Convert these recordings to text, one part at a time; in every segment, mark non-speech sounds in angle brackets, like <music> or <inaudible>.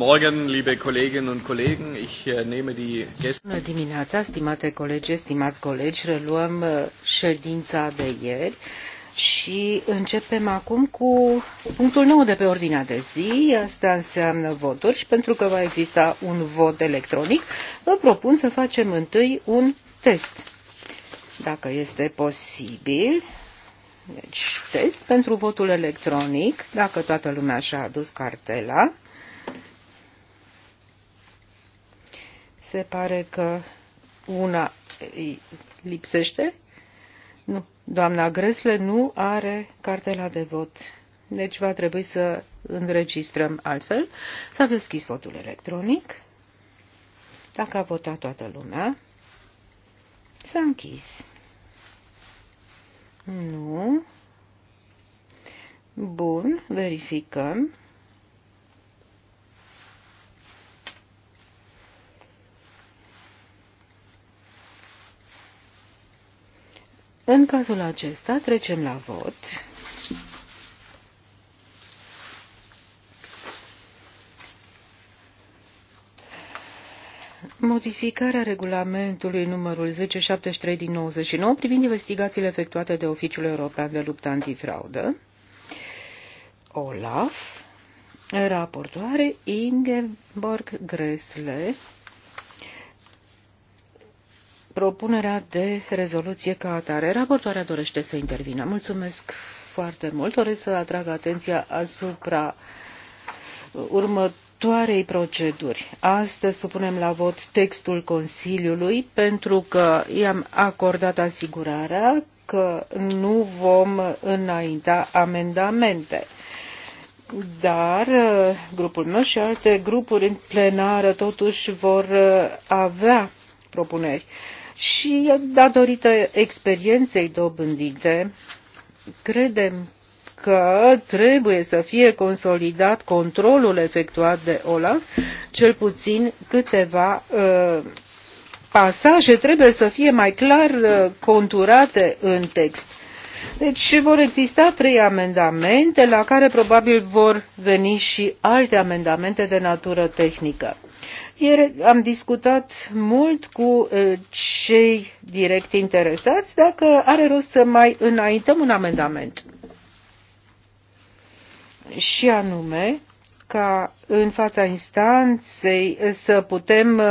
Morgen, liebe Kolleginnen und Kollegen. Ich äh, nehme die Gäste. Bună dimineața, stimate colegi, stimați colegi, reluăm uh, ședința de ieri și începem acum cu punctul nou de pe ordinea de zi. Asta înseamnă voturi și pentru că va exista un vot electronic, vă propun să facem întâi un test. Dacă este posibil, deci, test pentru votul electronic, dacă toată lumea și-a adus cartela. Se pare că una lipsește. Nu, doamna Gresle nu are cartela de vot. Deci va trebui să înregistrăm altfel. S-a deschis votul electronic. Dacă a votat toată lumea, s-a închis. Nu. Bun, verificăm. În cazul acesta trecem la vot. Modificarea regulamentului numărul 1073 din 99 privind investigațiile efectuate de Oficiul European de Luptă Antifraudă, OLAF, raportoare Ingeborg Gresle, propunerea de rezoluție ca atare. Raportoarea dorește să intervină. Mulțumesc foarte mult. Doresc să atrag atenția asupra următoarei proceduri. Astăzi supunem la vot textul Consiliului pentru că i-am acordat asigurarea că nu vom înainta amendamente dar uh, grupul meu și alte grupuri în plenară totuși vor uh, avea propuneri. Și datorită experienței dobândite, credem că trebuie să fie consolidat controlul efectuat de Olaf, cel puțin câteva uh, pasaje trebuie să fie mai clar uh, conturate în text. Deci vor exista trei amendamente la care probabil vor veni și alte amendamente de natură tehnică. Ieri am discutat mult cu cei direct interesați dacă are rost să mai înaintăm un amendament. Și anume ca în fața instanței să putem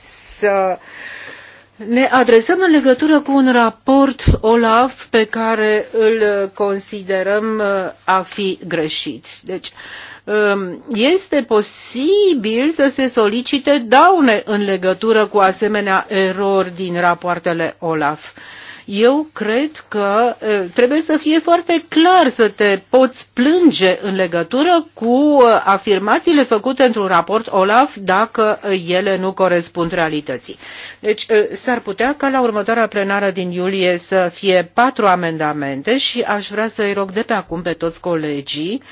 să ne adresăm în legătură cu un raport OLAF pe care îl considerăm uh, a fi greșit. Deci, um, este posibil să se solicite daune în legătură cu asemenea erori din rapoartele OLAF. Eu cred că trebuie să fie foarte clar să te poți plânge în legătură cu afirmațiile făcute într-un raport OLAF dacă ele nu corespund realității. Deci s-ar putea ca la următoarea plenară din iulie să fie patru amendamente și aș vrea să-i rog de pe acum pe toți colegii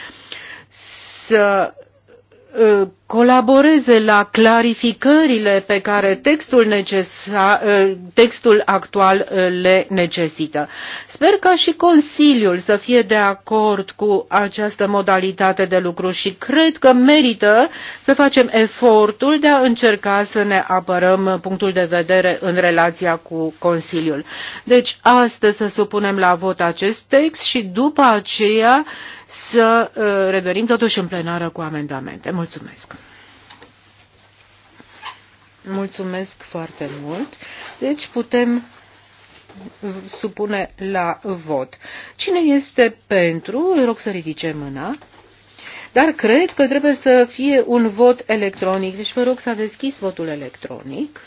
să Uh, colaboreze la clarificările pe care textul, necesar, uh, textul actual uh, le necesită. Sper ca și Consiliul să fie de acord cu această modalitate de lucru și cred că merită să facem efortul de a încerca să ne apărăm punctul de vedere în relația cu Consiliul. Deci astăzi să supunem la vot acest text și după aceea să uh, revenim totuși în plenară cu amendamente. Mulțumesc! Mulțumesc foarte mult. Deci putem supune la vot. Cine este pentru, îl rog să ridice mâna, dar cred că trebuie să fie un vot electronic. Deci vă rog să deschis votul electronic.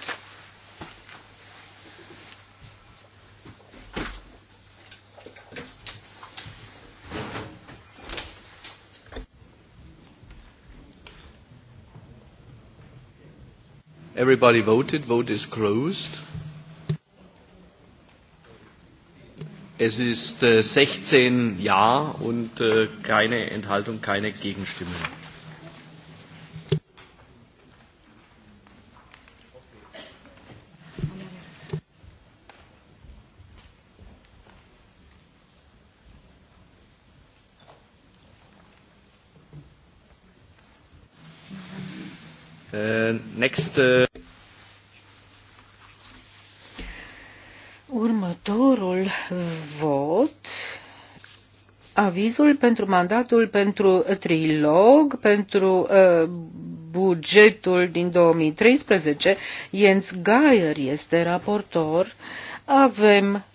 Everybody voted. Vote is closed. Es ist äh, 16 Ja und äh, keine Enthaltung, keine Gegenstimmen. Uh, next. Uh... Următorul uh, vot avizul pentru mandatul pentru trilog, pentru uh, bugetul din 2013. Jens Geier este raportor. Avem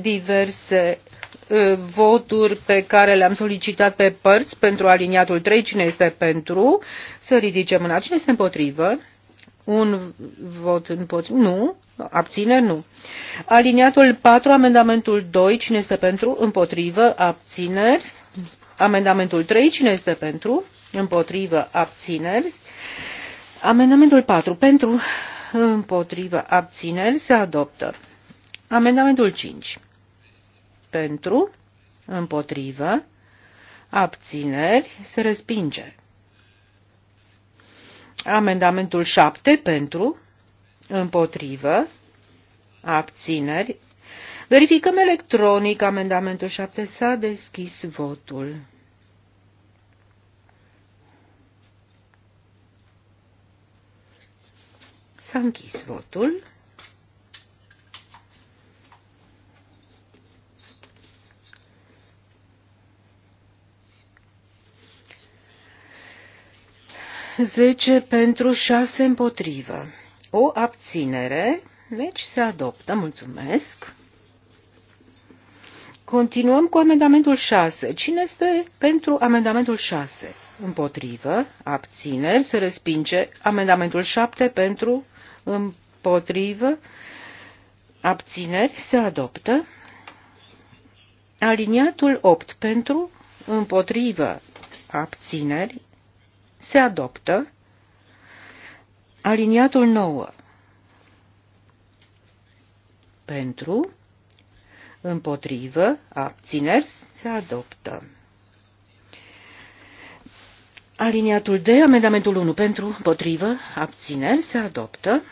diverse Uh, voturi pe care le-am solicitat pe părți pentru aliniatul 3. Cine este pentru? Să ridice mâna. Cine este împotrivă? Un vot împotrivă? Nu. Abține? Nu. Aliniatul 4, amendamentul 2. Cine este pentru? Împotrivă. Abțineri. Amendamentul 3. Cine este pentru? Împotrivă. Abțineri. Amendamentul 4. Pentru. Împotrivă. Abțineri. Se adoptă. Amendamentul 5 pentru, împotrivă, abțineri, se respinge. Amendamentul 7 pentru, împotrivă, abțineri. Verificăm electronic amendamentul 7. S-a deschis votul. S-a închis votul. 10 pentru 6 împotrivă. O abținere. Deci se adoptă. Mulțumesc. Continuăm cu amendamentul 6. Cine este pentru amendamentul 6? Împotrivă. Abțineri. Se respinge. Amendamentul 7 pentru împotrivă. Abțineri. Se adoptă. Aliniatul 8 pentru împotrivă abțineri se adoptă. Aliniatul 9. Pentru. Împotrivă. Abțineri. Se adoptă. Aliniatul D, amendamentul 1 pentru, împotrivă, abțineri, se adoptă.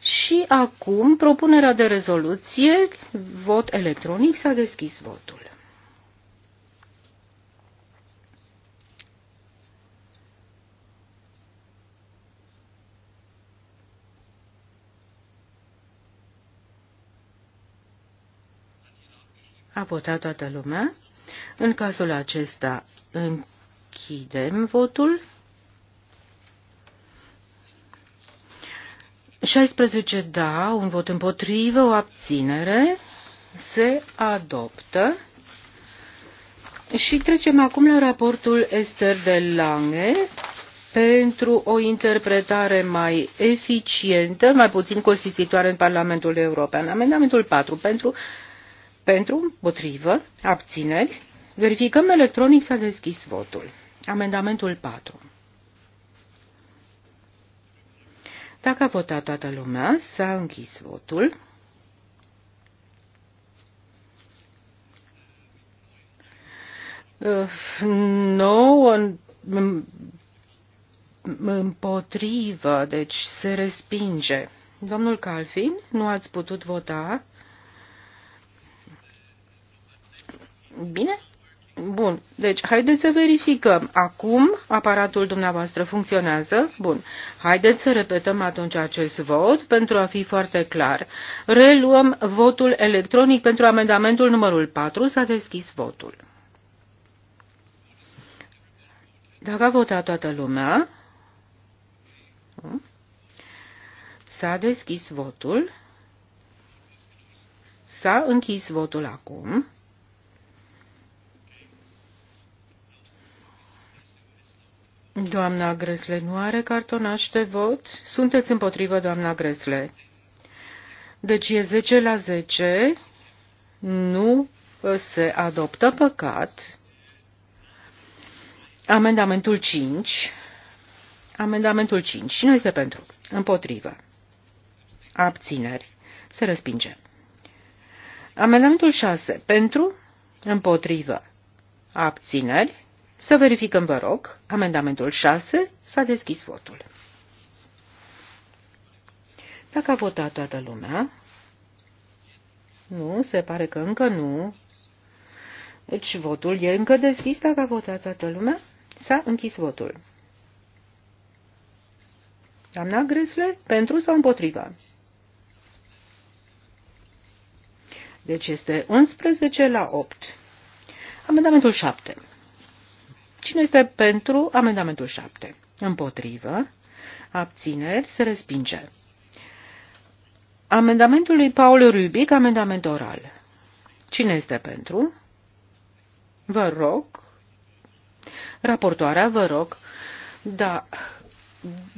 Și acum, propunerea de rezoluție, vot electronic, s-a deschis votul. A votat toată lumea. În cazul acesta închidem votul. 16 da, un vot împotrivă, o abținere, se adoptă. Și trecem acum la raportul Esther de Lange pentru o interpretare mai eficientă, mai puțin costisitoare în Parlamentul European. Amendamentul 4 pentru pentru, potrivă, abțineri, verificăm electronic s-a deschis votul. Amendamentul 4. Dacă a votat toată lumea, s-a închis votul. Nouă împotrivă, deci se respinge. Domnul Calfin, nu ați putut vota Bine? Bun. Deci, haideți să verificăm. Acum aparatul dumneavoastră funcționează? Bun. Haideți să repetăm atunci acest vot pentru a fi foarte clar. Reluăm votul electronic pentru amendamentul numărul 4. S-a deschis votul. Dacă a votat toată lumea, s-a deschis votul, s-a închis votul acum. Doamna Gresle nu are cartonaș de vot. Sunteți împotrivă, doamna Gresle. Deci e 10 la 10. Nu ă, se adoptă păcat. Amendamentul 5. Amendamentul 5. Cine este pentru? Împotrivă. Abțineri. Se respinge. Amendamentul 6. Pentru? Împotrivă. Abțineri. Să verificăm, vă rog, amendamentul 6 s-a deschis votul. Dacă a votat toată lumea, nu, se pare că încă nu. Deci votul e încă deschis dacă a votat toată lumea. S-a închis votul. Doamna Gresle, pentru sau împotriva? Deci este 11 la 8. Amendamentul 7. Cine este pentru amendamentul 7? Împotrivă. Abțineri. Se respinge. Amendamentul lui Paul Rubic, amendament oral. Cine este pentru? Vă rog. Raportoarea, vă rog. Da,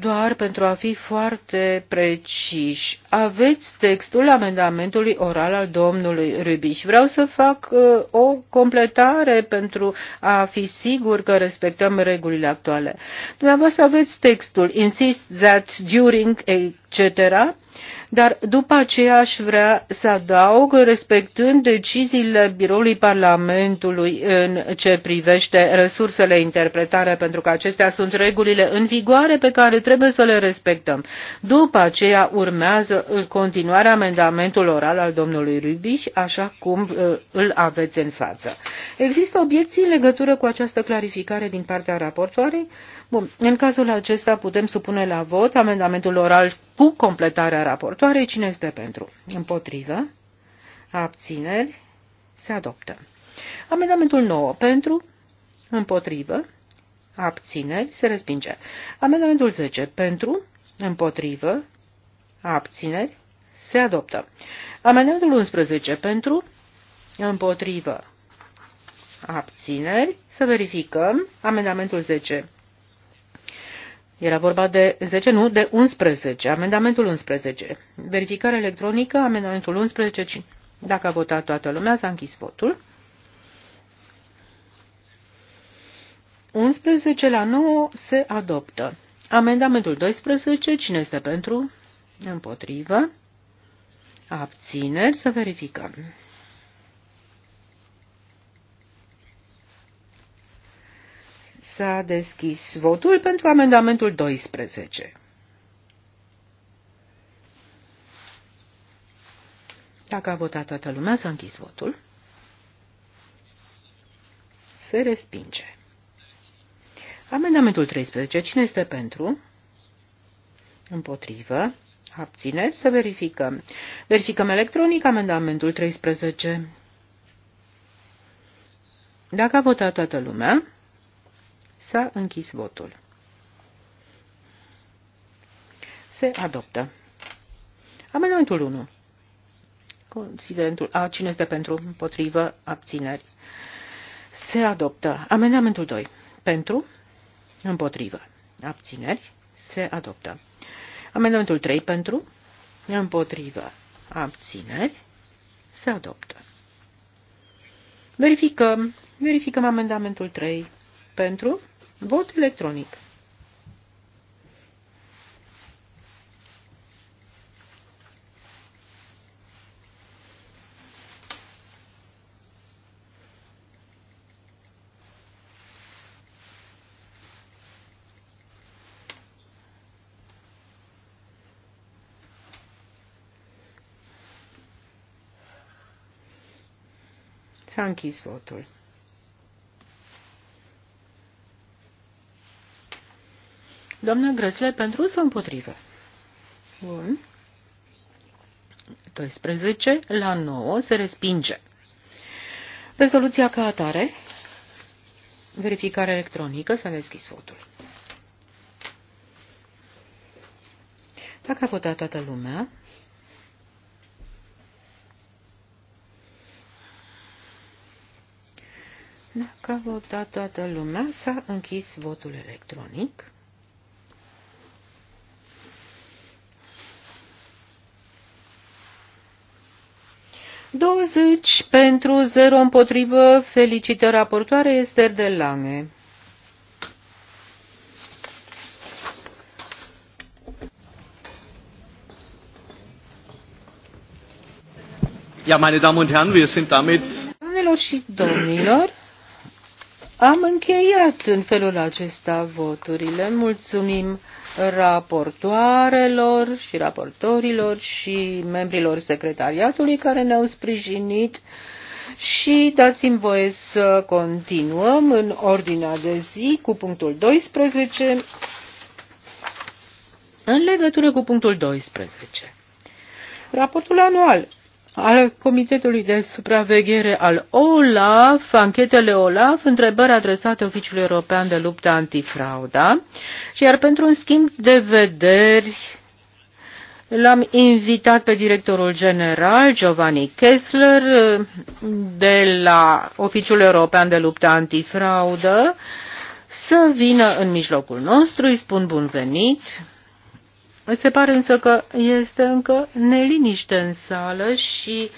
doar pentru a fi foarte preciși, aveți textul amendamentului oral al domnului Rubiș. Vreau să fac uh, o completare pentru a fi sigur că respectăm regulile actuale. Dumneavoastră aveți textul, insist that during etc dar după aceea aș vrea să adaug, respectând deciziile Biroului Parlamentului în ce privește resursele interpretare, pentru că acestea sunt regulile în vigoare pe care trebuie să le respectăm. După aceea urmează în continuare amendamentul oral al domnului Rubiș, așa cum uh, îl aveți în față. Există obiecții în legătură cu această clarificare din partea raportoarei? Bun, în cazul acesta putem supune la vot amendamentul oral cu completarea raportoarei. Cine este pentru? Împotrivă? Abțineri? Se adoptă. Amendamentul 9 pentru? Împotrivă? Abțineri? Se respinge. Amendamentul 10 pentru? Împotrivă? Abțineri? Se adoptă. Amendamentul 11 pentru? Împotrivă? Abțineri? Să verificăm. Amendamentul 10. Era vorba de 10, nu, de 11. Amendamentul 11. Verificare electronică, amendamentul 11. Dacă a votat toată lumea, s-a închis votul. 11 la 9 se adoptă. Amendamentul 12. Cine este pentru? Împotrivă. Abțineri. Să verificăm. S-a deschis votul pentru amendamentul 12. Dacă a votat toată lumea, s-a închis votul. Se respinge. Amendamentul 13. Cine este pentru? Împotrivă. Abțineri. Să verificăm. Verificăm electronic amendamentul 13. Dacă a votat toată lumea, S-a închis votul. Se adoptă. Amendamentul 1. Considerentul A. Cine este pentru? Împotrivă? Abțineri. Se adoptă. Amendamentul 2. Pentru? Împotrivă. Abțineri. Se adoptă. Amendamentul 3. Pentru? Împotrivă. Abțineri. Se adoptă. Verificăm. Verificăm amendamentul 3. Pentru? Vot electronic. S-a închis votul. Doamna Grăsle, pentru sau împotrivă? Bun. 12 la 9 se respinge. Rezoluția ca atare. Verificare electronică. S-a deschis votul. Dacă a votat toată lumea, Dacă a votat toată lumea, s-a închis votul electronic. 20 pentru 0 împotrivă. Felicitări raportoare Esther de Lange. Ja, meine Damen und Herren, wir sind damit. Domnilor și domnilor, am încheiat în felul acesta voturile. Mulțumim raportoarelor și raportorilor și membrilor secretariatului care ne-au sprijinit și dați-mi voie să continuăm în ordinea de zi cu punctul 12 în legătură cu punctul 12. Raportul anual al Comitetului de Supraveghere al OLAF, anchetele OLAF, întrebări adresate Oficiului European de Luptă Antifrauda. Și iar pentru un schimb de vederi L-am invitat pe directorul general Giovanni Kessler de la Oficiul European de Luptă Antifraudă să vină în mijlocul nostru. Îi spun bun venit. Se pare însă că este încă neliniște în sală și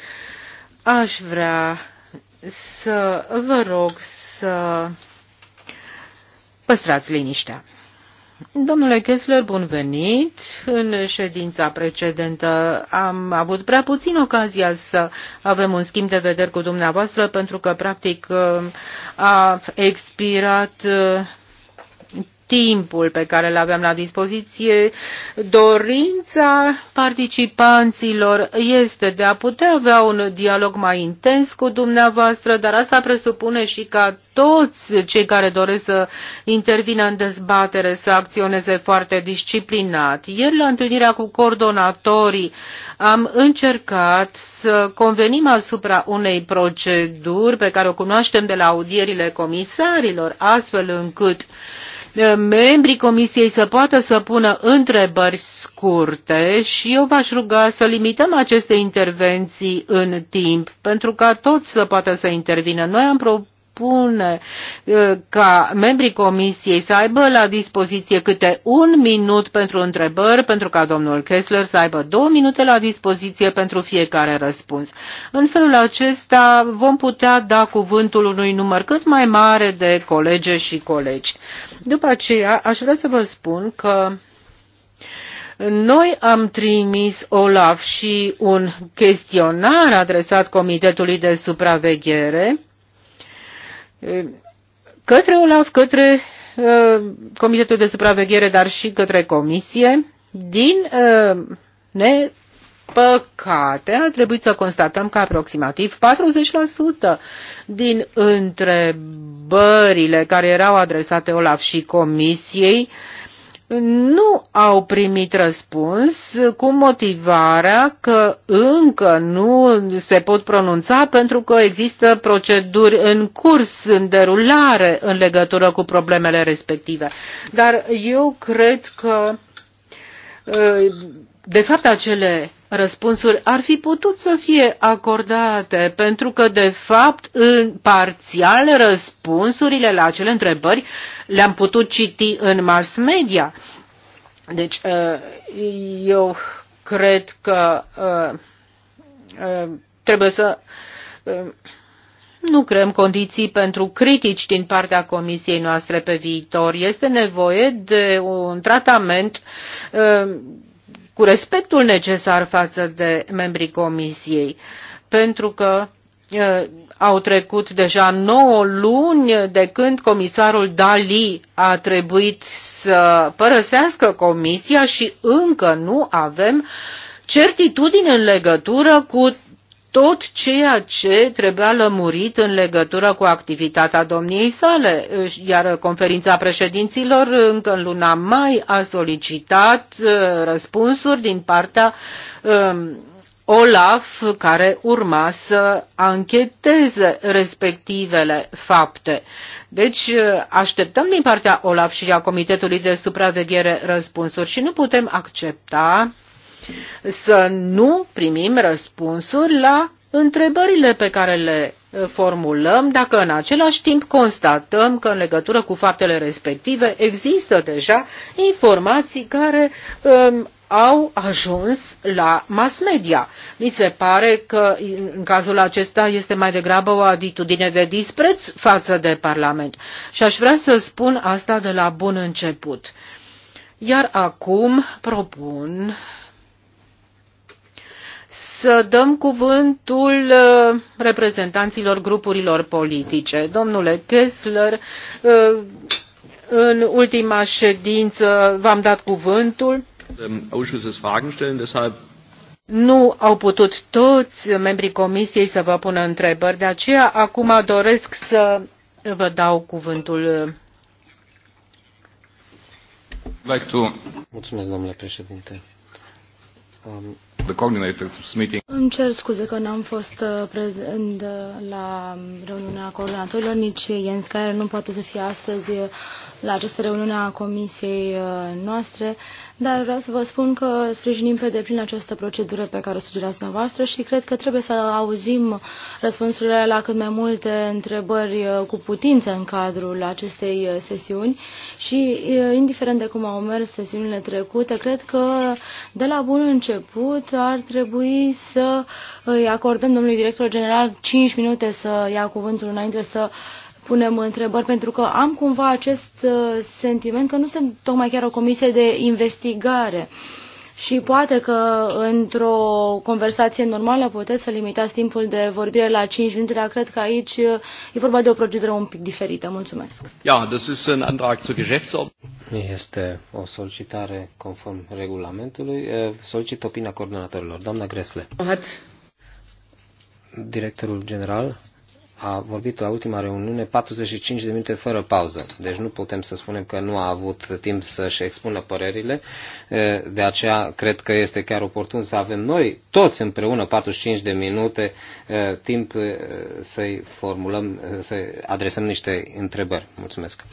aș vrea să vă rog să păstrați liniștea. Domnule Kessler, bun venit. În ședința precedentă am avut prea puțin ocazia să avem un schimb de vederi cu dumneavoastră pentru că, practic, a expirat timpul pe care îl aveam la dispoziție, dorința participanților este de a putea avea un dialog mai intens cu dumneavoastră, dar asta presupune și ca toți cei care doresc să intervină în dezbatere să acționeze foarte disciplinat. Ieri, la întâlnirea cu coordonatorii, am încercat să convenim asupra unei proceduri pe care o cunoaștem de la audierile comisarilor, astfel încât uh, Eh, membrii comisiei să poată să pună întrebări scurte și eu v-aș ruga să limităm aceste intervenții în timp pentru ca toți să poată să intervină. Noi am propus propune uh, ca membrii comisiei să aibă la dispoziție câte un minut pentru întrebări, pentru ca domnul Kessler să aibă două minute la dispoziție pentru fiecare răspuns. În felul acesta vom putea da cuvântul unui număr cât mai mare de colege și colegi. După aceea, aș vrea să vă spun că noi am trimis Olaf și un chestionar adresat Comitetului de Supraveghere către OLAF, către uh, Comitetul de Supraveghere, dar și către Comisie. Din uh, nepăcate, a trebuit să constatăm că aproximativ 40% din întrebările care erau adresate OLAF și Comisiei uh, nu au primit răspuns cu motivarea că încă nu se pot pronunța pentru că există proceduri în curs, în derulare în legătură cu problemele respective. Dar eu cred că uh, de fapt acele răspunsuri ar fi putut să fie acordate, pentru că, de fapt, în parțial răspunsurile la acele întrebări le-am putut citi în mass media. Deci, uh, eu cred că uh, uh, trebuie să nu creăm condiții pentru critici din partea comisiei noastre pe viitor. Este nevoie de un tratament cu respectul necesar față de membrii comisiei, pentru că Uh, au trecut deja 9 luni de când comisarul Dali a trebuit să părăsească comisia și încă nu avem certitudine în legătură cu tot ceea ce trebuia lămurit în legătură cu activitatea domniei sale, iar conferința președinților încă în luna mai a solicitat uh, răspunsuri din partea um, Olaf, care urma să ancheteze respectivele fapte. Deci așteptăm din partea Olaf și a Comitetului de Supraveghere răspunsuri și nu putem accepta să nu primim răspunsuri la întrebările pe care le formulăm dacă în același timp constatăm că în legătură cu faptele respective există deja informații care um, au ajuns la mass media. Mi se pare că în cazul acesta este mai degrabă o atitudine de dispreț față de Parlament. Și aș vrea să spun asta de la bun început. Iar acum propun să dăm cuvântul uh, reprezentanților grupurilor politice. Domnule Kessler, uh, în ultima ședință v-am dat cuvântul Ähm, Ausschusses Fragen stellen, deshalb nu au putut toți membrii comisiei să vă pună întrebări, de aceea acum doresc să vă dau cuvântul. Like to... Mulțumesc, domnule președinte. Um... The coordinators meeting. Îmi cer scuze că n-am fost uh, prezent uh, la reuniunea coordonatorilor, nici Jens care nu poate să fie astăzi uh, la această reuniune a comisiei noastre dar vreau să vă spun că sprijinim pe deplin această procedură pe care o sugerați dumneavoastră și cred că trebuie să auzim răspunsurile la cât mai multe întrebări uh, cu putință în cadrul acestei uh, sesiuni și, uh, indiferent de cum au mers sesiunile trecute, cred că de la bun început ar trebui să îi acordăm domnului director general 5 minute să ia cuvântul înainte să punem întrebări, pentru că am cumva acest uh, sentiment că nu sunt tocmai chiar o comisie de investigare. Și poate că într-o conversație normală puteți să limitați timpul de vorbire la 5 minute, dar cred că aici uh, e vorba de o procedură un pic diferită. Mulțumesc. Este o solicitare conform regulamentului. Solicit opinia coordonatorilor. Doamna Gresle. Directorul general a vorbit la ultima reuniune 45 de minute fără pauză. Deci nu putem să spunem că nu a avut timp să-și expună părerile. De aceea cred că este chiar oportun să avem noi toți împreună 45 de minute timp să-i formulăm, să adresăm niște întrebări. Mulțumesc.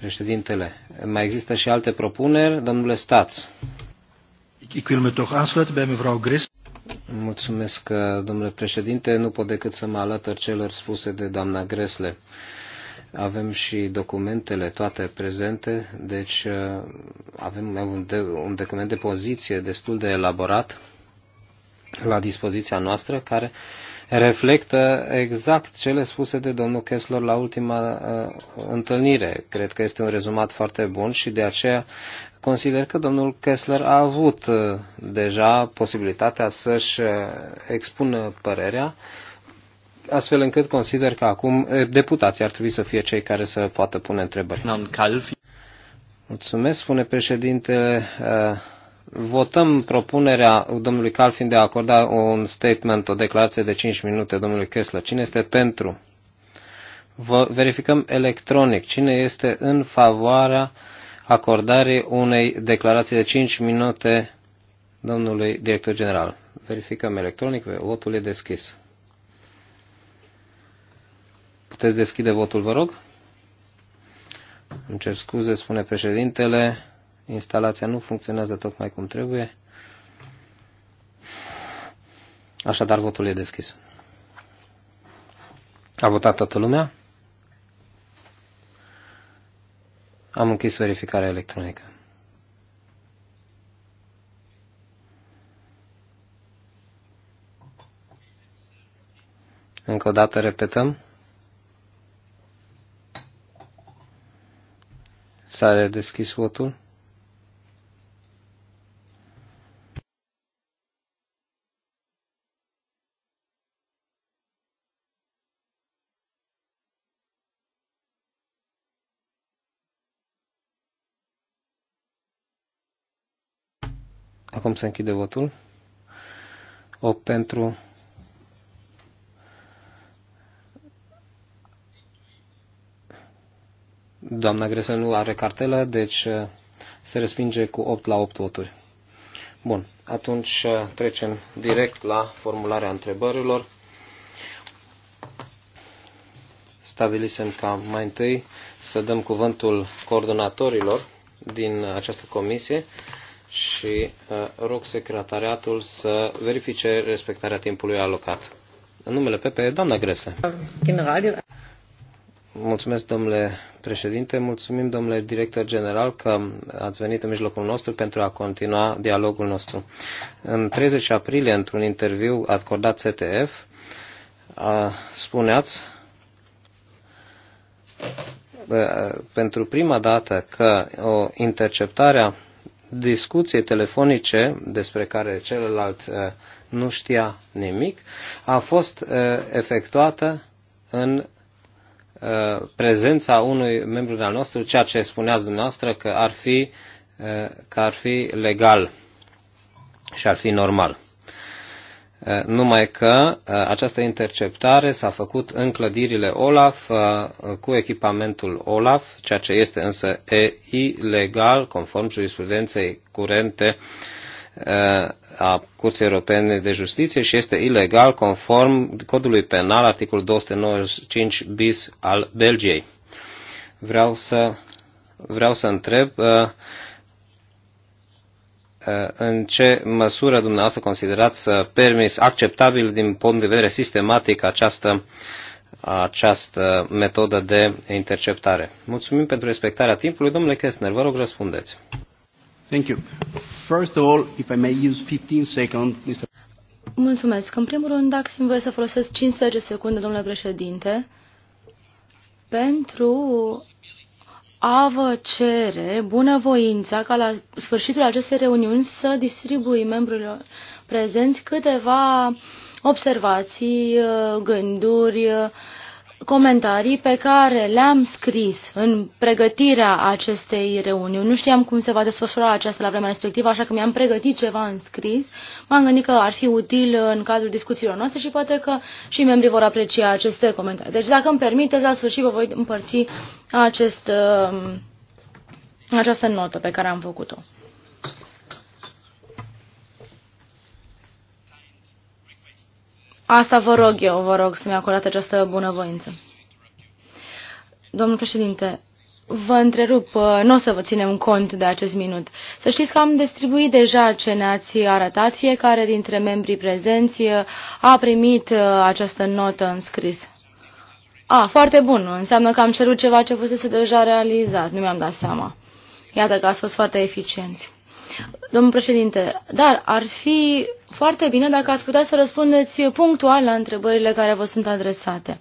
Președintele, mai există și alte propuneri? Domnule Stați. Ik wil me toch aansluiten bij mevrouw Gris. Mulțumesc, uh, domnule președinte. Nu pot decât să mă alătăr celor spuse de doamna Gresle. Avem și documentele toate prezente, deci uh, avem un, de, un document de poziție destul de elaborat la dispoziția noastră, care reflectă exact cele spuse de domnul Kessler la ultima uh, întâlnire. Cred că este un rezumat foarte bun și de aceea Consider că domnul Kessler a avut uh, deja posibilitatea să-și uh, expună părerea, astfel încât consider că acum uh, deputații ar trebui să fie cei care să poată pune întrebări. Mulțumesc, spune președinte. Votăm propunerea domnului Calfin de a acorda un statement, o declarație de 5 minute domnului Kessler. Cine este pentru? Verificăm electronic cine este în favoarea Acordare unei declarații de 5 minute domnului director general. Verificăm electronic, votul e deschis. Puteți deschide votul, vă rog? Îmi cer scuze, spune președintele, instalația nu funcționează tocmai cum trebuie. Așadar, votul e deschis. A votat toată lumea? Am închis verificarea electronică. Încă o dată repetăm. S-a deschis votul. Acum se închide votul. 8 pentru. Doamna Gresel nu are cartelă, deci uh, se respinge cu 8 la 8 voturi. Bun, atunci uh, trecem direct la formularea întrebărilor. Stabilisem ca mai întâi să dăm cuvântul coordonatorilor din această comisie și uh, rog secretariatul să verifice respectarea timpului alocat. În numele PP, doamna Gresle. General. Mulțumesc, domnule președinte, mulțumim, domnule director general, că ați venit în mijlocul nostru pentru a continua dialogul nostru. În 30 aprilie, într-un interviu acordat CTF, a spuneați uh, pentru prima dată că o interceptarea discuție telefonice despre care celălalt uh, nu știa nimic a fost uh, efectuată în uh, prezența unui membru al nostru, ceea ce spuneați dumneavoastră că ar fi, că ar fi legal și ar fi normal numai că această interceptare s-a făcut în clădirile OLAF cu echipamentul OLAF, ceea ce este însă e ilegal conform jurisprudenței curente a Curții Europene de Justiție și este ilegal conform codului penal articolul 295 bis al Belgiei. Vreau să, vreau să întreb Uh, în ce măsură dumneavoastră considerați uh, permis, acceptabil din punct de vedere sistematic această, această metodă de interceptare. Mulțumim pentru respectarea timpului. Domnule Kessner, vă rog răspundeți. Thank you. First of all, if I may use 15 seconds, Mr. Mulțumesc. În primul rând, dacă simt voie să folosesc 15 secunde, domnule președinte, pentru a vă cere bunăvoința ca la sfârșitul acestei reuniuni să distribui membrilor prezenți câteva observații, uh, gânduri, uh, comentarii pe care le-am scris în pregătirea acestei reuniuni. Nu știam cum se va desfășura aceasta la vremea respectivă, așa că mi-am pregătit ceva în scris. M-am gândit că ar fi util în cadrul discuțiilor noastre și poate că și membrii vor aprecia aceste comentarii. Deci, dacă îmi permiteți, la sfârșit vă voi împărți acest, um, această notă pe care am făcut-o. Asta vă rog eu, vă rog să-mi acordați această bunăvoință. Domnul președinte, vă întrerup, uh, nu o să vă ținem cont de acest minut. Să știți că am distribuit deja ce ne-ați arătat. Fiecare dintre membrii prezenți uh, a primit uh, această notă în scris. A, foarte bun. Înseamnă că am cerut ceva ce fusese deja realizat. Nu mi-am dat seama. Iată că ați fost foarte eficienți. Domnul președinte, dar ar fi foarte bine dacă ați putea să răspundeți punctual la întrebările care vă sunt adresate.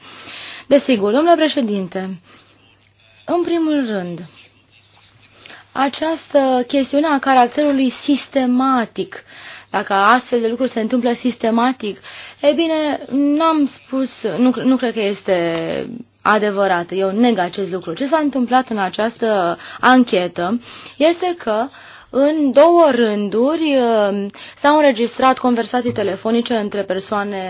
Desigur, domnule președinte, în primul rând, această chestiune a caracterului sistematic, dacă astfel de lucruri se întâmplă sistematic, e bine, n-am spus, nu, nu cred că este adevărat, eu neg acest lucru. Ce s-a întâmplat în această anchetă este că uh, în două rânduri uh, s-au înregistrat conversații telefonice între persoane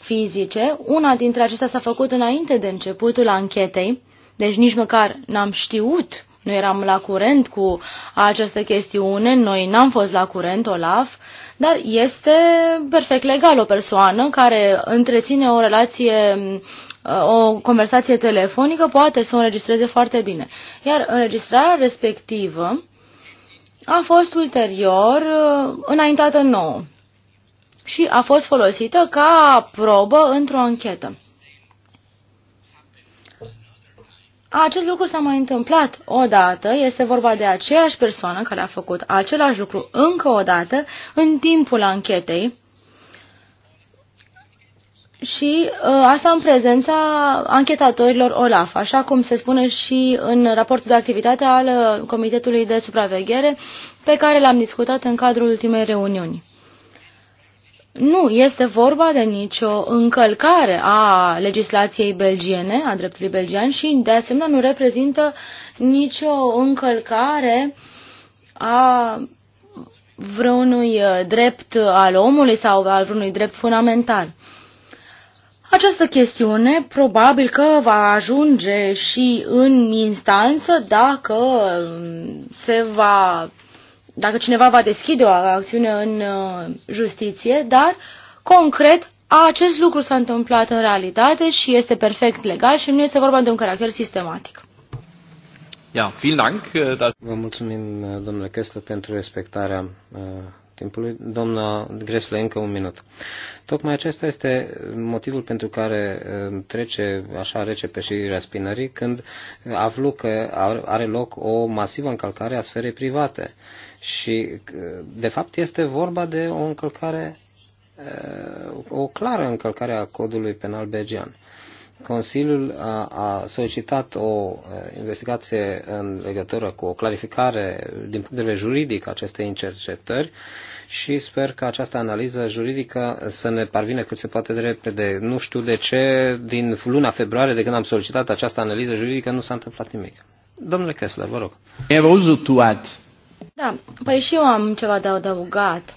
fizice. Una dintre acestea s-a făcut înainte de începutul anchetei, deci nici măcar n-am știut, nu eram la curent cu această chestiune, noi n-am fost la curent, Olaf, dar este perfect legal o persoană care întreține o relație uh, o conversație telefonică poate să o înregistreze foarte bine. Iar înregistrarea respectivă a fost ulterior uh, înaintată nouă și a fost folosită ca probă într-o anchetă. Acest lucru s-a mai întâmplat odată, este vorba de aceeași persoană care a făcut același lucru încă o dată în timpul anchetei și uh, asta în prezența anchetatorilor OLAF, așa cum se spune și în raportul de activitate al uh, Comitetului de Supraveghere, pe care l-am discutat în cadrul ultimei reuniuni. Nu este vorba de nicio încălcare a legislației belgiene, a dreptului belgian și, de asemenea, nu reprezintă nicio încălcare a vreunui uh, drept al omului sau al vreunui drept fundamental. Această chestiune probabil că va ajunge și în instanță dacă um, se va dacă cineva va deschide o acțiune în uh, justiție, dar concret acest lucru s-a întâmplat în realitate și este perfect legal și nu este vorba de un caracter sistematic. Ja, vielen Dank. Äh, da- Vă mulțumim, domnule Kessler, pentru respectarea uh, timpului. Doamna Gresle, încă un minut. Tocmai acesta este motivul pentru care um, trece așa rece pe și spinării când aflu că are loc o masivă încălcare a sferei private. Și, uh, de fapt, este vorba de o încălcare uh, o clară încălcare a codului penal belgian. Consiliul a solicitat o eh, investigație în legătură cu o clarificare din punct de vedere juridic acestei interceptări și sper că această analiză juridică să ne parvine cât se poate de repede. Nu știu de ce, din luna februarie, de când am solicitat această analiză juridică, nu s-a întâmplat nimic. Domnule Kessler, vă rog. Da, păi și eu am ceva de adăugat.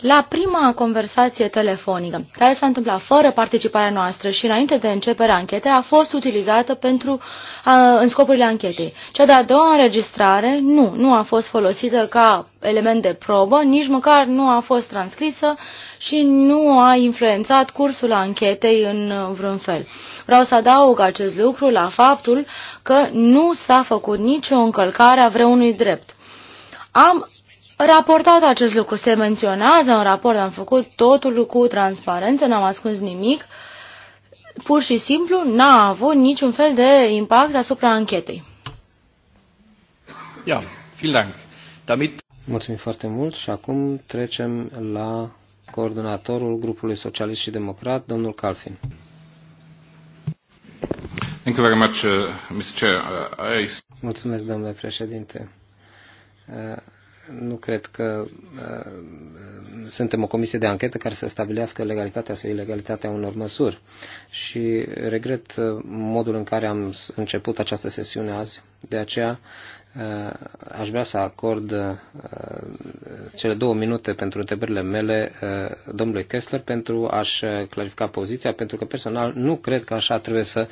La prima conversație telefonică, care s-a întâmplat fără participarea noastră și înainte de începerea anchetei, a fost utilizată pentru, a, în scopurile anchetei. Cea de-a doua înregistrare nu, nu a fost folosită ca element de probă, nici măcar nu a fost transcrisă și nu a influențat cursul anchetei în vreun fel. Vreau să adaug acest lucru la faptul că nu s-a făcut nicio încălcare a vreunui drept. Am raportat acest lucru. Se menționează în raport, am făcut totul cu transparență, n-am ascuns nimic. Pur și simplu n-a avut niciun fel de impact asupra anchetei. Ia, vielen Dank. Damit... Mulțumim foarte mult și acum trecem la coordonatorul grupului socialist și democrat, domnul Calfin. Thank you very much, uh, Mr. Chair. Uh, I... Mulțumesc, domnule președinte. Uh, nu cred că uh, suntem o comisie de anchetă care să stabilească legalitatea sau ilegalitatea unor măsuri. Și regret uh, modul în care am început această sesiune azi. De aceea uh, aș vrea să acord uh, cele două minute pentru întrebările mele uh, domnului Kessler pentru a-și uh, clarifica poziția, pentru că personal nu cred că așa trebuie să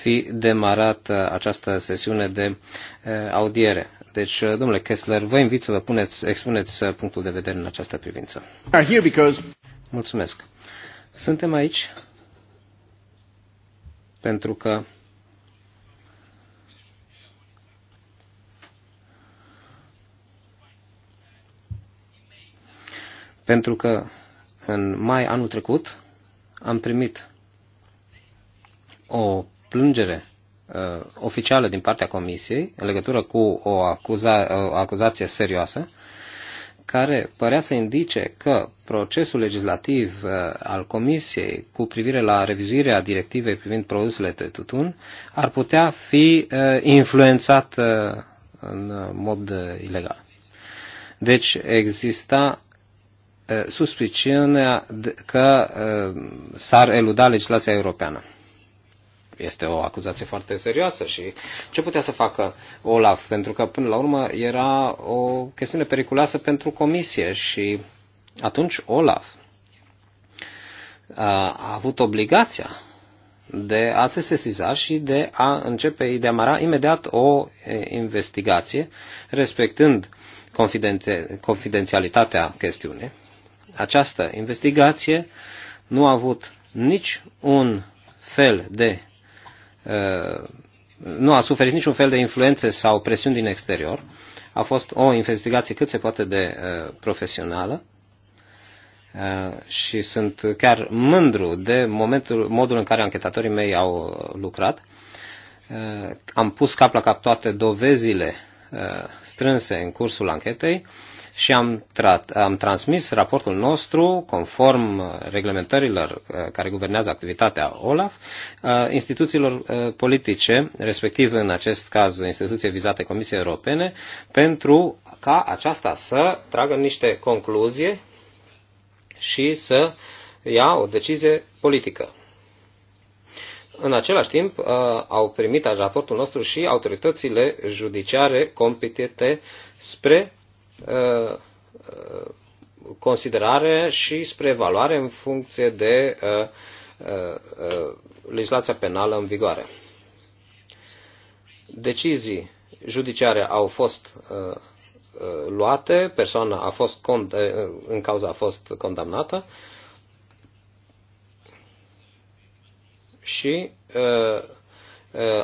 fi demarat uh, această sesiune de uh, audiere. Deci, uh, domnule Kessler, vă invit să vă puneți, expuneți uh, punctul de vedere în această privință. Mulțumesc. Suntem aici pentru că pentru că în mai anul trecut am primit o plângere Uh, oficială din partea Comisiei în legătură cu o, acuza, o acuzație serioasă care părea să indice că procesul legislativ uh, al Comisiei cu privire la revizuirea directivei privind produsele de tutun ar putea fi uh, influențat în mod ilegal. Deci exista suspiciunea că s-ar eluda legislația europeană este o acuzație foarte serioasă și ce putea să facă Olaf? Pentru că până la urmă era o chestiune periculoasă pentru comisie și atunci Olaf uh, a avut obligația de a se sesiza și de a începe, de a mara imediat o investigație, respectând confidențialitatea chestiunii. Această investigație nu a avut nici un fel de Uh, nu a suferit niciun fel de influențe sau presiuni din exterior. A fost o investigație cât se poate de uh, profesională uh, și sunt chiar mândru de momentul, modul în care anchetatorii mei au lucrat. Am pus cap la cap toate dovezile strânse în cursul anchetei și am, am transmis raportul nostru conform uh, reglementărilor uh, care guvernează activitatea OLAF uh, instituțiilor politice, respectiv în acest caz instituție vizate Comisiei Europene, pentru ca aceasta să tragă niște concluzie și să ia o decizie politică. În același timp, au primit raportul nostru și autoritățile judiciare competente spre Uh, uh, considerare și spre evaluare în funcție de uh, legislația penală în vigoare. Decizii judiciare au fost luate, persoana a fost în cauza a fost condamnată și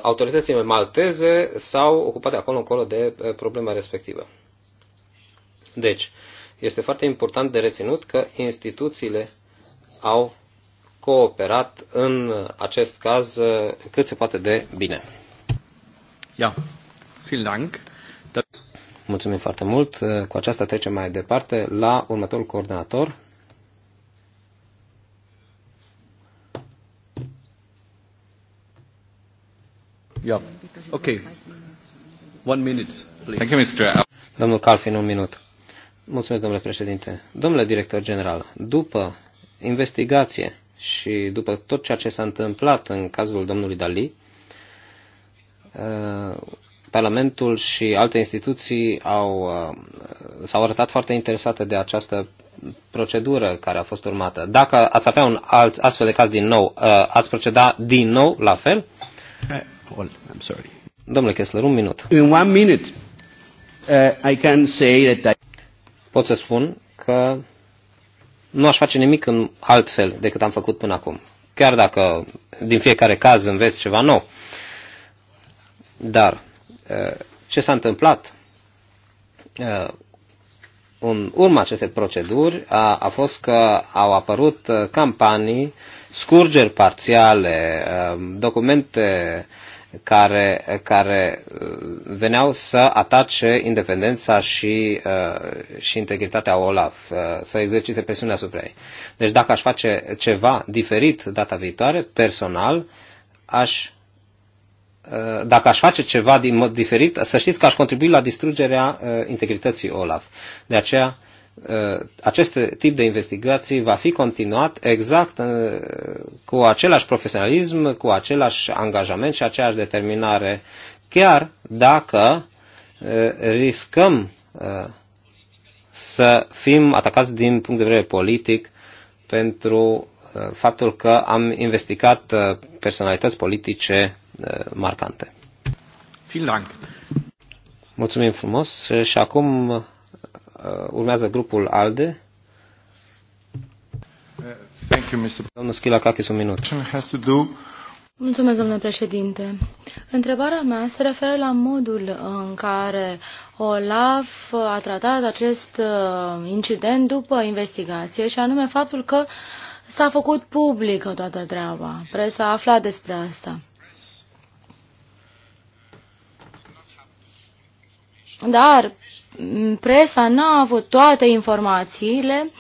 autoritățile malteze s-au ocupat de acolo încolo de problema respectivă. Deci, este foarte important de reținut că instituțiile au cooperat în acest caz uh, cât se poate de bine. Ja, vielen Dank. Da- Mulțumim foarte mult. Uh, cu aceasta trecem mai departe la următorul coordonator. Ja. Okay. One minute, please. Thank you, Mr. Domnul Calfin, un minut. Mulțumesc, domnule președinte. Domnule director general, după investigație și după tot ceea ce s-a întâmplat în cazul domnului Dali, uh, Parlamentul și alte instituții au, uh, s-au arătat foarte interesate de această procedură care a fost urmată. Dacă ați avea un alt astfel de caz din nou, uh, ați proceda din nou la fel? Domnule Kessler, un minut. In one minute, uh, I can say that I pot să spun că nu aș face nimic în alt fel decât am făcut până acum. Chiar dacă din fiecare caz înveți ceva nou. Dar ce s-a întâmplat în urma acestei proceduri a, a fost că au apărut campanii, scurgeri parțiale, documente care, care uh, veneau să atace independența și, uh, și integritatea OLAF, uh, să exercite presiunea asupra ei. Deci dacă aș face ceva diferit data viitoare, personal, aș dacă aș face ceva din mod diferit, să știți că aș contribui la distrugerea integrității OLAF. De aceea Uh, acest tip de investigații va fi continuat exact uh, cu același profesionalism, cu același angajament și aceeași determinare, chiar dacă uh, riscăm să fim atacați din punct de vedere politic pentru faptul că am investigat personalități politice marcante. Vielen Mulțumim frumos și acum Uh, urmează grupul ALDE. Uh, thank you, Mr. Domnul Schilacakis, un minut. Mulțumesc, domnule președinte. Întrebarea mea se referă la modul în care OLAF a tratat acest uh, incident după investigație și anume faptul că s-a făcut publică toată treaba. Presa a aflat despre asta. Dar presa n-a avut toate informațiile,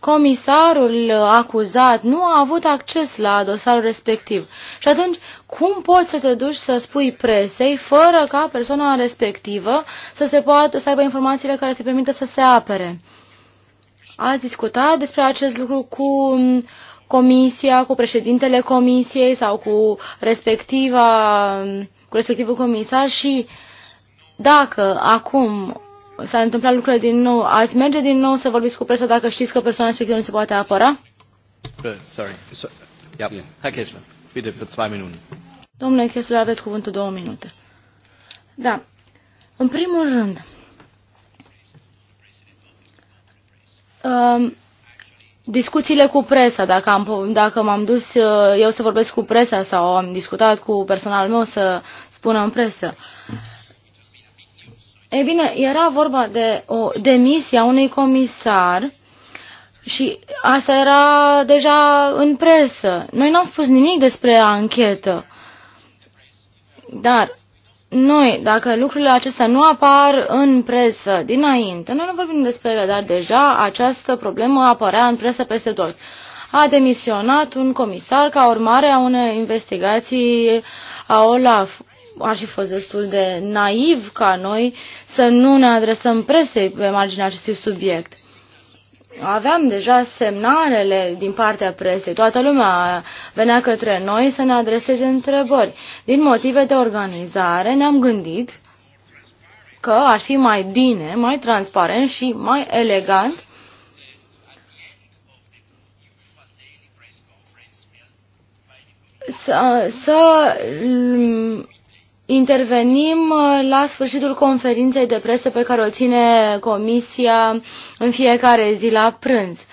comisarul acuzat nu a avut acces la dosarul respectiv. Și atunci, cum poți să te duci să spui presei fără ca persoana respectivă să se poată să aibă informațiile care se permită să se apere? Ați discutat despre acest lucru cu comisia, cu președintele comisiei sau cu respectiva, cu respectivul comisar și dacă acum s-ar întâmpla lucrurile din nou, ați merge din nou să vorbiți cu presa dacă știți că persoana respectivă nu se poate apăra? Uh, sorry. So, yeah. Yeah. Herr Kessler, bine, für zwei minute. Domnule Kessler, aveți cuvântul două minute. Da. În primul rând, um, discuțiile cu presa, dacă, am, dacă dus uh, eu să vorbesc cu presa sau am discutat cu personalul meu să spună în presă. Ei bine, era vorba de o demisie a unui comisar și asta era deja în presă. Noi n-am spus nimic despre anchetă. Dar noi, dacă lucrurile acestea nu apar în presă dinainte, noi nu vorbim despre ele, dar deja această problemă apărea în presă peste tot. A demisionat un comisar ca urmare a unei investigații a Olaf ar fi fost destul de naiv ca noi să nu ne adresăm presei pe marginea acestui subiect. Aveam deja semnalele din partea presei. Toată lumea venea către noi să ne adreseze întrebări. Din motive de organizare ne-am gândit că ar fi mai bine, mai transparent și mai elegant să, să intervenim uh, la sfârșitul conferinței de presă pe care o ține Comisia în fiecare zi la prânz.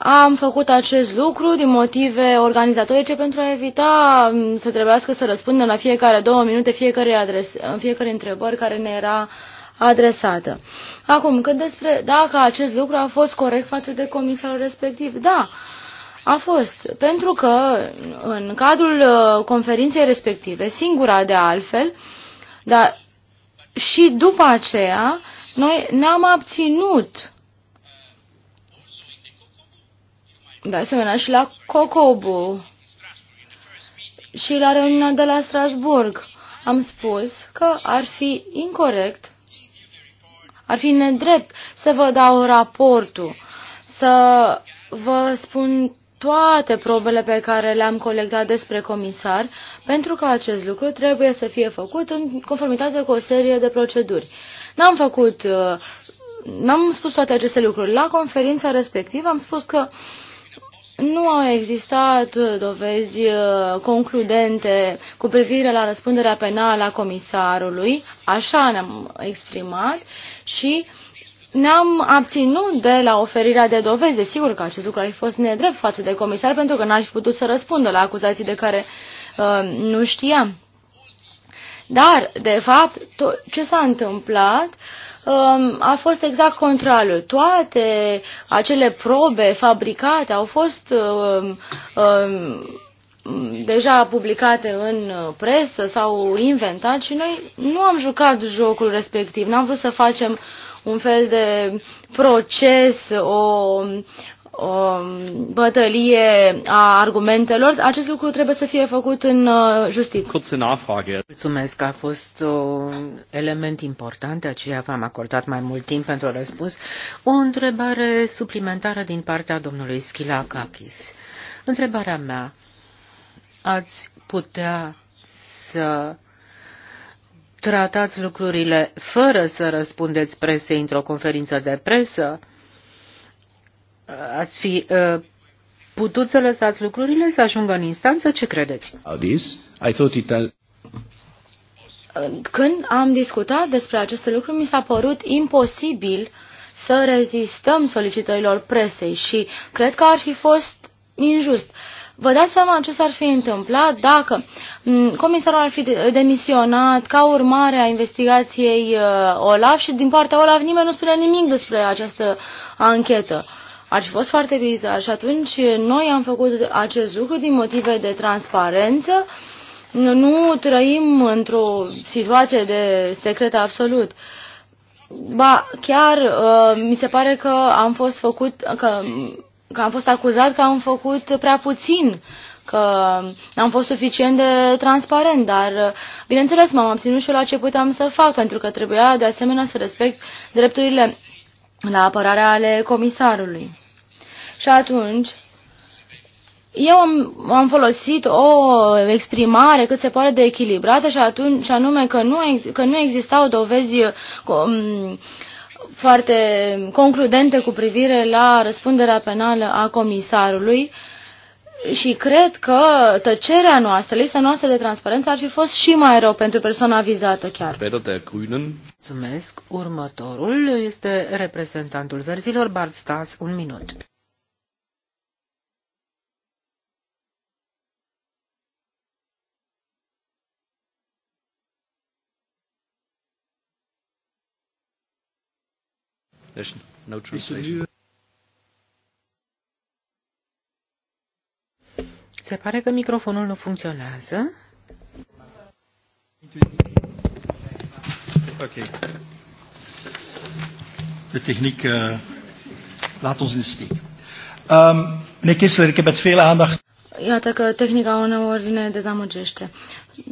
Am făcut acest lucru din motive organizatorice pentru a evita mm, să trebuiască să răspundă la fiecare două minute fiecare, adres, fiecare întrebări care ne era adresată. Acum, cât despre dacă acest lucru a fost corect față de comisarul respectiv, da, uh, a fost, pentru că în cadrul uh, conferinței respective, singura de altfel, dar și după aceea, noi ne-am abținut. De asemenea și la Cocobu și la reuniunea de la Strasburg am spus că ar fi incorrect, ar fi nedrept să vă dau raportul, să vă spun toate probele pe care le-am colectat despre comisar, pentru că acest lucru trebuie să fie făcut în conformitate cu o serie de proceduri. N-am făcut, uh, n-am spus toate aceste lucruri. La conferința respectivă am spus că nu au existat uh, dovezi uh, concludente cu privire la răspunderea penală a comisarului, așa ne-am exprimat și uh, ne-am abținut de la oferirea de dovezi. Desigur că acest lucru ar fi fost nedrept față de comisar pentru că n-ar fi putut să răspundă la acuzații de care uh, nu știam. Dar, de fapt, tot ce s-a întâmplat um, a fost exact contrariu. Toate acele probe fabricate au fost uh, uh, deja publicate în presă, s-au inventat și noi nu am jucat jocul respectiv, n-am vrut să facem uh, un fel de proces, o, o bătălie a argumentelor. Acest lucru trebuie să fie făcut în uh, justiție. Mulțumesc, a fost uh, un element important, de aceea v-am acordat mai mult timp pentru răspuns. O întrebare suplimentară din partea domnului Schilakakis. Întrebarea mea, ați putea să tratați lucrurile fără să răspundeți presei într-o conferință de presă, ați fi uh, putut să lăsați lucrurile să ajungă în instanță? Ce credeți? Când am discutat despre aceste lucruri, mi s-a părut imposibil să rezistăm solicitărilor presei și cred că ar fi fost injust. Uh, Vă dați seama ce s-ar fi întâmplat dacă comisarul ar fi demisionat ca urmare a investigației uh, Olaf și din partea Olaf nimeni nu spune nimic despre această anchetă. Ar fi fost foarte bizar și atunci noi am făcut acest lucru din motive de transparență. Nu trăim într-o situație de secret absolut. Ba, chiar uh, mi se pare că am fost făcut, că că am fost acuzat că am făcut prea puțin, că am fost suficient de transparent, dar bineînțeles m-am obținut și eu la ce puteam să fac, pentru că trebuia de asemenea să respect drepturile la apărarea ale comisarului. Și atunci, eu am, am folosit o exprimare cât se poate de echilibrată și atunci, și anume că nu, ex, că nu existau dovezi um, foarte concludente cu privire la răspunderea penală a comisarului și cred că tăcerea noastră, lista noastră de transparență ar fi fost și mai rău pentru persoana vizată chiar. Mulțumesc. Următorul este reprezentantul verzilor, Bart Stas, un minut. There's no translation. Se pare că microfonul nu funcționează. Ok. De techniek uh, eh, laat ons in de steek. Um, meneer Kissler, ik heb met veel aandacht. Iată că tehnica uneori ne dezamăgește.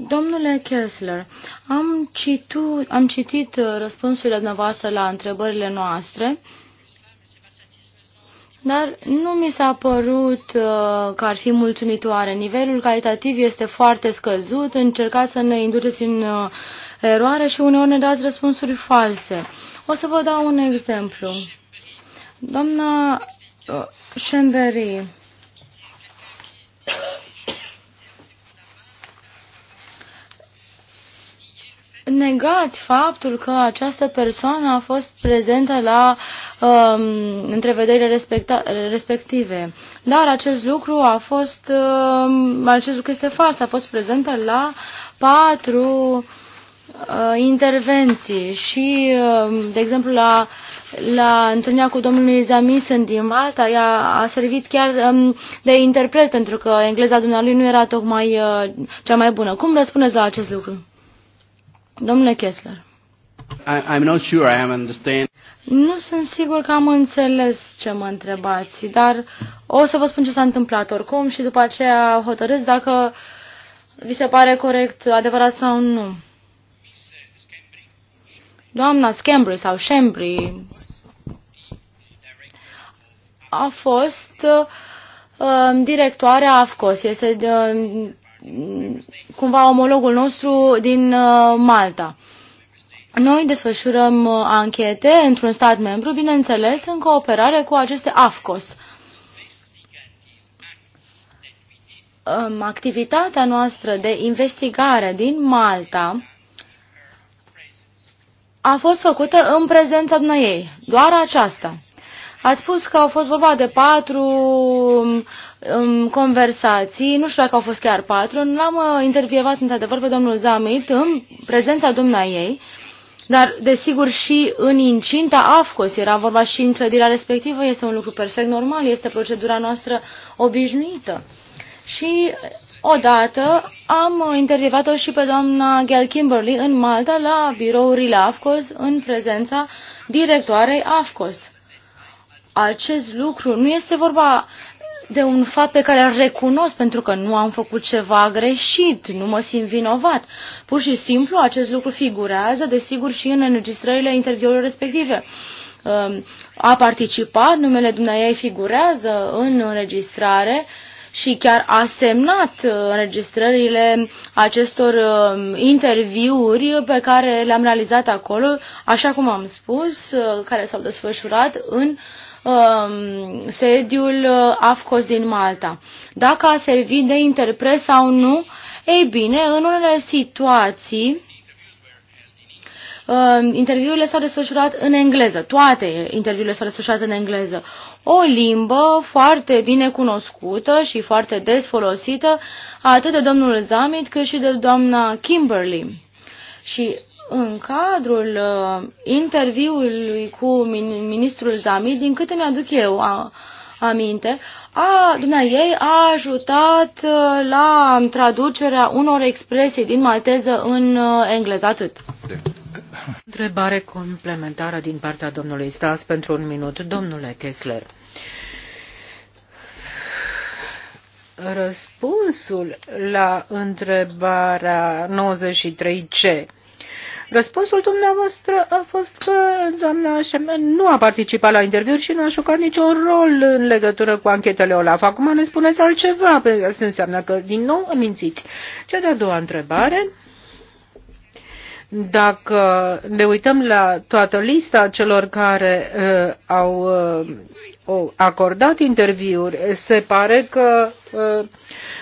Domnule Kessler, am, citu, am citit răspunsurile dumneavoastră la întrebările noastre, dar nu mi s-a părut uh, că ar fi mulțumitoare. Nivelul calitativ este foarte scăzut, încercați să ne induceți în uh, eroare și uneori ne dați răspunsuri false. O să vă dau un exemplu. Doamna uh, negați faptul că această persoană a fost prezentă la um, întrevederile respective. Dar acest lucru a fost, um, acest lucru este fals, a fost prezentă la patru uh, intervenții și, uh, de exemplu, la la întâlnirea cu domnul Zamisen din Malta, ea a servit chiar um, de interpret, pentru că engleza dumnealui nu era tocmai uh, cea mai bună. Cum răspundeți la acest lucru? Domnule Kessler. I, I'm not sure I understand. Nu sunt sigur că am înțeles ce mă întrebați, dar o să vă spun ce s-a întâmplat oricum și după aceea hotărâți dacă vi se pare corect, adevărat sau nu doamna Scambry sau Shambry a fost uh, directoarea AFCOS. Este uh, cumva omologul nostru din uh, Malta. Noi desfășurăm uh, anchete într-un stat membru, bineînțeles, în cooperare cu aceste AFCOS. Um, activitatea noastră de investigare din Malta a fost făcută în prezența ei, doar aceasta. Ați spus că au fost vorba de patru um, um conversații, nu știu dacă au fost chiar patru, l-am uh, intervievat într-adevăr pe domnul Zamit în prezența ei, dar desigur și în incinta AFCOS era vorba și în clădirea respectivă, este un lucru perfect normal, este procedura noastră obișnuită. Și Odată am intervievat-o și pe doamna Gail Kimberly în Malta la birourile AFCOS în prezența directoarei AFCOS. Acest lucru nu este vorba de un fapt pe care îl recunosc pentru că nu am făcut ceva greșit, nu mă simt vinovat. Pur și simplu acest lucru figurează, desigur, și în înregistrările interviurilor respective. A participat, numele dumneavoastră figurează în înregistrare, și chiar a semnat uh, înregistrările acestor uh, interviuri pe care le-am realizat acolo, așa cum am spus, uh, care s-au desfășurat în um, sediul AFCOS din Malta. Dacă a servit de interpret sau nu, ei bine, în unele situații, um, interviurile s-au desfășurat în engleză, toate interviurile s-au desfășurat în engleză o limbă foarte bine cunoscută și foarte des folosită atât de domnul Zamit cât și de doamna Kimberly. Și în cadrul uh, interviului cu min- ministrul Zamit, din câte mi-aduc eu a, aminte, a, dumnea ei a ajutat uh, la traducerea unor expresii din malteză în uh, engleză. Atât. De. Întrebare complementară din partea domnului Stas pentru un minut. Domnule Kessler, răspunsul la întrebarea 93C Răspunsul dumneavoastră a fost că doamna Șemen nu a participat la interviuri și nu a jucat niciun rol în legătură cu anchetele OLAF. Acum ne spuneți altceva, pentru că asta înseamnă că din nou mințiți. Cea de-a doua întrebare dacă ne uităm la toată lista celor care uh, au uh, acordat interviuri, se pare că uh,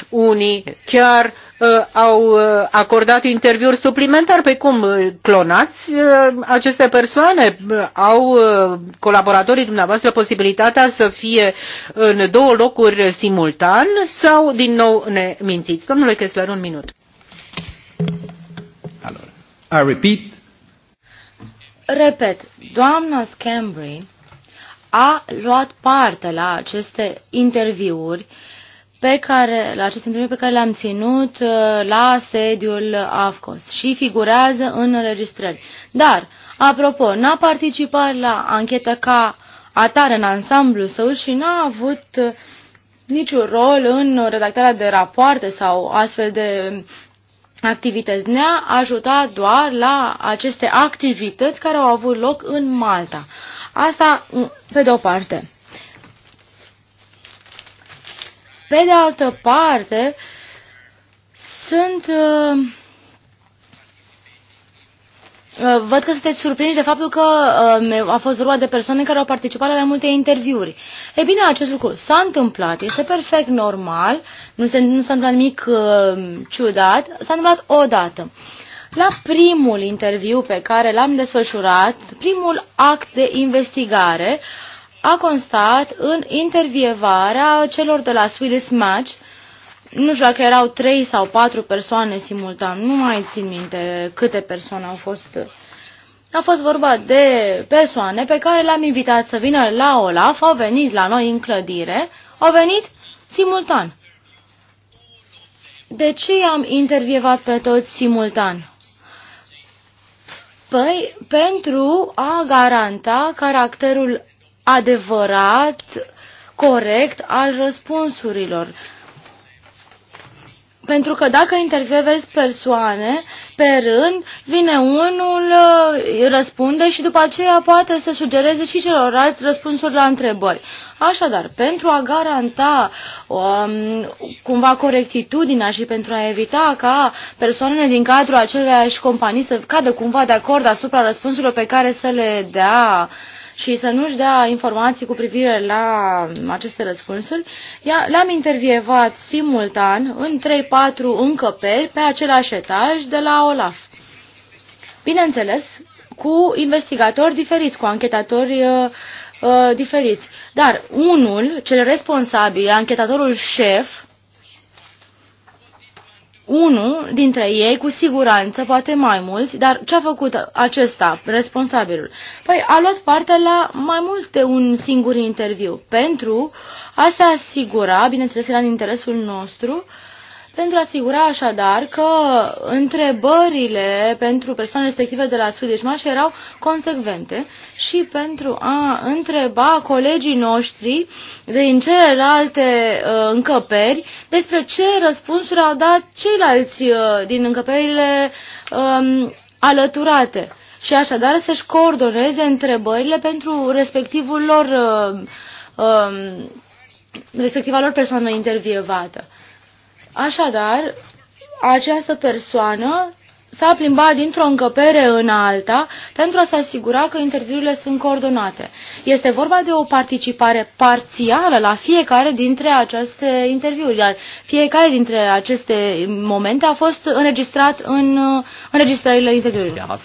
unii chiar uh, au uh, acordat interviuri suplimentar. Pe cum clonați uh, aceste persoane? Au uh, colaboratorii dumneavoastră posibilitatea să fie în două locuri simultan sau din nou ne mințiți? Domnule Kessler, un minut. Alors. I repeat. Repet, doamna Scambry a luat parte la aceste interviuri pe care, la aceste interviuri pe care le-am ținut uh, la sediul AFCOS și figurează în înregistrări. Dar, apropo, n-a participat la anchetă ca atare în ansamblu său și n-a avut uh, niciun rol în redactarea de rapoarte sau astfel de activități. Ne-a ajutat doar la aceste activități care au avut loc în Malta. Asta pe de o parte. Pe de altă parte, sunt uh, Uh, văd că sunteți surprinși de faptul că uh, a fost vorba de persoane care au participat la mai multe interviuri. E bine, acest lucru s-a întâmplat, este perfect normal, nu, se, nu s-a întâmplat nimic uh, ciudat, s-a întâmplat odată. La primul interviu pe care l-am desfășurat, primul act de investigare a constat în intervievarea celor de la Swedish Match nu știu dacă erau trei sau patru persoane simultan, nu mai țin minte câte persoane au fost. A fost vorba de persoane pe care le-am invitat să vină la OLAF, au venit la noi în clădire, au venit simultan. De ce i-am intervievat pe toți simultan? Păi, pentru a garanta caracterul adevărat, corect al răspunsurilor. Pentru că dacă intervievezi persoane pe rând, vine unul, răspunde și după aceea poate să sugereze și celorlalți răspunsuri la întrebări. Așadar, pentru a garanta um, cumva corectitudinea și pentru a evita ca persoanele din cadrul aceleiași companii să cadă cumva de acord asupra răspunsurilor pe care să le dea uh, și să nu-și dea informații cu privire la aceste răspunsuri, le-am intervievat simultan în 3-4 încăperi pe același etaj de la OLAF. Bineînțeles, cu investigatori diferiți, cu anchetatori uh, uh, diferiți. Dar unul, cel responsabil, anchetatorul șef, unul dintre ei, cu siguranță, poate mai mulți, dar ce a făcut acesta, responsabilul? Păi a luat parte la mai multe un singur interviu pentru a se asigura, bineînțeles era în interesul nostru, uh, pentru a asigura așadar că întrebările pentru persoanele respective de la Swedish Match erau consecvente și pentru a întreba colegii noștri din celelalte uh, încăperi despre ce răspunsuri au dat ceilalți uh, din încăperile um, alăturate și așadar să-și coordoneze întrebările pentru respectivul lor, uh, um, respectiva lor persoană intervievată. Așadar, această persoană s-a plimbat dintr-o încăpere în alta pentru a se asigura că interviurile sunt coordonate. Este vorba de o participare parțială la fiecare dintre aceste interviuri, iar fiecare dintre aceste momente a fost înregistrat în uh, înregistrările interviurilor.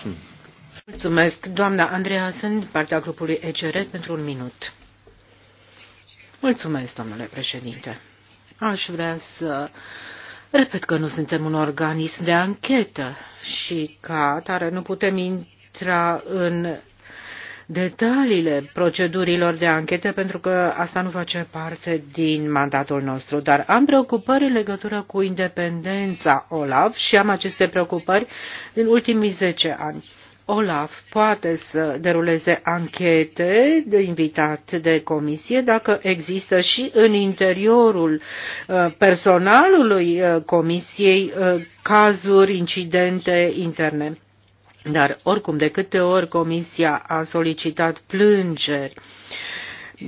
Mulțumesc, doamna Andreasen, din partea grupului ECR, pentru un minut. Mulțumesc, domnule președinte. Aș vrea să repet că nu suntem un organism de anchetă și ca atare nu putem intra în detaliile procedurilor de anchetă pentru că asta nu face parte din mandatul nostru, dar am preocupări în legătură cu independența OLAF și am aceste preocupări din ultimii 10 ani. Olaf poate să deruleze anchete de invitat de comisie dacă există și în interiorul uh, personalului uh, comisiei uh, cazuri, incidente interne. Dar oricum, de câte ori comisia a solicitat plângeri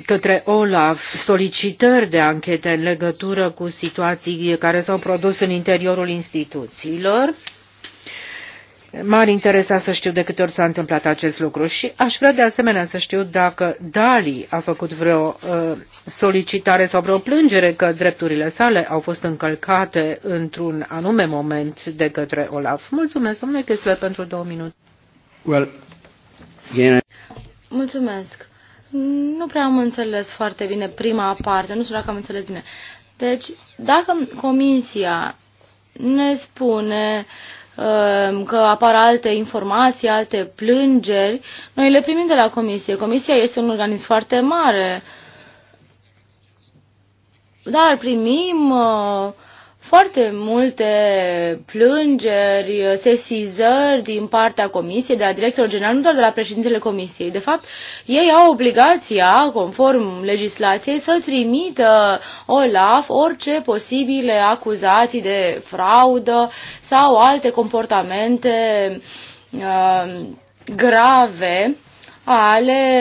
către Olaf solicitări de anchete în legătură cu situații care s-au produs în interiorul instituțiilor, M-ar interesa să știu de câte ori s-a întâmplat acest lucru și aș vrea de asemenea să știu dacă Dali a făcut vreo uh, solicitare sau vreo plângere că drepturile sale au fost încălcate într-un anume moment de către Olaf. Mulțumesc, domnule Chesler, pentru două minute. Well, yeah. Mulțumesc. Nu prea am înțeles foarte bine prima parte, nu știu dacă am înțeles bine. Deci, dacă comisia ne spune uh, Ehm, că apar alte informații, alte plângeri, noi le primim de la Comisie. Comisia este un organism foarte mare, dar primim uh, foarte multe plângeri, sesizări din partea comisiei, de la directorul general, nu doar de la președintele comisiei. De fapt, ei au obligația, conform legislației, să trimită OLAF orice posibile acuzații de fraudă sau alte comportamente uh, grave ale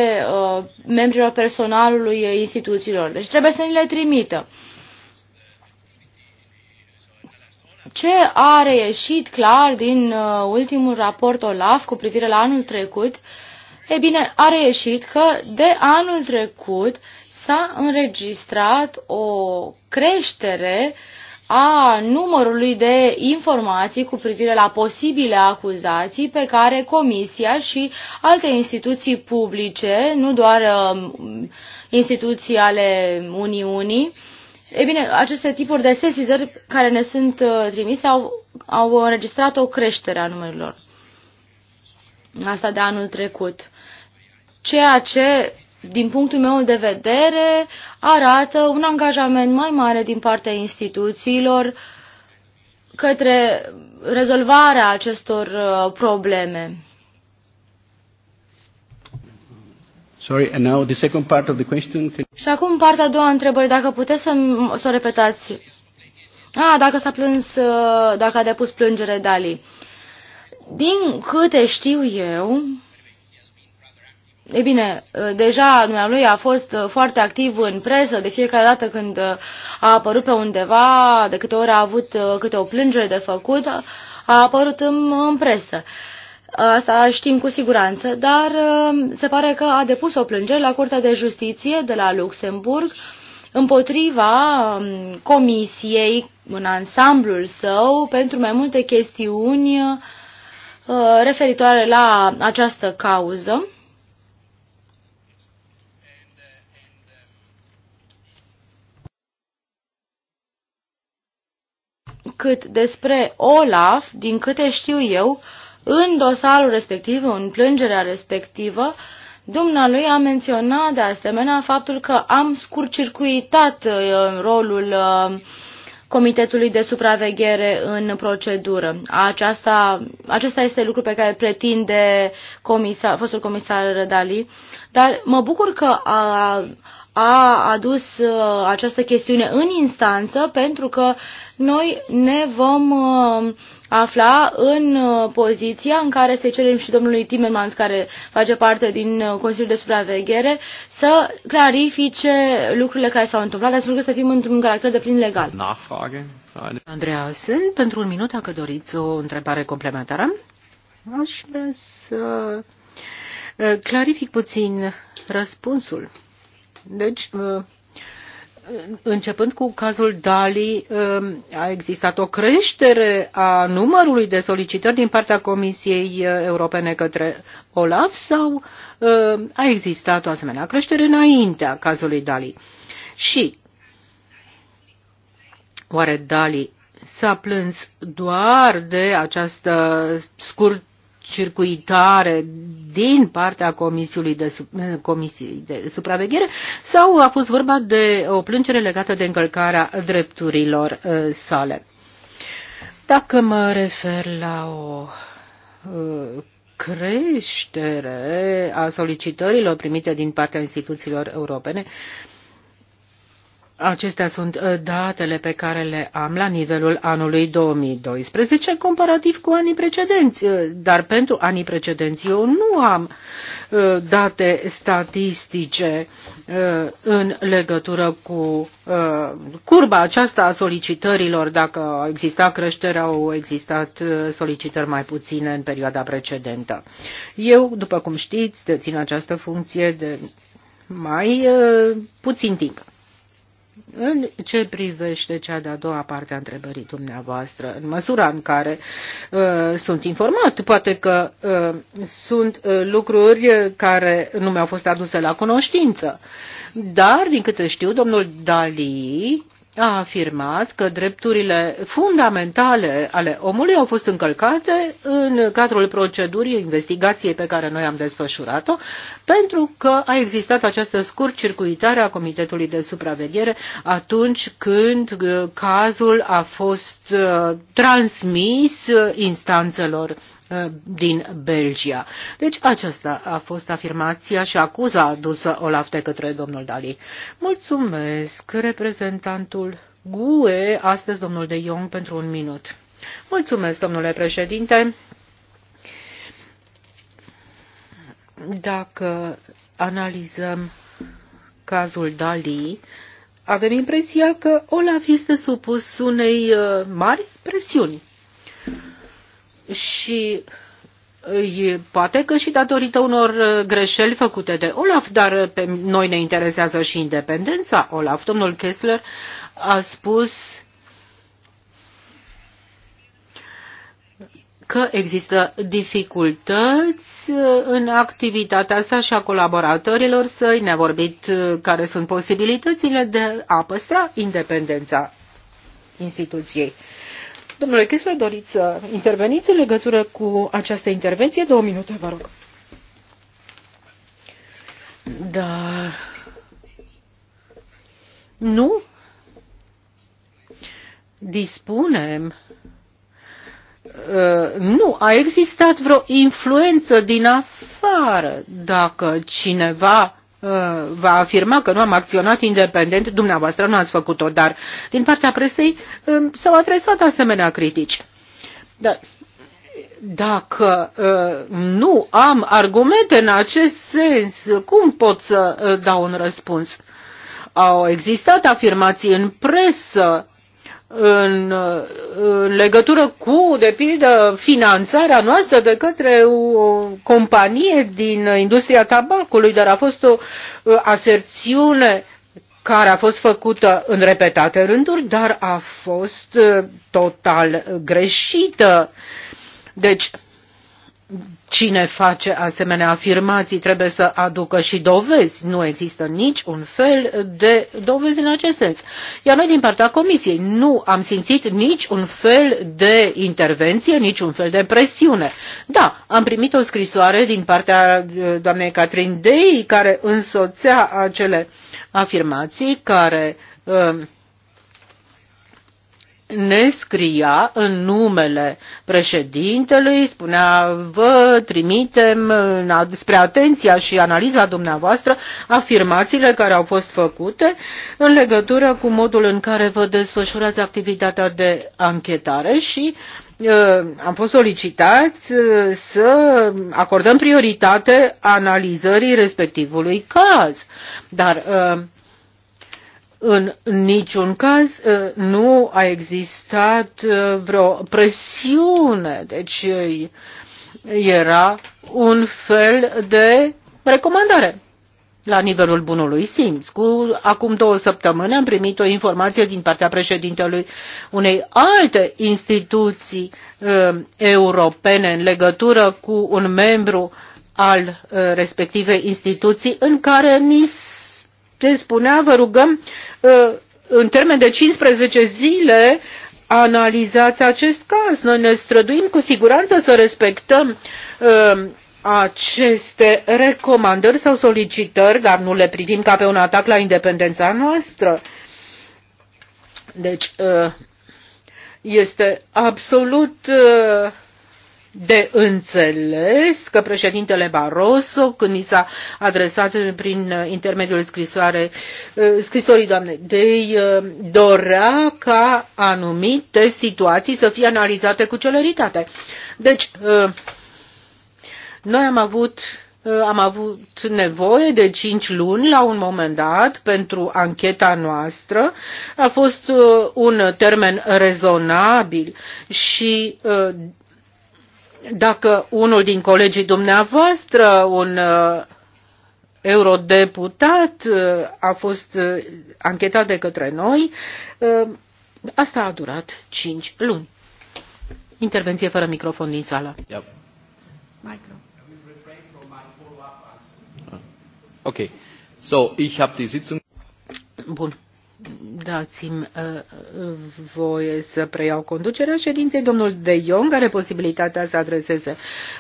uh, membrilor personalului instituțiilor. Deci trebuie să ni le trimită. Ce a reieșit clar din uh, ultimul raport OLAF cu privire la anul trecut? E bine, a reieșit că de anul trecut s-a înregistrat o creștere a numărului de informații cu privire la posibile acuzații pe care Comisia și alte instituții publice, nu doar um, instituții ale Uniunii, E bine, aceste tipuri de sesizări care ne sunt uh, trimise au, au înregistrat o creștere a numărilor. Asta de anul trecut. Ceea ce, din punctul meu de vedere, arată un angajament mai mare din partea instituțiilor către rezolvarea acestor uh, probleme. Sorry, and now the second part of the question. Și acum partea a doua a întrebării, dacă puteți să, să o repetați. A, dacă s-a plâns, uh, dacă a depus plângere Dali. Din câte știu eu, e bine, uh, deja lui a fost uh, foarte activ în presă de fiecare dată când a apărut pe undeva, de câte ori a avut câte o plângere de făcut, a apărut în, în presă. Asta știm cu siguranță, dar um, se pare că a depus o plângere la Curtea de Justiție de la Luxemburg împotriva um, comisiei în ansamblul său pentru mai multe chestiuni uh, referitoare la această cauză. Cât despre Olaf, din câte știu eu, uh, în dosarul respectiv, în plângerea respectivă, dumnealui a menționat de asemenea faptul că am scurcircuitat uh, rolul uh, Comitetului de Supraveghere în procedură. Aceasta, acesta este lucru pe care pretinde comisar, fostul comisar Rădali, dar mă bucur că a, a adus uh, această chestiune în instanță pentru că noi ne vom afla în uh, poziția în care să-i cerem și domnului Timmermans, care face parte din uh, Consiliul de Supraveghere, să clarifice lucrurile care s-au întâmplat, astfel că să fim într-un caracter de plin legal. Andreea, sunt pentru un minut, dacă doriți o întrebare complementară. Aș vrea să uh, clarific puțin răspunsul. Deci, începând cu cazul Dali, um, a existat o creștere a numărului de solicitări din partea Comisiei uh, Europene către OLAF sau um, a existat o asemenea creștere înaintea cazului Dali? Și oare Dali s-a plâns doar de această scurt circuitare din partea Comisiei de, eh, Comisiei de Supraveghere sau a fost vorba de o plângere legată de încălcarea drepturilor eh, sale. Dacă mă refer la o eh, creștere a solicitărilor primite din partea instituțiilor europene, Acestea sunt uh, datele pe care le am la nivelul anului 2012, comparativ cu anii precedenți, uh, dar pentru anii precedenți eu nu am uh, date statistice în legătură cu curba aceasta a solicitărilor, dacă au existat creștere, au existat solicitări mai puține în perioada precedentă. Eu, după cum știți, dețin această funcție de mai puțin timp. În ce privește cea de-a doua parte a întrebării dumneavoastră, în măsura în care uh, sunt informat, poate că uh, sunt uh, lucruri care nu mi-au fost aduse la cunoștință, dar, din câte știu, domnul Dali a afirmat că drepturile fundamentale ale omului au fost încălcate în cadrul procedurii investigației pe care noi am desfășurat-o, pentru că a existat această scurt circuitare a Comitetului de Supraveghere atunci când uh, cazul a fost uh, transmis uh, instanțelor Uh, din Belgia. Deci aceasta a fost afirmația și acuza adusă Olaf de către domnul Dali. Mulțumesc, reprezentantul GUE, astăzi domnul de Jong, pentru un minut. Mulțumesc, domnule președinte. Dacă analizăm cazul Dali, avem impresia că Olaf este supus unei uh, mari presiuni și uh, poate că și datorită unor uh, greșeli făcute de Olaf, dar uh, pe noi ne interesează și independența Olaf. Domnul Kessler a spus că există dificultăți în activitatea sa și a colaboratorilor săi, ne-a vorbit care sunt posibilitățile de a păstra independența instituției. Domnule Chisler, doriți să interveniți în legătură cu această intervenție? Două minute, vă rog. Da. Nu dispunem uh, nu a existat vreo influență din afară. Dacă cineva Uh, va afirma că nu am acționat independent, dumneavoastră nu ați făcut-o, dar din partea presei um, s-au adresat asemenea critici. Dar dacă uh, nu am argumente în acest sens, cum pot să uh, dau un răspuns? Au existat afirmații în presă în, în legătură cu, de pildă, finanțarea noastră de către o companie din industria tabacului, dar a fost o uh, aserțiune care a fost făcută în repetate rânduri, dar a fost uh, total greșită. Deci, cine face asemenea afirmații trebuie să aducă și dovezi. Nu există nici un fel de dovezi în acest sens. Iar noi din partea Comisiei nu am simțit nici un fel de intervenție, nici un fel de presiune. Da, am primit o scrisoare din partea uh, doamnei Catherine Day care însoțea acele afirmații care uh, ne scria în numele președintelui, spunea, vă trimitem spre atenția și analiza dumneavoastră afirmațiile care au fost făcute în legătură cu modul în care vă desfășurați activitatea de anchetare și ă, am fost solicitați ă, să acordăm prioritate analizării respectivului caz. Dar ă, în niciun caz uh, nu a existat uh, vreo presiune, deci uh, era un fel de recomandare la nivelul bunului simț. Cu acum două săptămâni am primit o informație din partea președintelui unei alte instituții uh, europene în legătură cu un membru al uh, respectivei instituții în care ni se spunea, vă rugăm Uh, în termen de 15 zile analizați acest caz. Noi ne străduim cu siguranță să respectăm uh, aceste recomandări sau solicitări, dar nu le privim ca pe un atac la independența noastră. Deci, uh, este absolut de înțeles că președintele Barroso, când i s-a adresat prin uh, intermediul scrisoare, uh, scrisorii doamnei Dei, uh, dorea ca anumite situații să fie analizate cu celeritate. Deci, noi am avut am avut nevoie de cinci luni la un moment dat pentru ancheta noastră. A fost un termen rezonabil și dacă unul din colegii dumneavoastră, un uh, eurodeputat, uh, a fost uh, anchetat de către noi, asta a durat 5 luni. Intervenție fără microfon din sală. Yep. Micro. So, ich habe die Sitzung Bun dați-mi uh, uh, voie să preiau conducerea ședinței. Domnul De Jong are posibilitatea să adreseze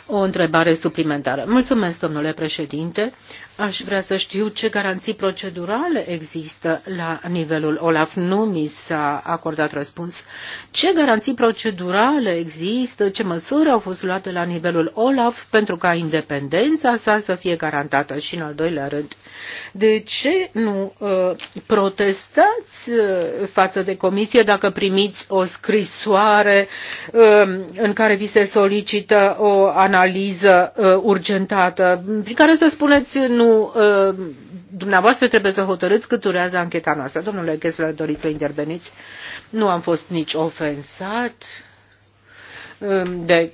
o întrebare suplimentară. Mulțumesc, domnule președinte. Aș vrea să știu ce garanții procedurale există la nivelul OLAF. Nu mi s-a acordat răspuns. Ce garanții procedurale există, ce măsuri au fost luate la nivelul OLAF pentru ca independența sa să fie garantată și în al doilea rând. De ce nu uh, protestați uh, față de comisie dacă primiți o scrisoare uh, în care vi se solicită o analiză uh, urgentată, prin care să spuneți în nu, uh, dumneavoastră trebuie să hotărâți cât durează ancheta noastră. Domnule Kessler, doriți să interveniți? Nu am fost nici ofensat de,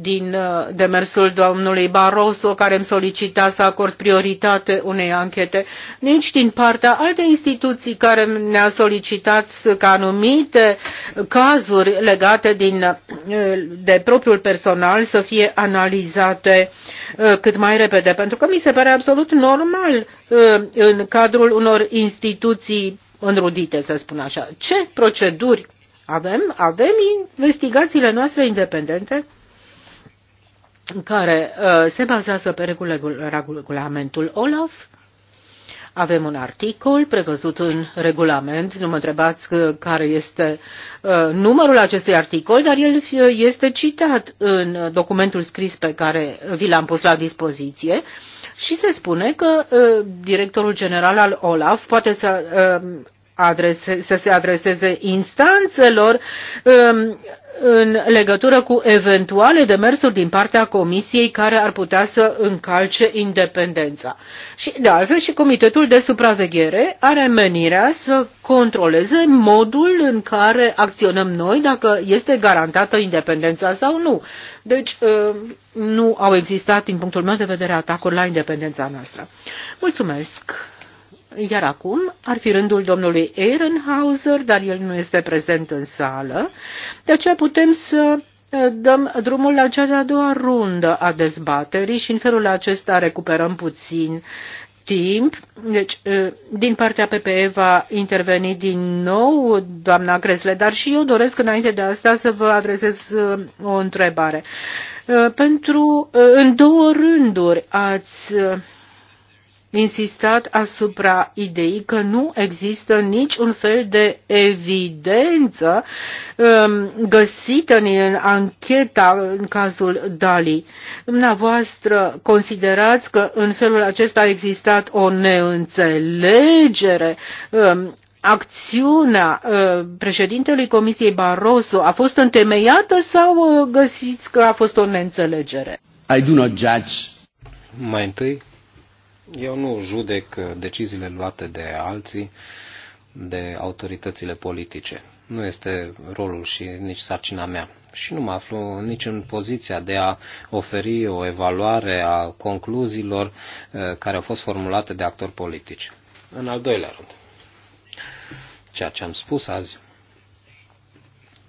din uh, demersul domnului Barroso, care îmi solicita să acord prioritate unei anchete, nici din partea alte instituții care ne-a solicitat ca anumite cazuri legate din, uh, de propriul personal să fie analizate uh, cât mai repede, pentru că mi se pare absolut normal în cadrul unor instituții înrudite, să spun așa. Ce proceduri avem, avem investigațiile noastre independente care uh, se bazează pe regulamentul OLAF. Avem un articol prevăzut în regulament, nu mă întrebați uh, care este uh, numărul acestui articol, dar el uh, este citat în documentul scris pe care vi l-am pus la dispoziție și se spune că uh, directorul general al OLAF poate să uh, adrese, să se adreseze instanțelor um, în legătură cu eventuale demersuri din partea Comisiei care ar putea să încalce independența. Și, de altfel, și Comitetul de Supraveghere are menirea să controleze modul în care acționăm noi, dacă este garantată independența sau nu. Deci, um, nu au existat, din punctul meu de vedere, atacuri la independența noastră. Mulțumesc! Iar acum ar fi rândul domnului Ehrenhauser, dar el nu este prezent în sală, de aceea putem să eh, dăm drumul la cea de-a doua rundă a dezbaterii și în felul acesta recuperăm puțin timp. Deci, eh, din partea PPE va interveni din nou doamna Gresle, dar și eu doresc înainte de asta să vă adresez eh, o întrebare. Pentru, în două rânduri ați insistat asupra ideii că nu există niciun fel de evidență um, găsită în ancheta în cazul Dali. Dumneavoastră considerați că în felul acesta a existat o neînțelegere um, acțiunea uh, președintelui Comisiei Barroso a fost întemeiată sau uh, găsiți că a fost o neînțelegere? I do not judge. Mai întâi, eu nu judec uh, deciziile luate de alții, de autoritățile politice. Nu este rolul și nici sarcina mea. Și nu mă aflu nici în poziția de a oferi o evaluare a concluziilor uh, care au fost formulate de actori politici. În al doilea rând, ceea ce am spus azi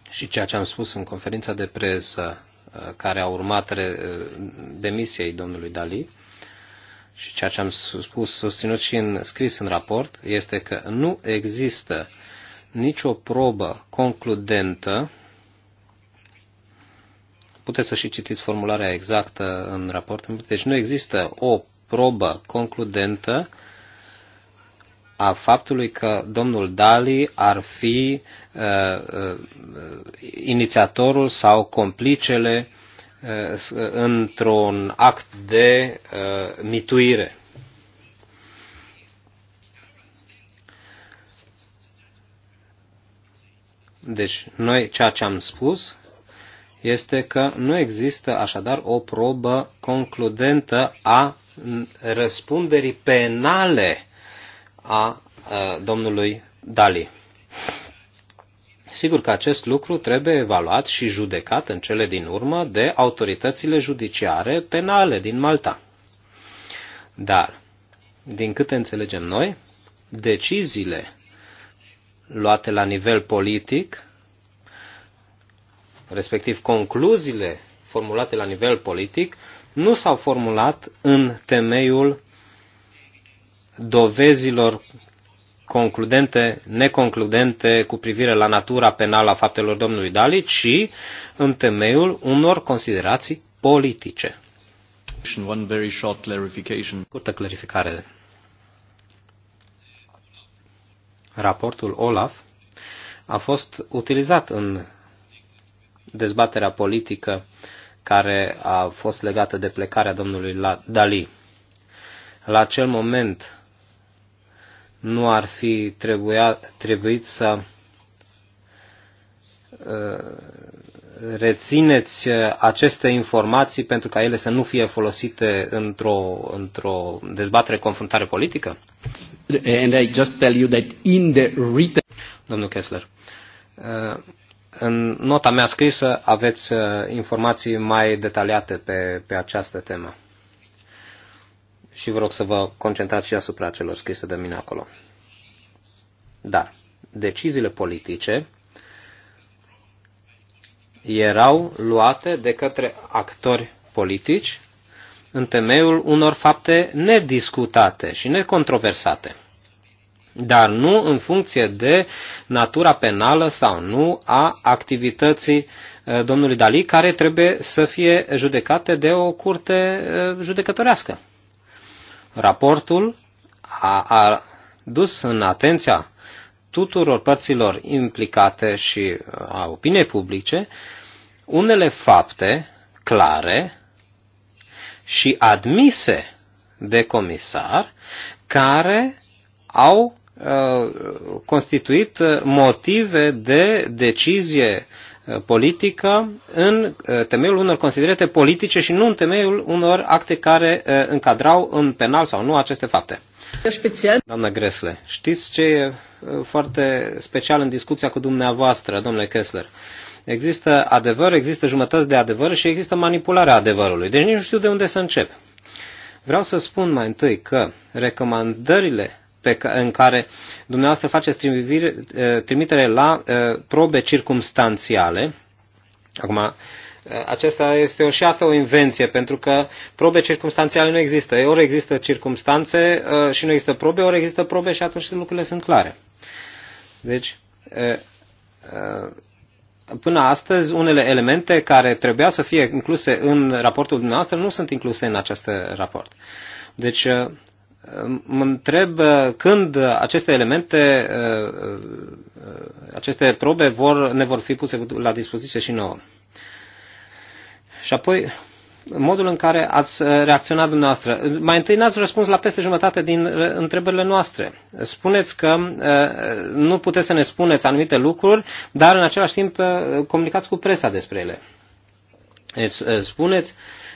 și ceea ce am spus în conferința de presă uh, care a urmat demisiei domnului Dali, și ceea ce am spus, susținut și în scris în raport, este că nu există nicio probă concludentă. Puteți să și citiți formularea exactă în raport. Deci nu există o probă concludentă a faptului că domnul Dali ar fi uh, uh, inițiatorul sau complicele Uh, într-un act de uh, mituire. Deci, noi ceea ce am spus este că nu există așadar o probă concludentă a răspunderii penale a, a uh, domnului Dali. Sigur că acest lucru trebuie evaluat și judecat în cele din urmă de autoritățile judiciare penale din Malta. Dar, din câte înțelegem noi, deciziile luate la nivel politic, respectiv concluziile formulate la nivel politic, nu s-au formulat în temeiul dovezilor concludente, neconcludente cu privire la natura penală a faptelor domnului Dali, ci în temeiul unor considerații politice. One very short clarification. Curtă clarificare. Raportul Olaf a fost utilizat în dezbaterea politică care a fost legată de plecarea domnului Dali. La acel moment, nu ar fi trebuia, trebuit să uh, rețineți uh, aceste informații pentru ca ele să nu fie folosite într-o, într-o dezbatere confruntare politică? And I just tell you that in the written... Domnul Kessler, uh, în nota mea scrisă aveți informații mai detaliate pe, pe această temă și vă rog să vă concentrați și asupra celor scrise de mine acolo. Dar deciziile politice erau luate de către actori politici în temeiul unor fapte nediscutate și necontroversate, dar nu în funcție de natura penală sau nu a activității eh, domnului Dali, care trebuie să fie judecate de o curte eh, judecătorească. Raportul a, a dus în atenția tuturor părților implicate și uh, a opiniei publice unele fapte clare și admise de comisar care au uh, constituit uh, motive de decizie Uh, politică în uh, temeiul unor considerate politice și nu în temeiul unor acte care uh, încadrau în penal sau nu aceste fapte. Special. Doamna Gresle, știți ce e foarte special în discuția cu dumneavoastră, domnule Kessler? Există adevăr, există jumătăți de adevăr și există manipularea adevărului. Deci nici nu știu de unde să încep. Vreau să spun mai întâi că recomandările pe, în care dumneavoastră faceți trimitere, eh, trimitere la eh, probe circumstanțiale. Acum, eh, acesta este o, și asta o invenție, pentru că probe circumstanțiale nu există. Ori există circumstanțe și nu există probe, ori există probe și atunci lucrurile sunt clare. Deci, până astăzi, unele elemente care trebuia să fie incluse în raportul dumneavoastră nu sunt incluse în acest raport. Deci, mă întreb uh, când aceste elemente, uh, uh, aceste probe vor, ne vor fi puse la dispoziție și nouă. Și apoi, modul în care ați reacționat dumneavoastră. Mai întâi n-ați răspuns la peste jumătate din întrebările noastre. Spuneți că nu puteți să ne spuneți anumite lucruri, dar în același timp comunicați cu presa despre ele. Deci, spuneți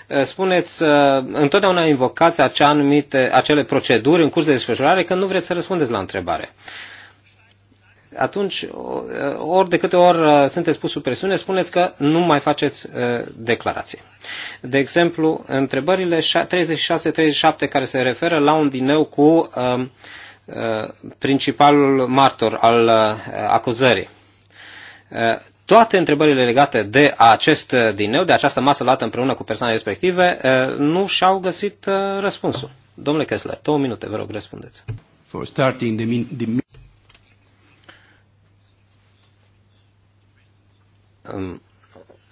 Eh, spuneți, eh, întotdeauna invocați acea anumite, acele proceduri în curs de desfășurare când nu vreți să răspundeți la întrebare. Atunci, eh, ori de câte ori sunteți pus sub presiune, spuneți că nu mai faceți declarații. De exemplu, întrebările 36-37 care se referă la un dineu cu principalul martor al acuzării toate întrebările legate de acest dineu, de această masă luată împreună cu persoanele respective, eh, nu și-au găsit eh, răspunsul. Domnule Kessler, două minute, vă rog, răspundeți. For starting the min- the...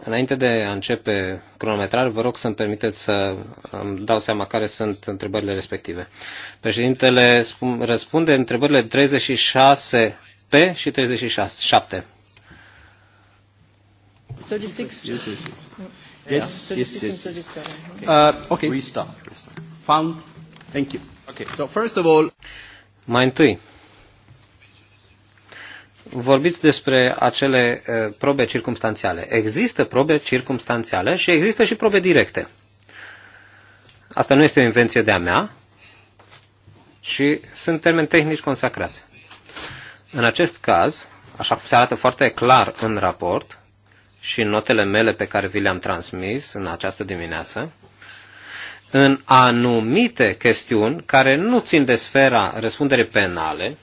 Înainte de a începe cronometrar, vă rog să-mi permiteți să îmi dau seama care sunt întrebările respective. Președintele răspunde întrebările 36 P și 36 7. 36. Yes, yes, yes. 36 yeah. yes, yes. yes. Okay. Uh, okay. Restart. Restart. Found. Thank you. Okay. So first of all. Mai întâi. Vorbiți despre acele uh, probe circumstanțiale. Există probe circumstanțiale și există și probe directe. Asta nu este o invenție de-a mea, și sunt termeni tehnici consacrați. În acest caz, așa cum se arată foarte clar în raport, și în notele mele pe care vi le-am transmis în această dimineață, în anumite chestiuni care nu țin de sfera răspundere penale,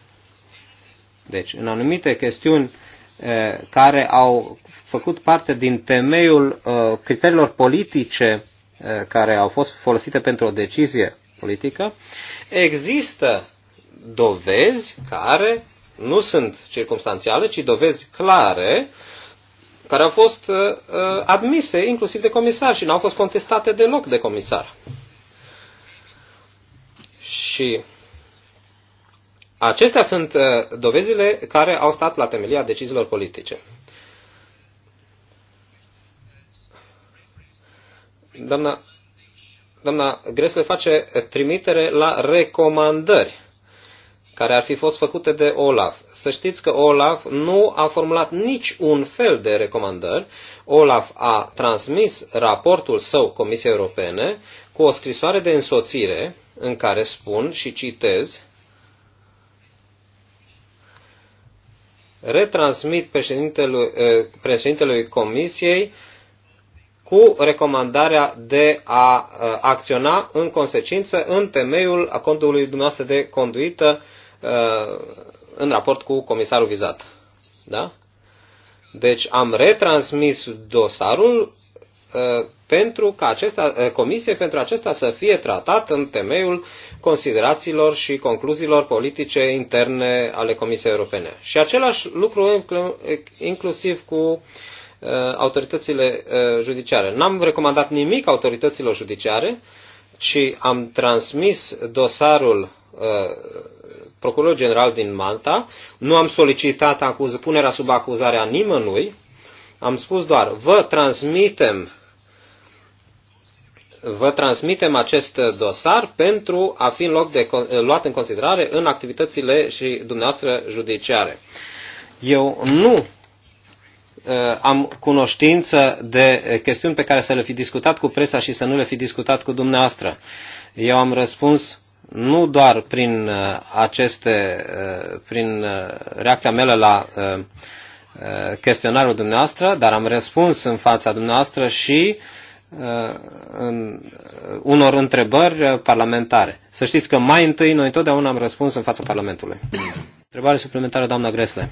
deci în anumite chestiuni eh, care au făcut parte din temeiul eh, criteriilor politice eh, care au fost folosite pentru o decizie politică, există dovezi care nu sunt circumstanțiale, ci dovezi clare care au fost uh, uh, admise inclusiv de comisar și n-au fost contestate deloc de comisar. Și acestea sunt uh, dovezile care au stat la temelia deciziilor politice. Doamna, doamna Gresle face trimitere la recomandări care ar fi fost făcute de Olaf. Să știți că Olaf nu a formulat nici un fel de recomandări. Olaf a transmis raportul său Comisiei Europene cu o scrisoare de însoțire în care spun și citez retransmit președintelui, eh, președintelui Comisiei cu recomandarea de a eh, acționa în consecință în temeiul acordului dumneavoastră de conduită Uh, în raport cu comisarul vizat. Da? Deci am retransmis dosarul uh, pentru ca acesta, uh, comisie pentru acesta să fie tratat în temeiul considerațiilor și concluziilor politice interne ale Comisiei Europene. Și același lucru inclusiv cu autoritățile judiciare. N-am recomandat nimic autorităților judiciare, ci am transmis dosarul Uh, procuror general din Malta, nu am solicitat acuz, punerea sub acuzare a nimănui, am spus doar, vă transmitem vă transmitem acest dosar pentru a fi în loc de luat în considerare în activitățile și dumneavoastră judiciare. Eu nu uh, am cunoștință de chestiuni pe care să le fi discutat cu presa și să nu le fi discutat cu dumneavoastră. Eu am răspuns nu doar prin uh, aceste, uh, prin uh, reacția mea la chestionarul dumneavoastră, dar am răspuns în fața dumneavoastră și în unor întrebări parlamentare. Să știți că mai întâi noi totdeauna am răspuns în fața Parlamentului. Întrebare suplimentară, doamna Gresle.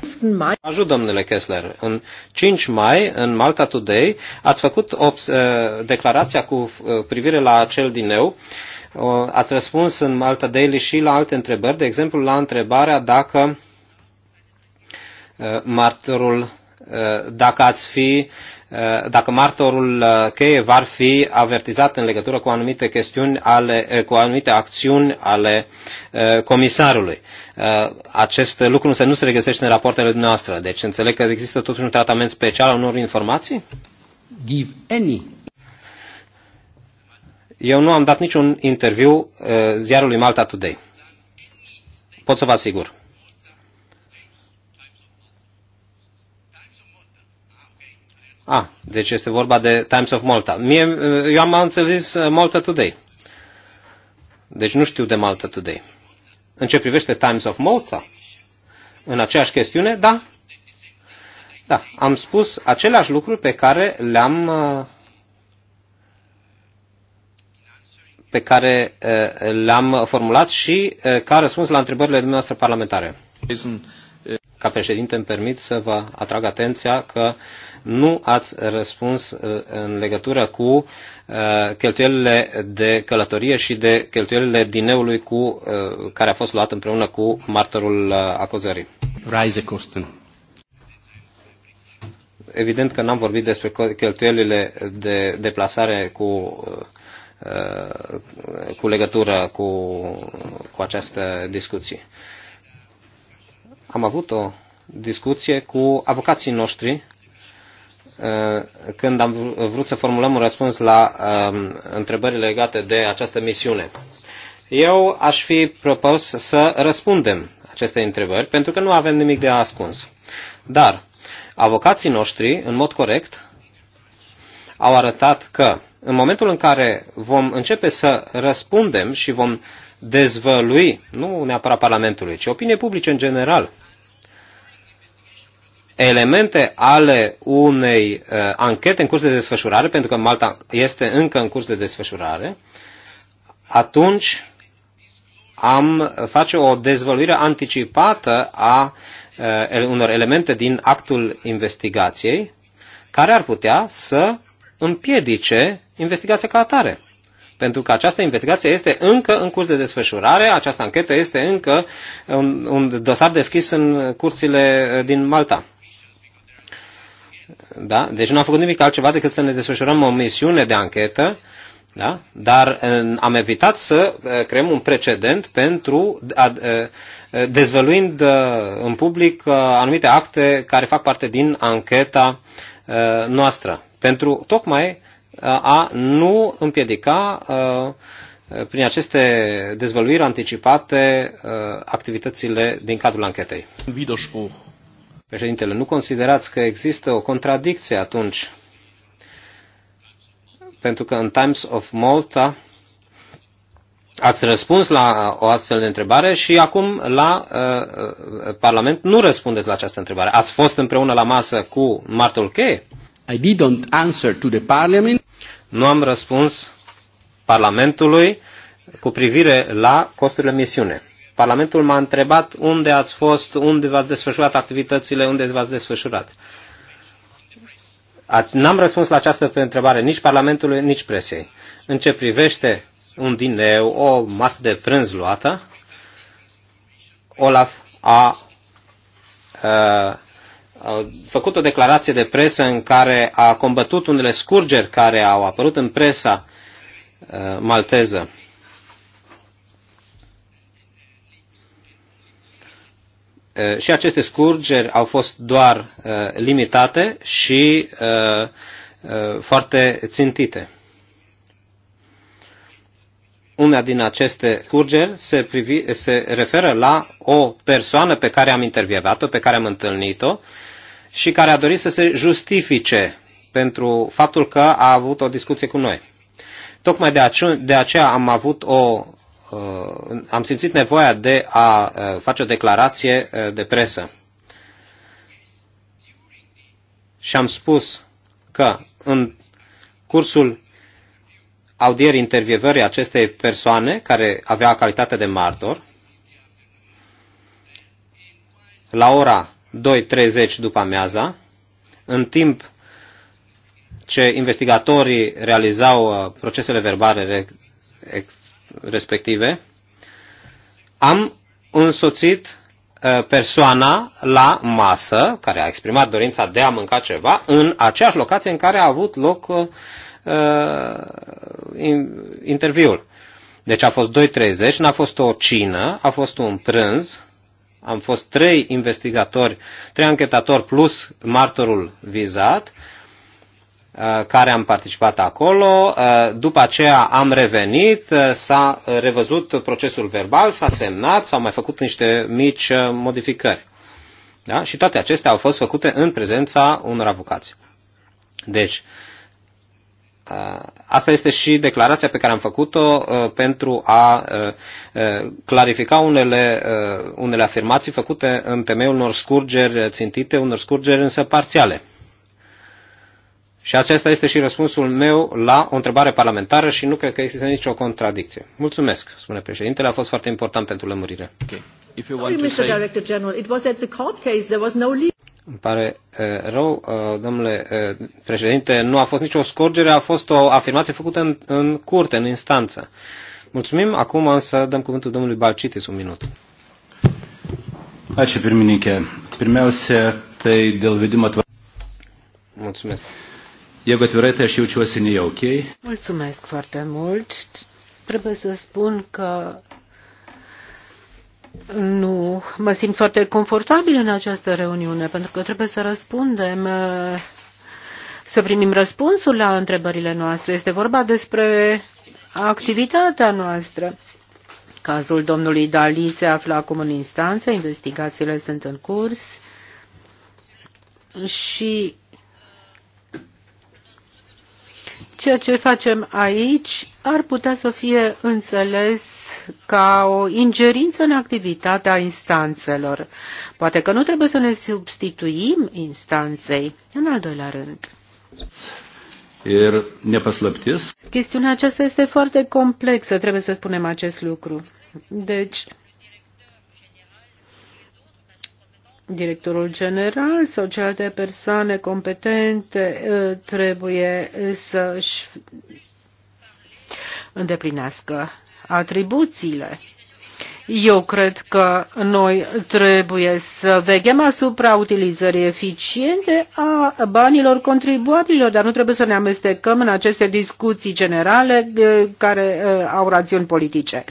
Ajut, domnule Kessler. În 5 mai, în Malta Today, ați făcut obs- declarația cu privire la acel din eu, Ați răspuns în Malta Daily și la alte întrebări, de exemplu la întrebarea dacă uh, martorul, uh, dacă ați fi uh, dacă martorul cheie va fi avertizat în legătură cu anumite chestiuni, ale, cu anumite acțiuni ale comisarului. Acest lucru nu se regăsește în rapoartele dumneavoastră, deci înțeleg că există totuși un tratament special al unor informații? Give any eu nu am dat niciun interviu uh, ziarului Malta Today. Pot să vă asigur. A, ah, deci este vorba de Times of Malta. Mie, uh, eu am înțeles uh, Malta Today. Deci nu știu de Malta Today. În ce privește Times of Malta, în aceeași chestiune, da. Da, am spus aceleași lucruri pe care le-am pe care le-am formulat și ca răspuns la întrebările dumneavoastră parlamentare. Ca președinte îmi permit să vă atrag atenția că nu ați răspuns în legătură cu cheltuielile de călătorie și de cheltuielile dineului cu, care a fost luat împreună cu martorul acuzării. Rise Costin. Evident că n-am vorbit despre cheltuielile de deplasare cu Uh, cu legătură cu, cu această discuție. Am avut o discuție cu avocații noștri uh, când am vrut să formulăm un răspuns la um, întrebările legate de această misiune. Eu aș fi propus să răspundem aceste întrebări pentru că nu avem nimic de ascuns. Dar avocații noștri, în mod corect, au arătat că în momentul în care vom începe să răspundem și vom dezvălui, nu neapărat Parlamentului, ci opinie publice în general, elemente ale unei uh, anchete în curs de desfășurare, pentru că Malta este încă în curs de desfășurare, atunci am face o dezvăluire anticipată a uh, unor elemente din actul investigației care ar putea să împiedice investigația ca atare. Pentru că această investigație este încă în curs de desfășurare, această anchetă este încă un, um, un dosar deschis în curțile uh, din Malta. Da? Deci nu am făcut nimic altceva decât să ne desfășurăm o misiune de anchetă, da? dar um, am evitat să uh, creăm un precedent pentru a, uh, dezvăluind în public anumite acte care fac parte din ancheta noastră pentru tocmai uh, a nu împiedica uh, prin aceste dezvăluiri anticipate uh, activitățile din cadrul anchetei. Președintele, nu considerați că există o contradicție atunci? Pentru că în Times of Malta ați răspuns la o astfel de întrebare și acum la uh, Parlament nu răspundeți la această întrebare. Ați fost împreună la masă cu Martul cheie? I didn't answer to the parliament. Nu am răspuns Parlamentului cu privire la costurile misiune. Parlamentul m-a întrebat unde ați fost, unde v-ați desfășurat activitățile, unde v-ați desfășurat. N-am răspuns la această întrebare nici Parlamentului, nici presei. În ce privește un dineu, o masă de prânz luată, Olaf a, a uh, a făcut o declarație de presă în care a combătut unele scurgeri care au apărut în presa uh, malteză. Uh, și aceste scurgeri au fost doar uh, limitate și foarte țintite. Una din aceste scurgeri se, privi, se referă la o persoană pe care am intervievat-o, pe care am întâlnit-o, uh, și care a dorit să se justifice pentru faptul că a avut o discuție cu noi. Tocmai de, ace- de aceea am avut o uh, am simțit nevoia de a uh, face o declarație uh, de presă. Și am spus că în cursul audierii intervievării acestei persoane, care avea calitate de martor, la ora 2.30 după amiaza, în timp ce investigatorii realizau uh, procesele verbale respective, am însoțit uh, persoana la masă, care a exprimat dorința de a mânca ceva, în aceeași locație în care a avut loc uh, interviul. Deci a fost 2.30, n-a fost o cină, a fost un prânz am fost trei investigatori, trei anchetatori plus martorul vizat, uh, care am participat acolo. Uh, după aceea am revenit, uh, s-a revăzut procesul verbal, s-a semnat, s-au mai făcut niște mici modificări. Da? Și toate acestea au fost făcute în prezența unor avocați. Deci, uh, Uh, asta este și declarația pe care am făcut-o uh, pentru a uh, clarifica unele, unele afirmații făcute în temeiul unor scurgeri țintite, unor scurgeri însă parțiale. Și acesta este și răspunsul meu la o întrebare parlamentară și nu cred că există nicio contradicție. Mulțumesc, spune președintele, a fost foarte important pentru lămurire. Okay. If you want Sorry, to Mr. Say... Director General, it was at the court case, there was no legal... Îmi pare rău, domnule președinte, nu a fost nicio scorgere, a fost o afirmație făcută în, în curte, în instanță. Mulțumim, acum însă dăm cuvântul domnului Balcitis un minut. Ačiū pirmininkė. Pirmiausia, tai dėl vedimo tvarkos. Mulțumesc. Jeigu atvirai, tai aš jaučiuosi nejaukiai. Mulțumesc foarte mult. Trebuie să spun că nu, mă simt foarte confortabil în această reuniune, pentru că trebuie să răspundem, uh, să primim răspunsul la întrebările noastre. Este vorba despre activitatea noastră. Cazul domnului Dali se află acum în instanță, investigațiile sunt în curs și ceea ce facem aici ar putea să fie înțeles ca o ingerință în activitatea instanțelor. Poate că nu trebuie să ne substituim instanței, în al doilea rând. Ir nepaslaptis. Chestiunea aceasta este foarte complexă, trebuie să spunem acest lucru. Deci, directorul general sau celelalte persoane competente ă, trebuie să își îndeplinească atribuțiile. Eu cred că noi trebuie să vegem asupra utilizării eficiente a banilor contribuabililor, dar nu trebuie să ne amestecăm în aceste discuții generale ă, care ă, au rațiuni politice.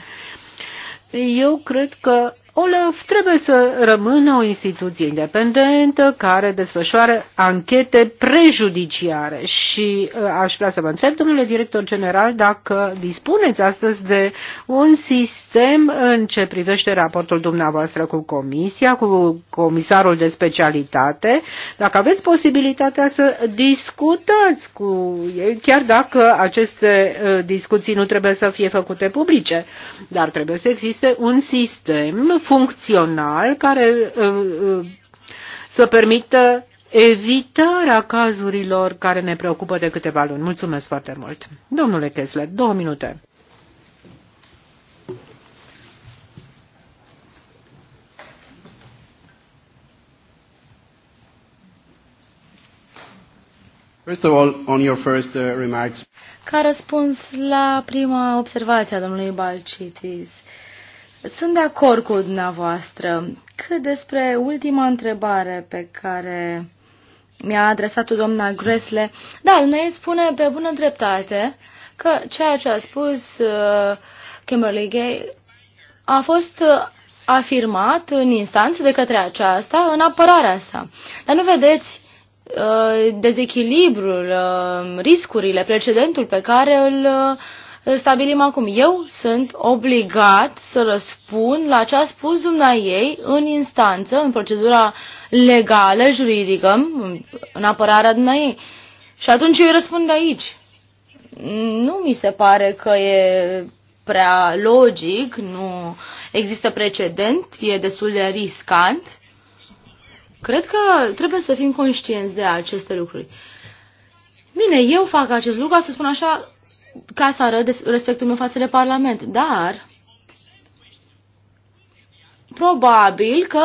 Eu cred că Olaf trebuie să rămână o instituție independentă care desfășoară anchete prejudiciare și uh, aș vrea să vă întreb, domnule director general, dacă dispuneți astăzi de un sistem în ce privește raportul dumneavoastră cu comisia, cu comisarul de specialitate, dacă aveți posibilitatea să discutați cu ei, chiar dacă aceste uh, discuții nu trebuie să fie făcute publice, dar trebuie să existe un sistem funcțional care uh, uh, să permită evitarea cazurilor care ne preocupă de câteva luni. Mulțumesc foarte mult. Domnule Kessler, două minute. First of all, on your first uh, remarks. Ca răspuns la prima observație a domnului Balcitis, sunt de acord cu dumneavoastră. Cât despre ultima întrebare pe care mi-a adresat-o doamna Gresle, da, ne spune pe bună dreptate că ceea ce a spus uh, Kimberly Gay a fost uh, afirmat în instanță de către aceasta în apărarea sa. Dar nu vedeți uh, dezechilibrul, uh, riscurile, precedentul pe care îl uh, stabilim acum. Eu sunt obligat să răspund la ce a spus dumnea ei în instanță, în procedura legală, juridică, în apărarea dumnea ei. Și atunci eu îi răspund aici. Nu mi se pare că e prea logic, nu există precedent, e destul de riscant. Cred că trebuie să fim conștienți de aceste lucruri. Bine, eu fac acest lucru, să spun așa, ca să arăt respectul meu față de Parlament. Dar probabil că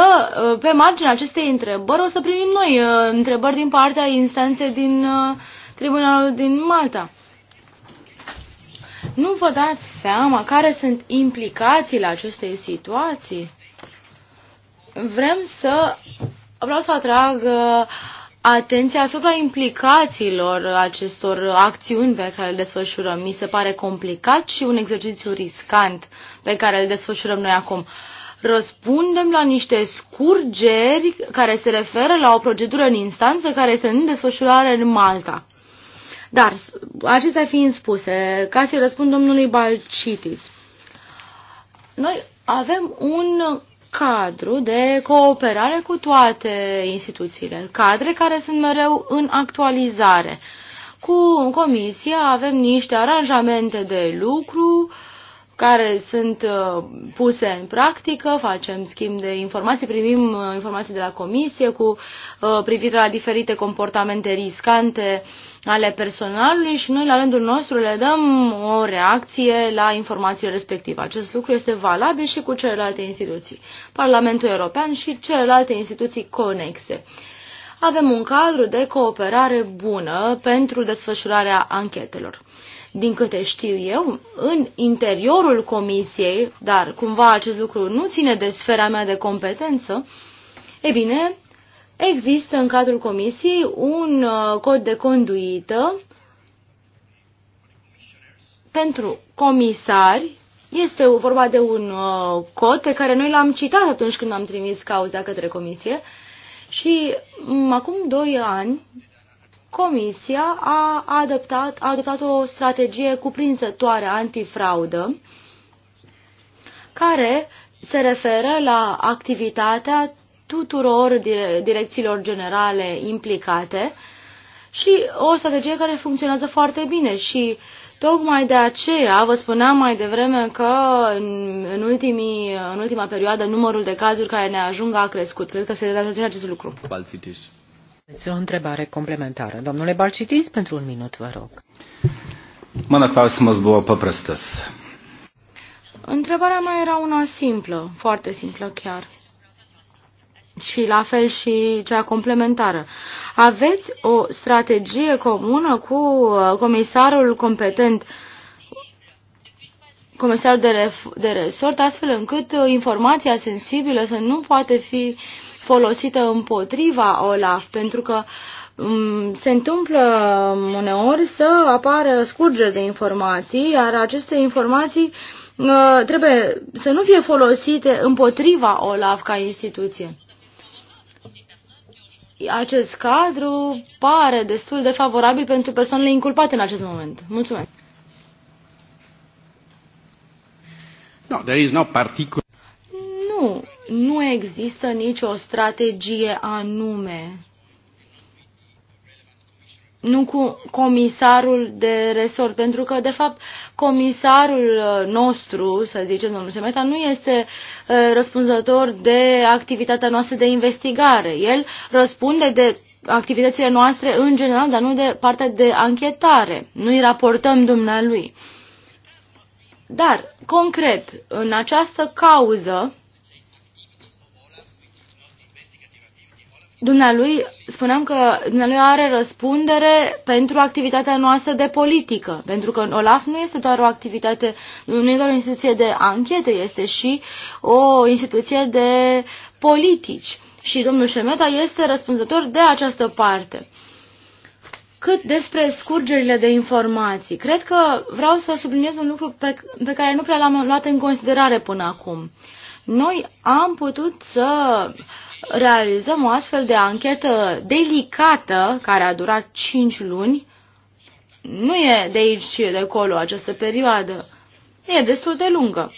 uh, pe marginea acestei întrebări o să primim noi uh, întrebări din partea instanței din uh, Tribunalul din Malta. Nu vă dați seama care sunt implicațiile acestei situații? Vrem să... Vreau să atrag Atenția asupra implicațiilor acestor acțiuni pe care le desfășurăm. Mi se pare complicat și un exercițiu riscant pe care îl desfășurăm noi acum. Răspundem la niște scurgeri care se referă la o procedură în instanță care este în desfășurare în Malta. Dar, acestea fiind spuse, ca să răspund domnului Balcitis, noi avem un cadru de cooperare cu toate instituțiile, cadre care sunt mereu în actualizare. Cu comisia avem niște aranjamente de lucru care sunt uh, puse în practică, facem schimb de informații, primim uh, informații de la comisie cu uh, privire la diferite comportamente riscante uh, ale personalului și noi la rândul nostru le dăm o reacție la informațiile respective. Acest lucru este valabil și cu celelalte instituții, Parlamentul European și celelalte instituții conexe. Avem un cadru de cooperare bună pentru desfășurarea anchetelor. Din câte știu eu, în interiorul comisiei, dar cumva acest lucru nu ține de sfera mea de competență, e bine, Există în cadrul comisiei un uh, cod de conduită pentru comisari. Este vorba de un uh, cod pe care noi l-am citat atunci când am trimis cauza către comisie și mm, acum doi ani comisia a adoptat, a adoptat o strategie cuprinzătoare antifraudă care se referă la activitatea tuturor direcțiilor generale implicate și o strategie care funcționează foarte bine și tocmai de aceea vă spuneam mai devreme că în, ultimii, în ultima perioadă numărul de cazuri care ne ajung a crescut. Cred că se datorează acest lucru. Balcitis. Este o întrebare complementară. Domnule Balcitis, pentru un minut, vă rog. Mă klausimas buvo paprastas. Întrebarea mea era una simplă, foarte simplă chiar și la fel și cea complementară. Aveți o strategie comună cu uh, comisarul competent, comisarul de, ref, de resort, astfel încât uh, informația sensibilă să nu poate fi folosită împotriva OLAF, pentru că um, se întâmplă um, uneori să apară scurgeri de informații, iar aceste informații uh, trebuie să nu fie folosite împotriva OLAF ca instituție acest cadru pare destul de favorabil pentru persoanele inculpate în acest moment. Mulțumesc. No, there is no particular... Nu, nu există nicio strategie anume nu cu comisarul de resort, pentru că, de fapt, comisarul uh, nostru, să zicem, domnul Semeta, nu este uh, răspunzător de activitatea noastră de investigare. El răspunde de activitățile noastre în general, dar nu de partea de anchetare. Nu îi raportăm dumnealui. Dar, concret, în această cauză, Dumnealui, spuneam că dumnealui are răspundere pentru activitatea noastră de politică, pentru că OLAF nu este doar o activitate, nu e doar o instituție de anchete, este și o instituție de politici. Și domnul Șemeta este răspunzător de această parte. Cât despre scurgerile de informații, cred că vreau să subliniez un lucru pe, pe care nu prea l-am luat în considerare până acum noi am putut să realizăm o astfel de anchetă delicată, care a durat 5 luni. Nu e de aici și de acolo această perioadă. E destul de lungă.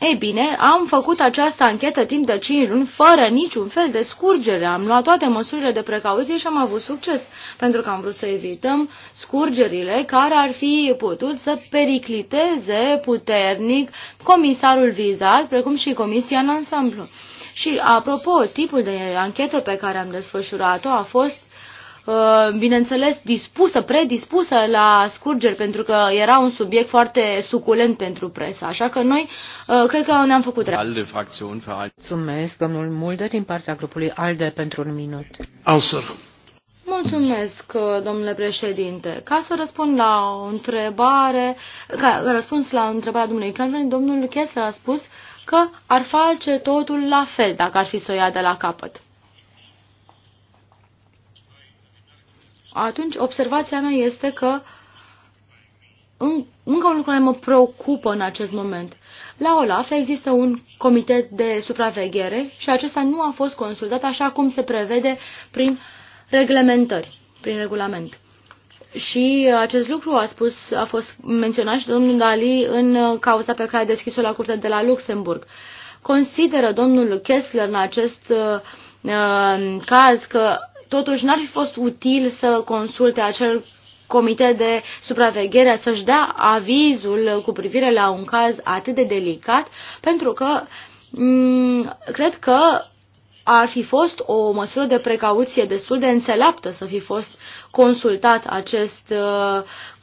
Ei bine, am făcut această anchetă timp de 5 luni fără niciun fel de scurgere. Am luat toate măsurile de precauție și am avut succes, pentru că am vrut să evităm scurgerile care ar fi putut să pericliteze puternic comisarul vizat, precum și comisia în ansamblu. Și, apropo, tipul de anchetă pe care am desfășurat-o a fost Uh, bineînțeles, dispusă, predispusă la scurgeri, pentru că era un subiect foarte suculent pentru presă. Așa că noi uh, cred că ne-am făcut treabă. Mulțumesc, domnul Mulder, din partea grupului ALDE, pentru un minut. Answer. Mulțumesc, uh, domnule președinte. Ca să răspund la o întrebare, ca răspuns la întrebarea domnului Cameron, domnul Kessler a spus că ar face totul la fel dacă ar fi să o ia de la capăt. atunci observația mea este că în, încă un lucru care mă preocupă în acest moment. La OLAF există un comitet de supraveghere și acesta nu a fost consultat așa cum se prevede prin reglementări, prin regulament. Și acest lucru a, spus, a fost menționat și domnul Dali în cauza pe care a deschis-o la curtea de la Luxemburg. Consideră domnul Kessler în acest uh, uh caz că totuși n-ar fi fost util să consulte acel comitet de supraveghere să-și dea avizul cu privire la un caz atât de delicat, pentru că mm, cred că ar fi fost o măsură de precauție destul de înțeleaptă să fi fost consultat acest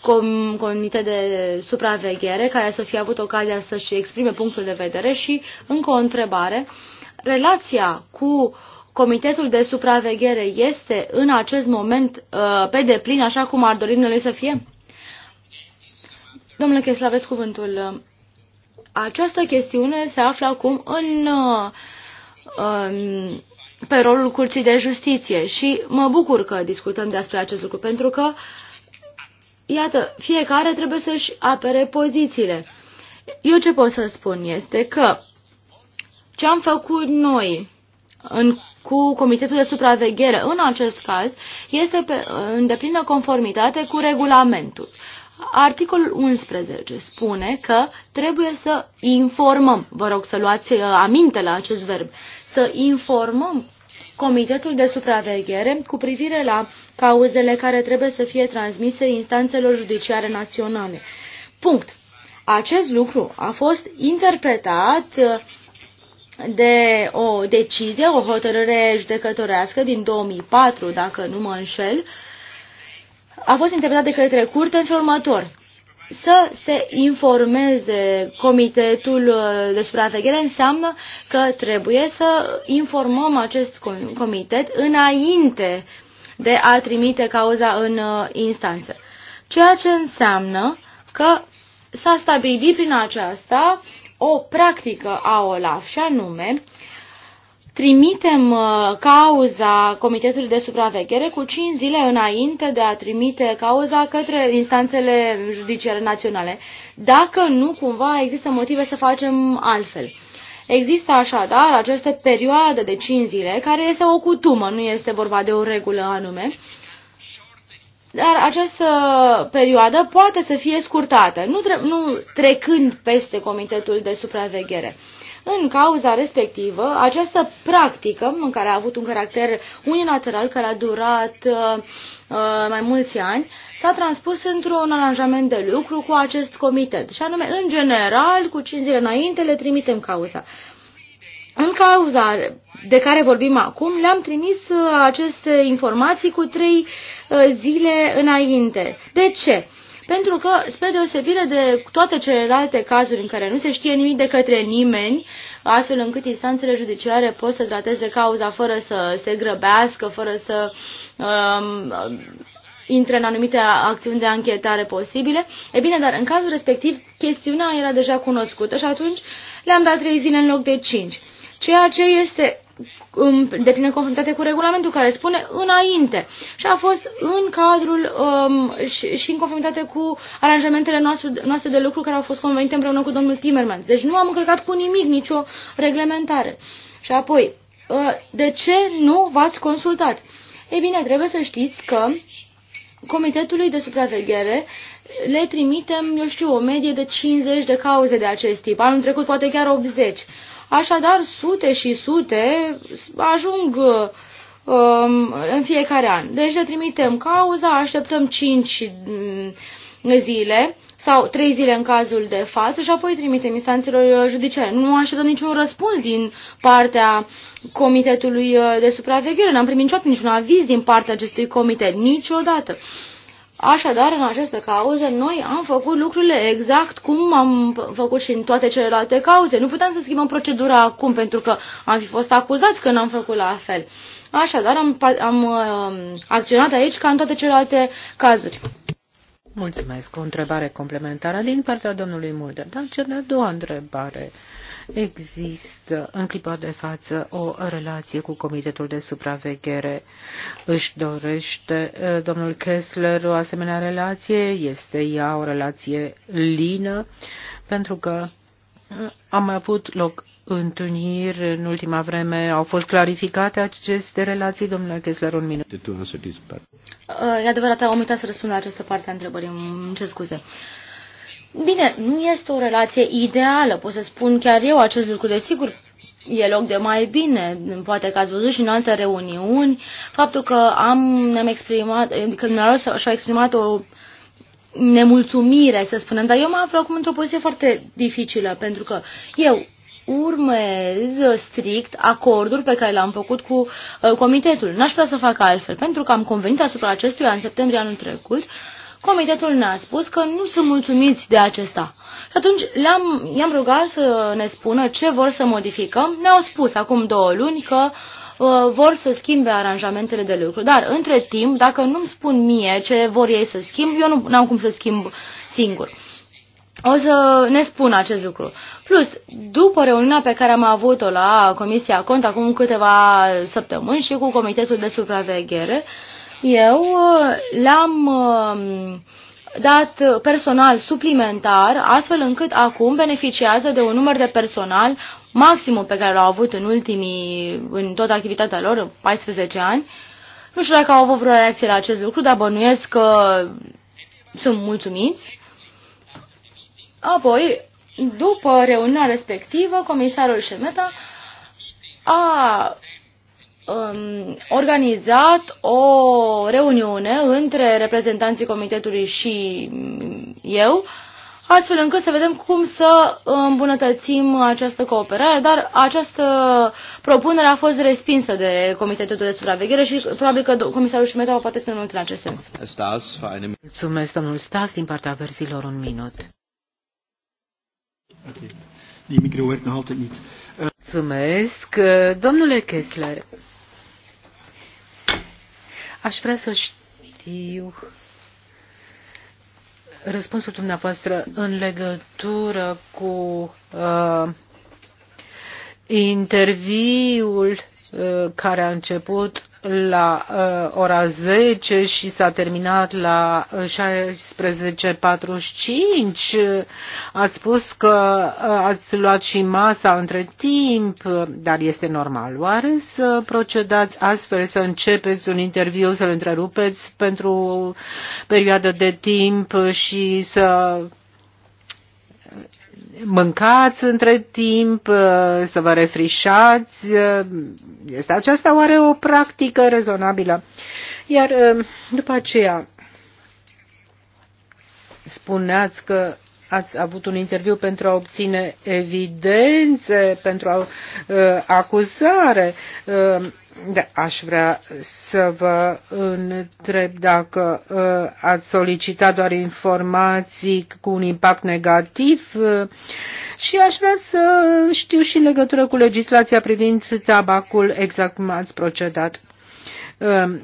uh, comitet de supraveghere care să fie avut ocazia să-și exprime punctul de vedere și, încă o întrebare, relația cu uh, Comitetul de supraveghere este în acest moment uh, pe deplin așa cum ar dori noi să fie? Domnule Chesla, aveți cuvântul. Această chestiune se află acum în, în uh, um, pe rolul Curții de Justiție și mă bucur că discutăm despre acest lucru, pentru că, iată, fiecare trebuie să-și apere pozițiile. Eu ce pot să spun este că ce am făcut noi în cu Comitetul de Supraveghere, în acest caz, este pe, în deplină conformitate cu regulamentul. Articolul 11 spune că trebuie să informăm, vă rog să luați uh, aminte la acest verb, să informăm Comitetul de Supraveghere cu privire la cauzele care trebuie să fie transmise instanțelor judiciare naționale. Punct. Acest lucru a fost interpretat uh, de o decizie, o hotărâre judecătorească din 2004, dacă nu mă înșel, a fost interpretat de către curte în felul următor. Să se informeze comitetul uh, de supraveghere înseamnă că trebuie să informăm acest comitet înainte de a trimite cauza în uh, instanță. Ceea ce înseamnă că s-a stabilit prin aceasta o practică a OLAF și anume trimitem uh, cauza Comitetului de Supraveghere cu 5 zile înainte de a trimite cauza către instanțele judiciare naționale, dacă nu cumva există motive să facem altfel. Există așadar această perioadă de 5 zile care este o cutumă, nu este vorba de o regulă anume, dar această perioadă poate să fie scurtată, nu, tre- nu trecând peste comitetul de supraveghere. În cauza respectivă, această practică, în care a avut un caracter unilateral, care a durat uh, uh mai mulți ani, s-a transpus într-un aranjament de lucru cu acest comitet. Și anume, în general, cu 5 zile înainte le trimitem cauza în cauza de care vorbim acum, le-am trimis uh, aceste informații cu trei uh, zile înainte. De ce? Pentru că, spre deosebire de toate celelalte cazuri în care nu se știe nimic de către nimeni, astfel încât instanțele judiciare pot să trateze cauza fără să se grăbească, fără să um, intre în anumite acțiuni de anchetare posibile. E bine, dar în cazul respectiv, chestiunea era deja cunoscută și atunci le-am dat trei zile în loc de cinci ceea ce este um, de plină confruntate cu regulamentul care spune înainte și a fost în cadrul um, și, și în conformitate cu aranjamentele noastre, noastre de lucru care au fost convenite împreună cu domnul Timmermans. Deci nu am încălcat cu nimic nicio reglementare. Și apoi, uh, de ce nu v-ați consultat? Ei bine, trebuie să știți că Comitetului de Supraveghere le trimitem, eu știu, o medie de 50 de cauze de acest tip. Anul trecut poate chiar 80. Așadar, sute și sute ajung um, în fiecare an. Deci le trimitem cauza, așteptăm 5 mm, zile sau 3 zile în cazul de față și apoi trimitem instanțelor uh, judiciare. Nu așteptăm niciun răspuns din partea Comitetului uh, de Supraveghere. N-am primit niciodată niciun aviz din partea acestui comitet, niciodată. Așadar, în aceste cauze, noi am făcut lucrurile exact cum am făcut și în toate celelalte cauze. Nu putem să schimbăm procedura acum pentru că am fi fost acuzați că n-am făcut la fel. Așadar, am, am um, acționat aici ca în toate celelalte cazuri. Mulțumesc. O întrebare complementară din partea domnului Mulder. Dar ce de-a doua întrebare. Uh, Există în clipa de față o relație cu Comitetul de Supraveghere. Își dorește uh, domnul Kessler o asemenea relație? Este ea o relație lină? Pentru că uh, am mai avut loc întâlniri în ultima vreme. Au fost clarificate aceste relații, domnule Kessler, un minut. Uh, e adevărat, am uitat să răspund la această parte a întrebării. Îmi cer scuze. Uh, Bine, nu este o relație ideală, pot să spun chiar eu acest lucru, desigur, e loc de mai bine. Poate că ați văzut și în alte reuniuni faptul că am, ne-am exprimat, că dumneavoastră și a exprimat o nemulțumire, să spunem, dar eu mă aflu acum într-o poziție foarte dificilă, pentru că eu urmez strict acordul pe care l-am făcut cu uh, comitetul. N-aș putea să fac altfel, pentru că am convenit asupra acestuia în septembrie anul trecut comitetul ne-a spus că nu sunt mulțumiți de acesta. Și atunci le-am, i-am rugat să ne spună ce vor să modificăm. Ne-au spus acum două luni că uh, vor să schimbe aranjamentele de lucru. Dar, între timp, dacă nu-mi spun mie ce vor ei să schimb, eu nu am cum să schimb singur. O să ne spun acest lucru. Plus, după reuniunea pe care am avut-o la Comisia Cont acum câteva săptămâni și cu Comitetul de Supraveghere, uh, eu uh, le-am um, dat personal suplimentar, astfel încât acum beneficiază de un număr de personal maximum pe care l-au avut în ultimii, în toată activitatea lor, 14 ani. Nu știu dacă au avut vreo reacție la acest lucru, dar bănuiesc că sunt mulțumiți. Apoi, după reuniunea respectivă, comisarul Șemeta a Um, organizat o reuniune între reprezentanții comitetului și eu, astfel încât să vedem cum să îmbunătățim această cooperare, dar această propunere a fost respinsă de Comitetul de Supraveghere și probabil că comisarul Șimeta poate spune mult în acest sens. Stas, Mulțumesc, domnul Stas, din partea versiilor un minut. Okay. Eh, Mulțumesc, domnule Kessler. Aș vrea să știu răspunsul dumneavoastră în legătură cu uh, interviul uh, care a început la uh, ora 10 și s-a terminat la 16.45. Uh, ați spus că uh, ați luat și masa între timp, dar este normal. Oare să procedați astfel, să începeți un interviu, să-l întrerupeți pentru o perioadă de timp și să mâncați între timp, uh, să vă refrișați. Uh, este aceasta oare o practică rezonabilă? Iar uh, după aceea, spuneați că ați avut un interviu pentru a obține evidențe, pentru a, uh, acuzare. Uh, da, aș vrea să vă întreb dacă uh, ați solicitat doar informații cu un impact negativ uh, și aș vrea să știu și în legătură cu legislația privind tabacul exact cum ați procedat. Uh,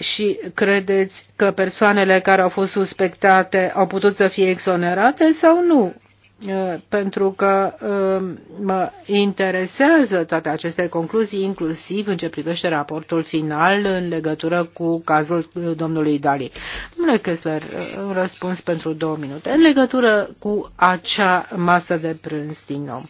și credeți că persoanele care au fost suspectate au putut să fie exonerate sau nu? Uh, pentru că uh, mă interesează toate aceste concluzii, inclusiv în ce privește raportul final în legătură cu cazul uh, domnului Dali. Domnule Kessler, răspuns pentru două minute. În legătură cu acea masă de prânz din nou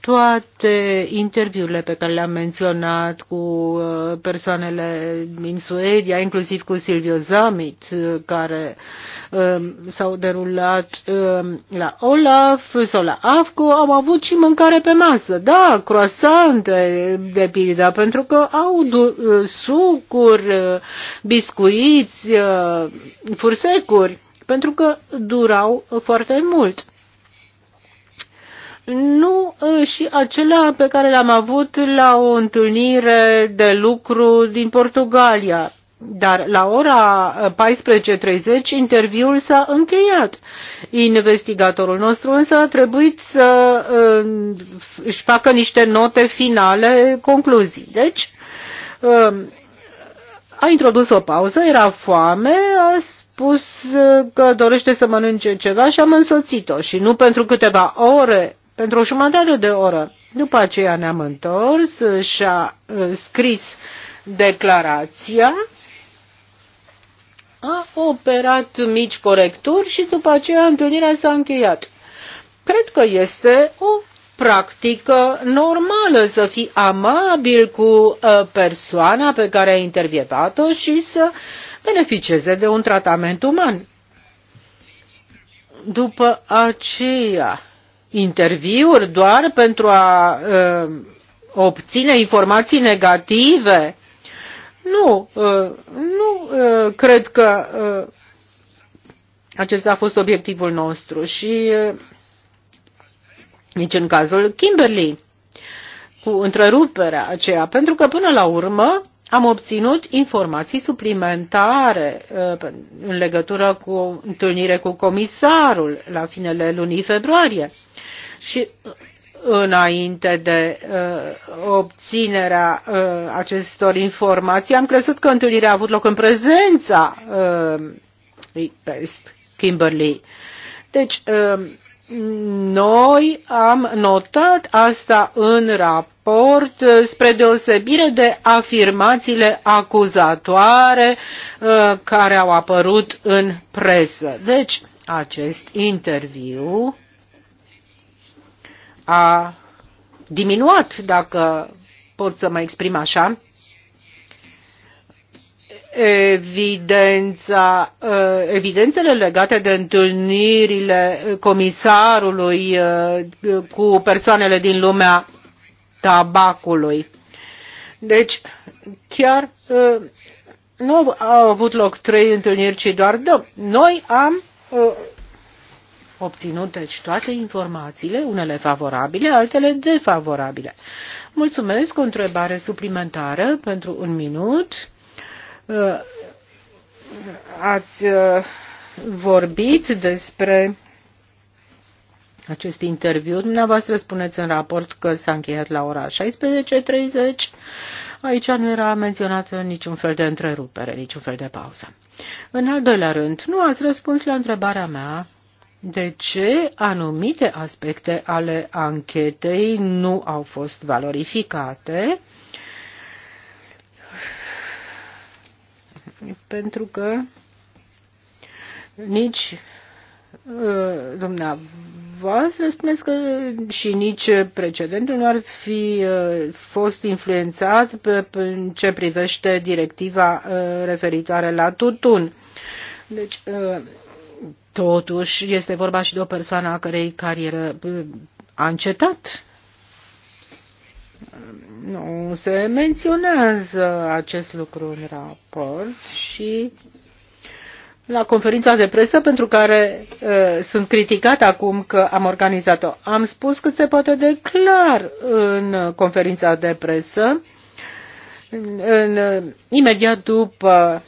toate interviurile pe care le-am menționat cu uh, persoanele din Suedia, inclusiv cu Silvio Zamit, uh, care um, s-au derulat um, la Olaf sau la AFCO, au avut și mâncare pe masă. Da, croasante de pildă, pentru că au uh, sucuri, biscuiți, fursecuri, pentru că durau foarte mult nu ă, și acela pe care l-am avut la o întâlnire de lucru din Portugalia. Dar la ora 14.30 interviul s-a încheiat. Investigatorul nostru însă a trebuit să uh, își facă niște note finale, concluzii. Deci, uh, a introdus o pauză, era foame, a spus că dorește să mănânce ceva și am însoțit-o. Și nu pentru câteva ore pentru o jumătate de oră. După aceea ne-am întors și a uh, scris declarația, a operat mici corecturi și după aceea întâlnirea s-a încheiat. Cred că este o practică normală să fii amabil cu uh, persoana pe care ai intervievat-o și să beneficieze de un tratament uman. După aceea, interviuri doar pentru a uh, obține informații negative? Nu, uh, nu uh, cred că uh, acesta a fost obiectivul nostru și uh, nici în cazul Kimberley cu întreruperea aceea, pentru că până la urmă am obținut informații suplimentare uh, în legătură cu o întâlnire cu comisarul la finele lunii februarie și uh, înainte de uh, obținerea uh, acestor informații, am crezut că întâlnirea a avut loc în prezența uh, Kimberly. Kimberley. Deci, uh, noi am notat asta în raport, uh, spre deosebire de afirmațiile acuzatoare uh, care au apărut în presă. Deci, acest interviu a diminuat, dacă pot să mă exprim așa, evidența, uh, evidențele legate de întâlnirile comisarului uh, cu persoanele din lumea tabacului. Deci, chiar uh, nu au avut loc trei întâlniri, ci doar două. Noi am obținut deci toate informațiile, unele favorabile, altele defavorabile. Mulțumesc, o întrebare suplimentară pentru un minut. Uh, ați uh, vorbit despre acest interviu. Dumneavoastră spuneți în raport că s-a încheiat la ora 16.30. Aici nu era menționată niciun fel de întrerupere, niciun fel de pauză. În al doilea rând, nu ați răspuns la întrebarea mea de ce anumite aspecte ale anchetei nu au fost valorificate pentru că nici uh, dumneavoastră spuneți că și nici precedentul nu ar fi uh, fost influențat pe, pe, în ce privește directiva uh, referitoare la tutun. Deci, totuși, este vorba și de o persoană a cărei carieră a încetat nu se menționează acest lucru în raport și la conferința de presă pentru care uh, sunt criticat acum că am organizat-o. Am spus cât se poate de clar în conferința de presă, în, în, uh, imediat după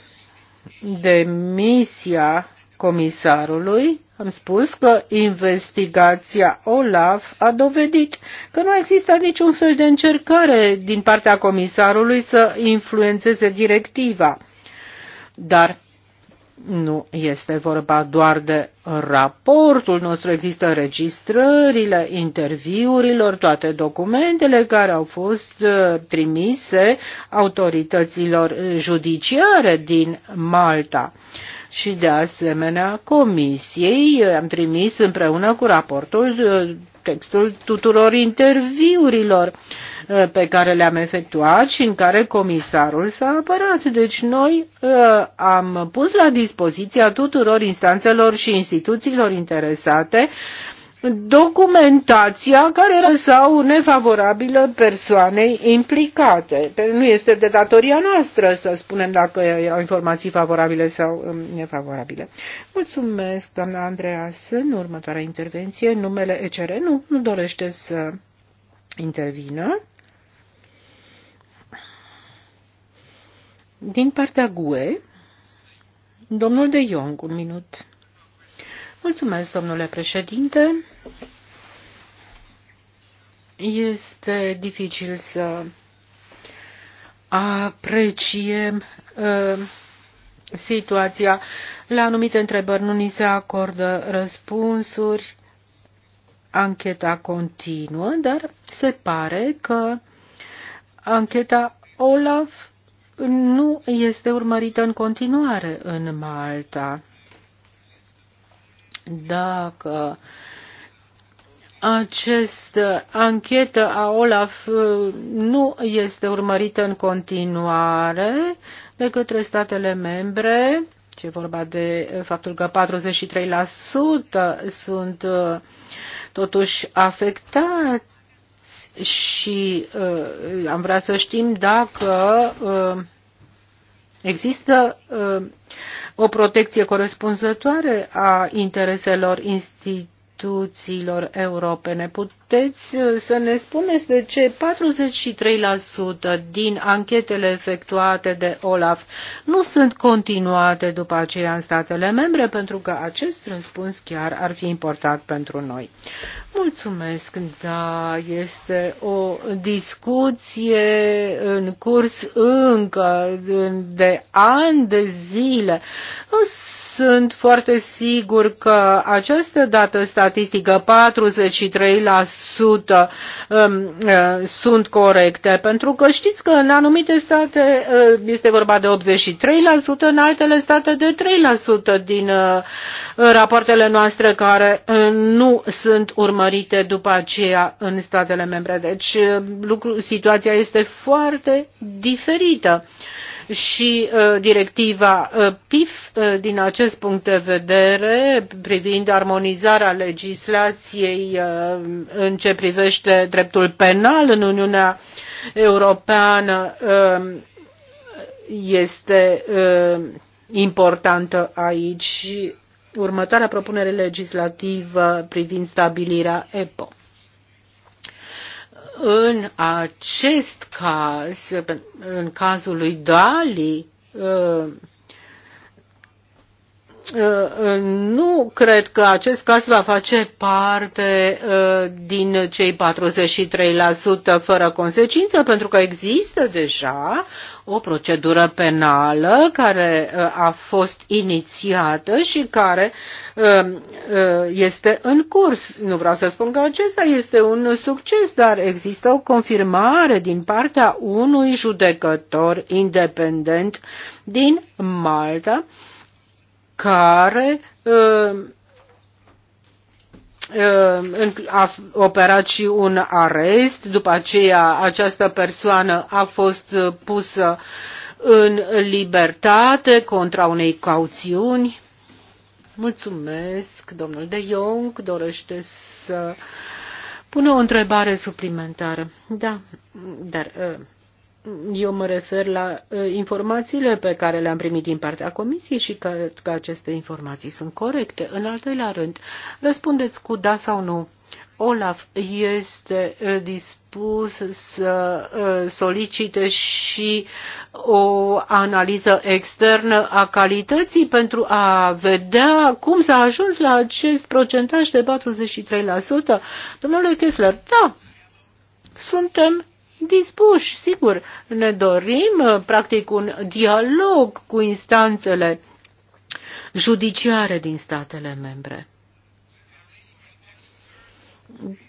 demisia comisarului, am spus că investigația OLAF a dovedit că nu există niciun fel de încercare din partea comisarului să influențeze directiva. Dar nu este vorba doar de raportul nostru, există înregistrările interviurilor, toate documentele care au fost uh, trimise autorităților judiciare din Malta și de asemenea comisiei. Eh, am trimis împreună cu raportul eh, textul tuturor interviurilor eh, pe care le-am efectuat și în care comisarul s-a apărat. Deci noi am pus la dispoziția tuturor instanțelor și instituțiilor interesate documentația care era sau nefavorabilă persoanei implicate. Nu este de datoria noastră să spunem dacă erau informații favorabile sau um, nefavorabile. Mulțumesc, doamna Andreas. În următoarea intervenție, numele ECR nu, nu dorește să intervină. Din partea GUE, domnul de Iong, un minut. Mulțumesc, domnule președinte. Este dificil să apreciem uh, situația. La anumite întrebări nu ni se acordă răspunsuri. Ancheta continuă, dar se pare că ancheta Olaf nu este urmărită în continuare în Malta dacă această anchetă a Olaf uh, nu este urmărită în continuare de către statele membre, ce vorba de uh, faptul că 43% sunt uh, totuși afectați și uh, am vrea să știm dacă uh, există uh, o protecție corespunzătoare a intereselor instituțiilor europene. Put puteți uh, să ne spuneți de ce 43% din anchetele efectuate de OLAF nu sunt continuate după aceea în statele membre, pentru că acest răspuns chiar ar fi important pentru noi. Mulțumesc, da, este o discuție în curs încă de ani de zile. Nu sunt foarte sigur că această dată statistică 43% 100% um, uh, sunt corecte, pentru că știți că în anumite state uh, este vorba de 83%, în altele state de 3% din uh, rapoartele noastre care nu sunt urmărite după aceea în statele membre. Deci lucru, situația este foarte diferită. Uh, și uh, directiva uh, PIF uh, din acest punct de vedere privind armonizarea legislației în ce privește dreptul penal în Uniunea Europeană um, este um, importantă aici următoarea propunere legislativă privind stabilirea EPO în acest caz, în cazul lui Dali, uh, Uh, nu cred că acest caz va face parte uh, din cei 43% fără consecință, pentru că există deja o procedură penală care uh, a fost inițiată și care este în curs. Nu vreau să spun că acesta este un succes, dar există o confirmare din partea unui judecător independent din Malta care uh, uh, a operat și un arest, după aceea această persoană a fost uh, pusă în libertate contra unei cauțiuni. Mulțumesc, domnul De Jong dorește să pună o întrebare suplimentară. Da, dar eu mă refer la ă, informațiile pe care le-am primit din partea Comisiei și că, că aceste informații sunt corecte. În al doilea rând, răspundeți cu da sau nu. Olaf este ă, dispus să ă, solicite și o analiză externă a calității pentru a vedea cum s-a ajuns la acest procentaj de 43%. Domnule Kessler, da, suntem dispuși, sigur, ne dorim uh, practic un dialog cu instanțele judiciare din statele membre.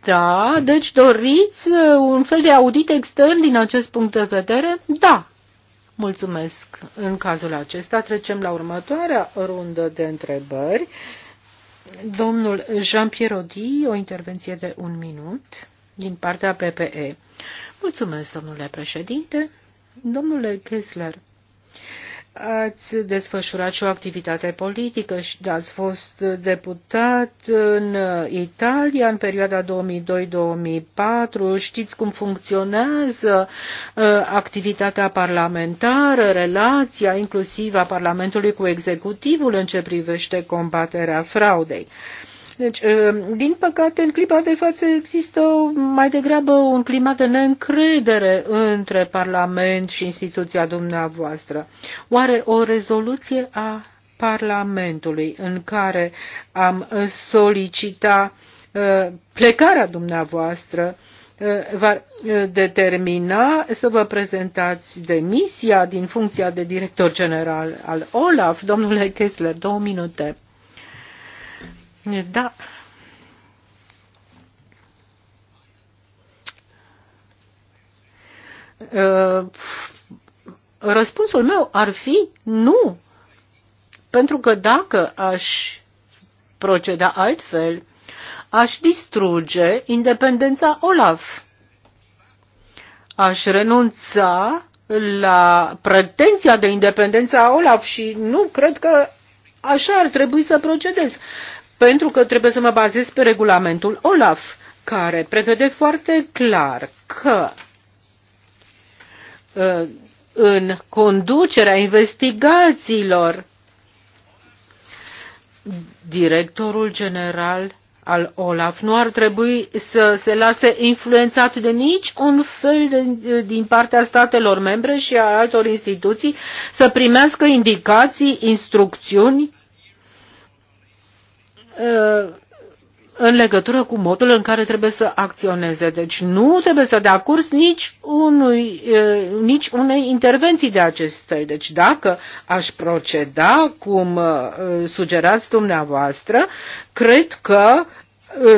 Da, deci doriți uh, un fel de audit extern din acest punct de vedere? Da. Mulțumesc. În cazul acesta trecem la următoarea rundă de întrebări. Domnul Jean-Pierre Odi, o intervenție de un minut din partea PPE. Mulțumesc, domnule președinte. Domnule Kessler, ați desfășurat și o activitate politică și ați fost deputat în Italia în perioada 2002-2004. Știți cum funcționează uh, activitatea parlamentară, relația inclusiv a Parlamentului cu executivul în ce privește combaterea fraudei. Deci, ă, din păcate, în clipa de față există mai degrabă un climat de neîncredere între Parlament și instituția dumneavoastră. Oare o rezoluție a Parlamentului în care am solicita ă, plecarea dumneavoastră ă, va determina să vă prezentați demisia din funcția de director general al OLAF. Domnule Kessler, două minute. Da. Uh, răspunsul meu ar fi nu. Pentru că dacă aș proceda altfel, aș distruge independența Olaf. Aș renunța la pretenția de independență a Olaf și nu cred că așa ar trebui să procedez pentru că trebuie să mă bazez pe regulamentul OLAF, care prevede foarte clar că uh, în conducerea investigațiilor directorul general al Olaf nu ar trebui să se lase influențat de nici un fel de, din partea statelor membre și a altor instituții să primească indicații, instrucțiuni Uh, în legătură cu modul în care trebuie să acționeze. Deci nu trebuie să dea curs nici, unui, uh, nici unei intervenții de acest fel. Deci dacă aș proceda cum uh, sugerați dumneavoastră, cred că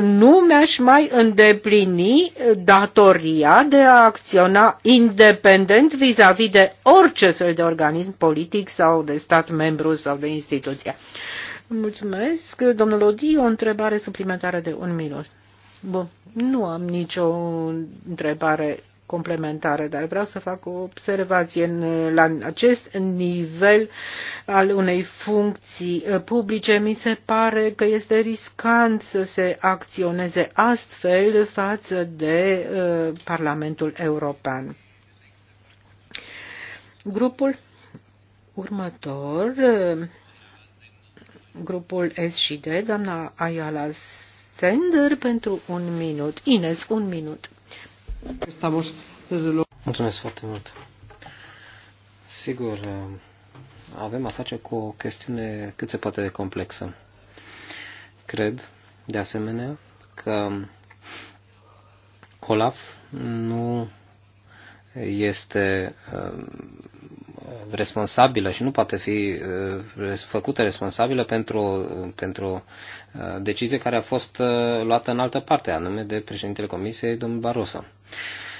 nu mi-aș mai îndeplini datoria de a acționa independent vis-a-vis -vis de orice fel de organism politic sau de stat membru sau de instituție. Mulțumesc. Domnul Odi, o întrebare suplimentară de un minut. Bun, nu am nicio întrebare complementare, dar vreau să fac o observație în, la acest nivel al unei funcții uh, publice. Mi se pare că este riscant să se acționeze astfel față de uh, Parlamentul European. Grupul următor uh, grupul S și D, doamna Ayala Sender, pentru un minut. Ines, un minut. Mulțumesc foarte mult. Sigur, avem a face cu o chestiune cât se poate de complexă. Cred, de asemenea, că Olaf nu este responsabilă și nu poate fi uh, făcută responsabilă pentru, pentru uh, decizie care a fost uh, luată în altă parte, anume de președintele Comisiei, domnul Barroso.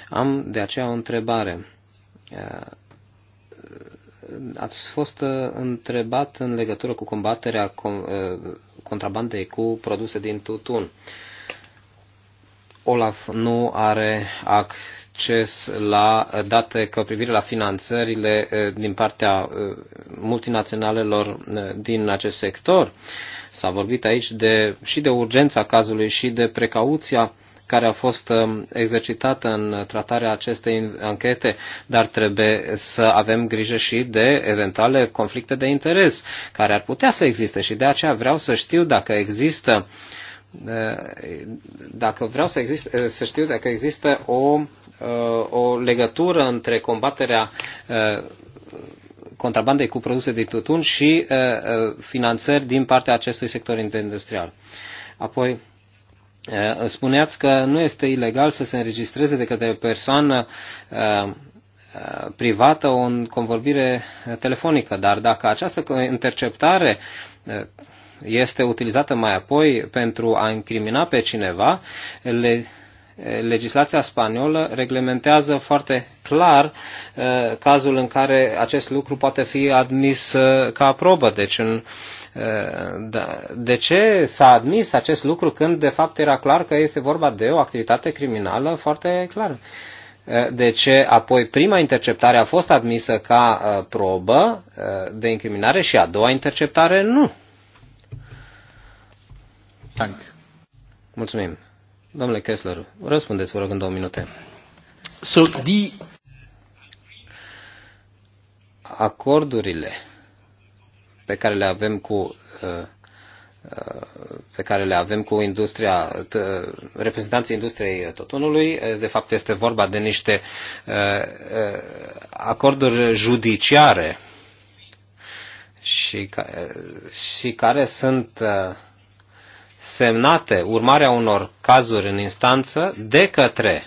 Am de aceea o întrebare. Ați fost întrebat în legătură cu combaterea contrabandei cu produse din tutun. Olaf nu are act acces la uh, date cu privire la finanțările uh, din partea uh, multinaționalelor din acest sector. S-a vorbit aici de, și de urgența cazului și de precauția care a fost um, exercitată în tratarea acestei anchete, dar trebuie să avem grijă și de eventuale conflicte de interes care ar putea să existe și de aceea vreau să știu dacă există uh, Eh, dacă vreau să, exist, eh, să știu dacă există o, eh, o legătură între combaterea contrabandei cu produse de tutun și finanțări din partea acestui sector industrial. Apoi, spuneați că nu este ilegal să se înregistreze de către persoană privată o convorbire telefonică, dar dacă această interceptare este utilizată mai apoi pentru a incrimina pe cineva, le, legislația spaniolă reglementează foarte clar uh, cazul în care acest lucru poate fi admis uh, ca probă. Deci în, uh, da, de ce s-a admis acest lucru când de fapt era clar că este vorba de o activitate criminală foarte clară? Uh, de ce apoi prima interceptare a fost admisă ca uh, probă uh, de incriminare și a doua interceptare nu. Mulțumim. Domnule Kessler, răspundeți, vă rog, în două minute. So, the... Acordurile pe care le avem cu uh, uh pe care le avem cu industria, reprezentanții industriei totunului. Uh, de fapt, este vorba de niște uh, acorduri judiciare și, și care sunt semnate urmarea unor cazuri în instanță de către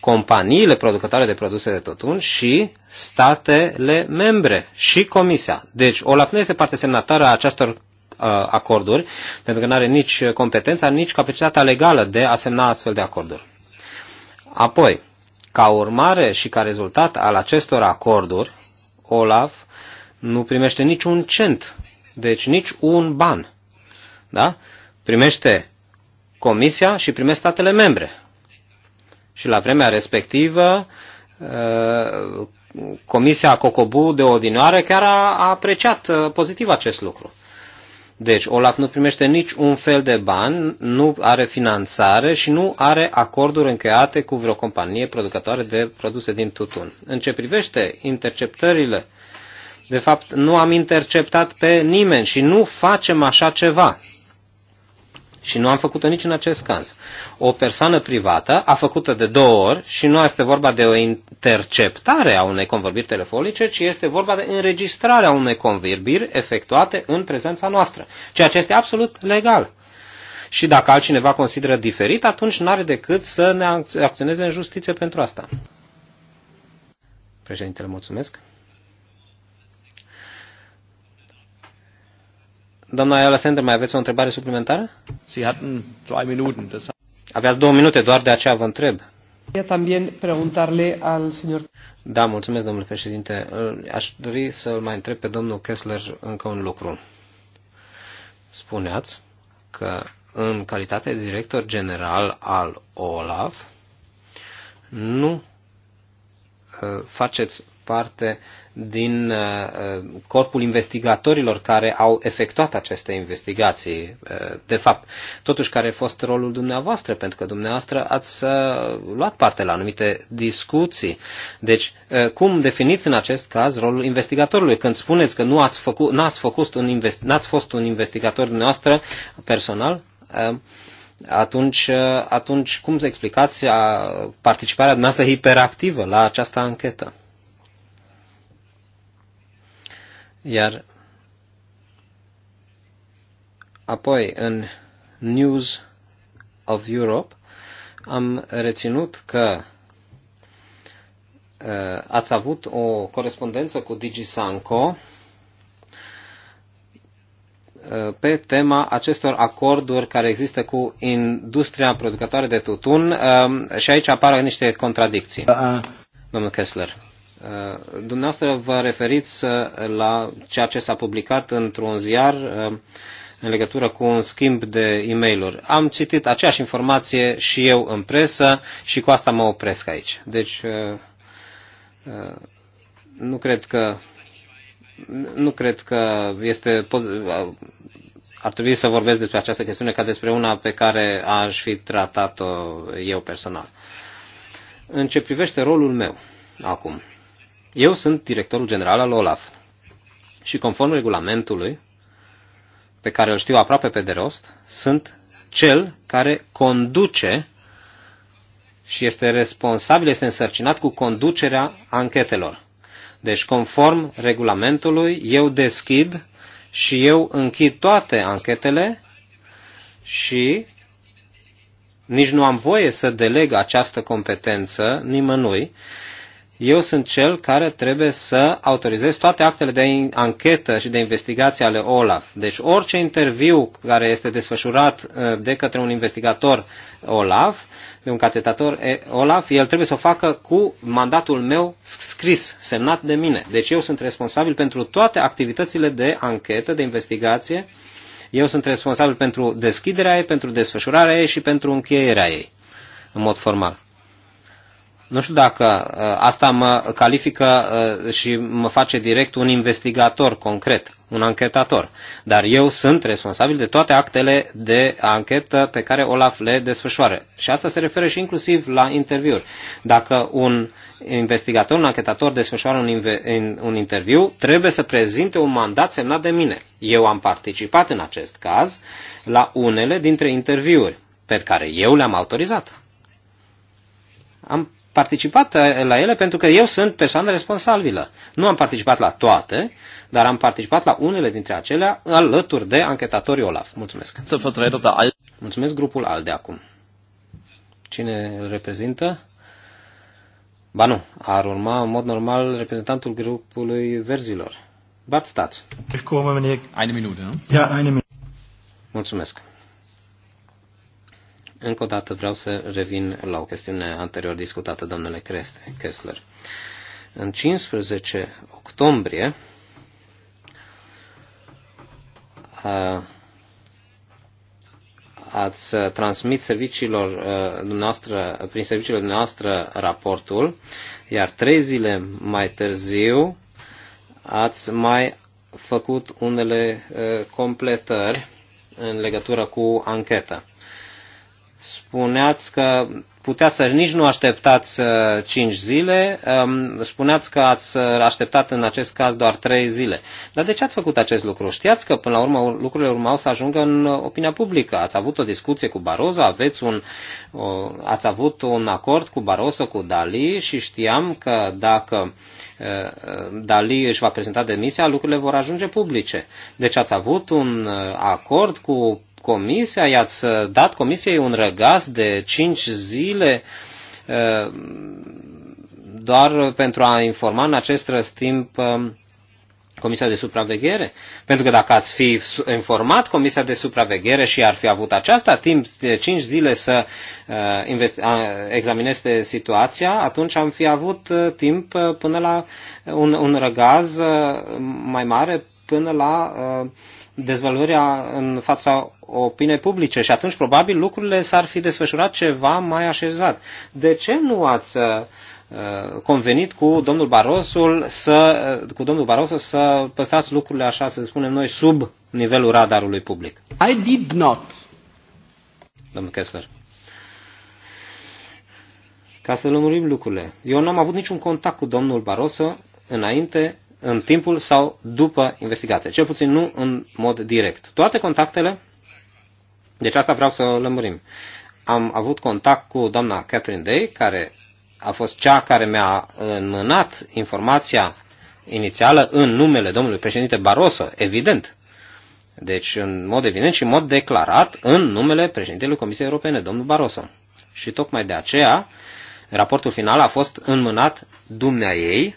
companiile producătoare de produse de totun și statele membre și Comisia. Deci OLAF nu este parte semnatară a acestor uh, acorduri, pentru că nu are nici competența, nici capacitatea legală de a semna astfel de acorduri. Apoi, ca urmare și ca rezultat al acestor acorduri, OLAF nu primește niciun cent, deci nici un ban. Da? primește Comisia și primește statele membre. Și la vremea respectivă, uh, Comisia Cocobu de odinioară chiar a apreciat uh, pozitiv acest lucru. Deci Olaf nu primește nici un fel de bani, nu are finanțare și nu are acorduri încheiate cu vreo companie producătoare de produse din tutun. În ce privește interceptările, de fapt nu am interceptat pe nimeni și nu facem așa ceva. Și nu am făcut-o nici în acest caz. O persoană privată a făcut-o de două ori și nu este vorba de o interceptare a unei convorbiri telefonice, ci este vorba de înregistrarea unei convorbiri efectuate în prezența noastră, ceea ce este absolut legal. Și dacă altcineva consideră diferit, atunci nu are decât să ne acționeze în justiție pentru asta. Președintele, mulțumesc. Doamna Ayala Sender, mai aveți o întrebare suplimentară? Sie hatten zwei Minuten. Das... Aveați două minute, doar de aceea vă întreb. También preguntarle al señor... Da, mulțumesc, domnule președinte. Aș dori să-l mai întreb pe domnul Kessler încă un lucru. Spuneați că în calitate de director general al OLAF, nu ă, faceți parte din uh, uh, corpul investigatorilor care au efectuat aceste investigații, uh, de fapt. Totuși, care a fost rolul dumneavoastră? Pentru că dumneavoastră ați luat parte la anumite discuții. Deci, cum definiți în acest caz rolul investigatorului? Când spuneți că nu ați, făcut, n-ați făcut un investi, n-ați fost un investigator dumneavoastră personal, atunci, atunci cum să explicați participarea dumneavoastră hiperactivă la această anchetă? Iar apoi în News of Europe am reținut că uh, ați avut o corespondență cu DigiSanco uh, pe tema acestor acorduri care există cu industria producătoare de tutun uh, și aici apar niște contradicții. Domnul Kessler. Uh, dumneavoastră vă referiți uh, la ceea ce s-a publicat într-un ziar uh, în legătură cu un schimb de e mail Am citit aceeași informație și eu în presă și cu asta mă opresc aici. Deci nu cred că nu cred că este ar trebui să vorbesc despre această chestiune ca despre una pe care aș fi tratat-o eu personal. În ce privește rolul meu acum, eu sunt directorul general al OLAF și conform regulamentului, pe care îl știu aproape pe de rost, sunt cel care conduce și este responsabil, este însărcinat cu conducerea anchetelor. Deci, conform regulamentului, eu deschid și eu închid toate anchetele și nici nu am voie să deleg această competență nimănui eu sunt cel care trebuie să autorizez toate actele de anchetă și de investigație ale OLAF. Deci orice interviu care este desfășurat uh, de către un investigator OLAF, un catetator OLAF, el trebuie să o facă cu mandatul meu scris, semnat de mine. Deci eu sunt responsabil pentru toate activitățile de anchetă, de investigație. Eu sunt responsabil pentru deschiderea ei, pentru desfășurarea ei și pentru încheierea ei, în mod formal. Nu știu dacă uh, asta mă califică uh, și mă face direct un investigator concret, un anchetator, dar eu sunt responsabil de toate actele de anchetă pe care Olaf le desfășoară. Și asta se referă și inclusiv la interviuri. Dacă un investigator, un anchetator desfășoară un, un interviu, trebuie să prezinte un mandat semnat de mine. Eu am participat în acest caz la unele dintre interviuri pe care eu le-am autorizat. Am participat eh, la ele pentru că eu sunt persoană responsabilă. Nu am participat la toate, dar am participat la unele dintre acelea alături de anchetatorii Olaf. Mulțumesc. Mulțumesc grupul al de acum. Cine îl reprezintă? Ba nu, ar urma în mod normal reprezentantul grupului verzilor. Bart Stați. Eine minute, nu? Ja, eine minute. Mulțumesc. Încă o dată vreau să revin la o chestiune anterior discutată, domnule Kessler. În 15 octombrie, a, ați transmit serviciilor dumneavoastră, prin serviciile dumneavoastră raportul, iar trei zile mai târziu ați mai făcut unele completări în legătură cu ancheta. Spuneați că puteați să nici nu așteptați 5 uh, zile, um, spuneați că ați uh, așteptat în acest caz doar 3 zile. Dar de ce ați făcut acest lucru? Știați că până la urmă lucrurile urmau să ajungă în uh, opinia publică. Ați avut o discuție cu Barozo, aveți un, ați avut un acord cu Barozo, cu Dali și știam că dacă Dali își va prezenta demisia, lucrurile vor ajunge publice. Deci ați avut un acord cu comisia, i-ați uh, dat comisiei un răgaz de 5 zile uh, doar pentru a informa în acest răstimp uh, Comisia de Supraveghere? Pentru că dacă ați fi informat Comisia de Supraveghere și ar fi avut aceasta timp de 5 zile să examineze situația, atunci am fi avut timp până la un, un răgaz mai mare până la uh, dezvăluirea în fața opiniei publice și atunci probabil lucrurile s-ar fi desfășurat ceva mai așezat. De ce nu ați uh, convenit cu domnul Barosul să, uh, cu domnul Barroso să păstrați lucrurile așa, să spunem noi, sub nivelul radarului public? I did not. Domnul Kessler. Ca să lămurim lucrurile. Eu n-am avut niciun contact cu domnul Barroso înainte în timpul sau după investigație, cel puțin nu în mod direct. Toate contactele, deci asta vreau să lămurim. Am avut contact cu doamna Catherine Day, care a fost cea care mi-a înmânat informația inițială în numele domnului președinte Barroso, evident. Deci, în mod evident și în mod declarat, în numele președintelui Comisiei Europene, domnul Barroso. Și tocmai de aceea, raportul final a fost înmânat dumnea ei,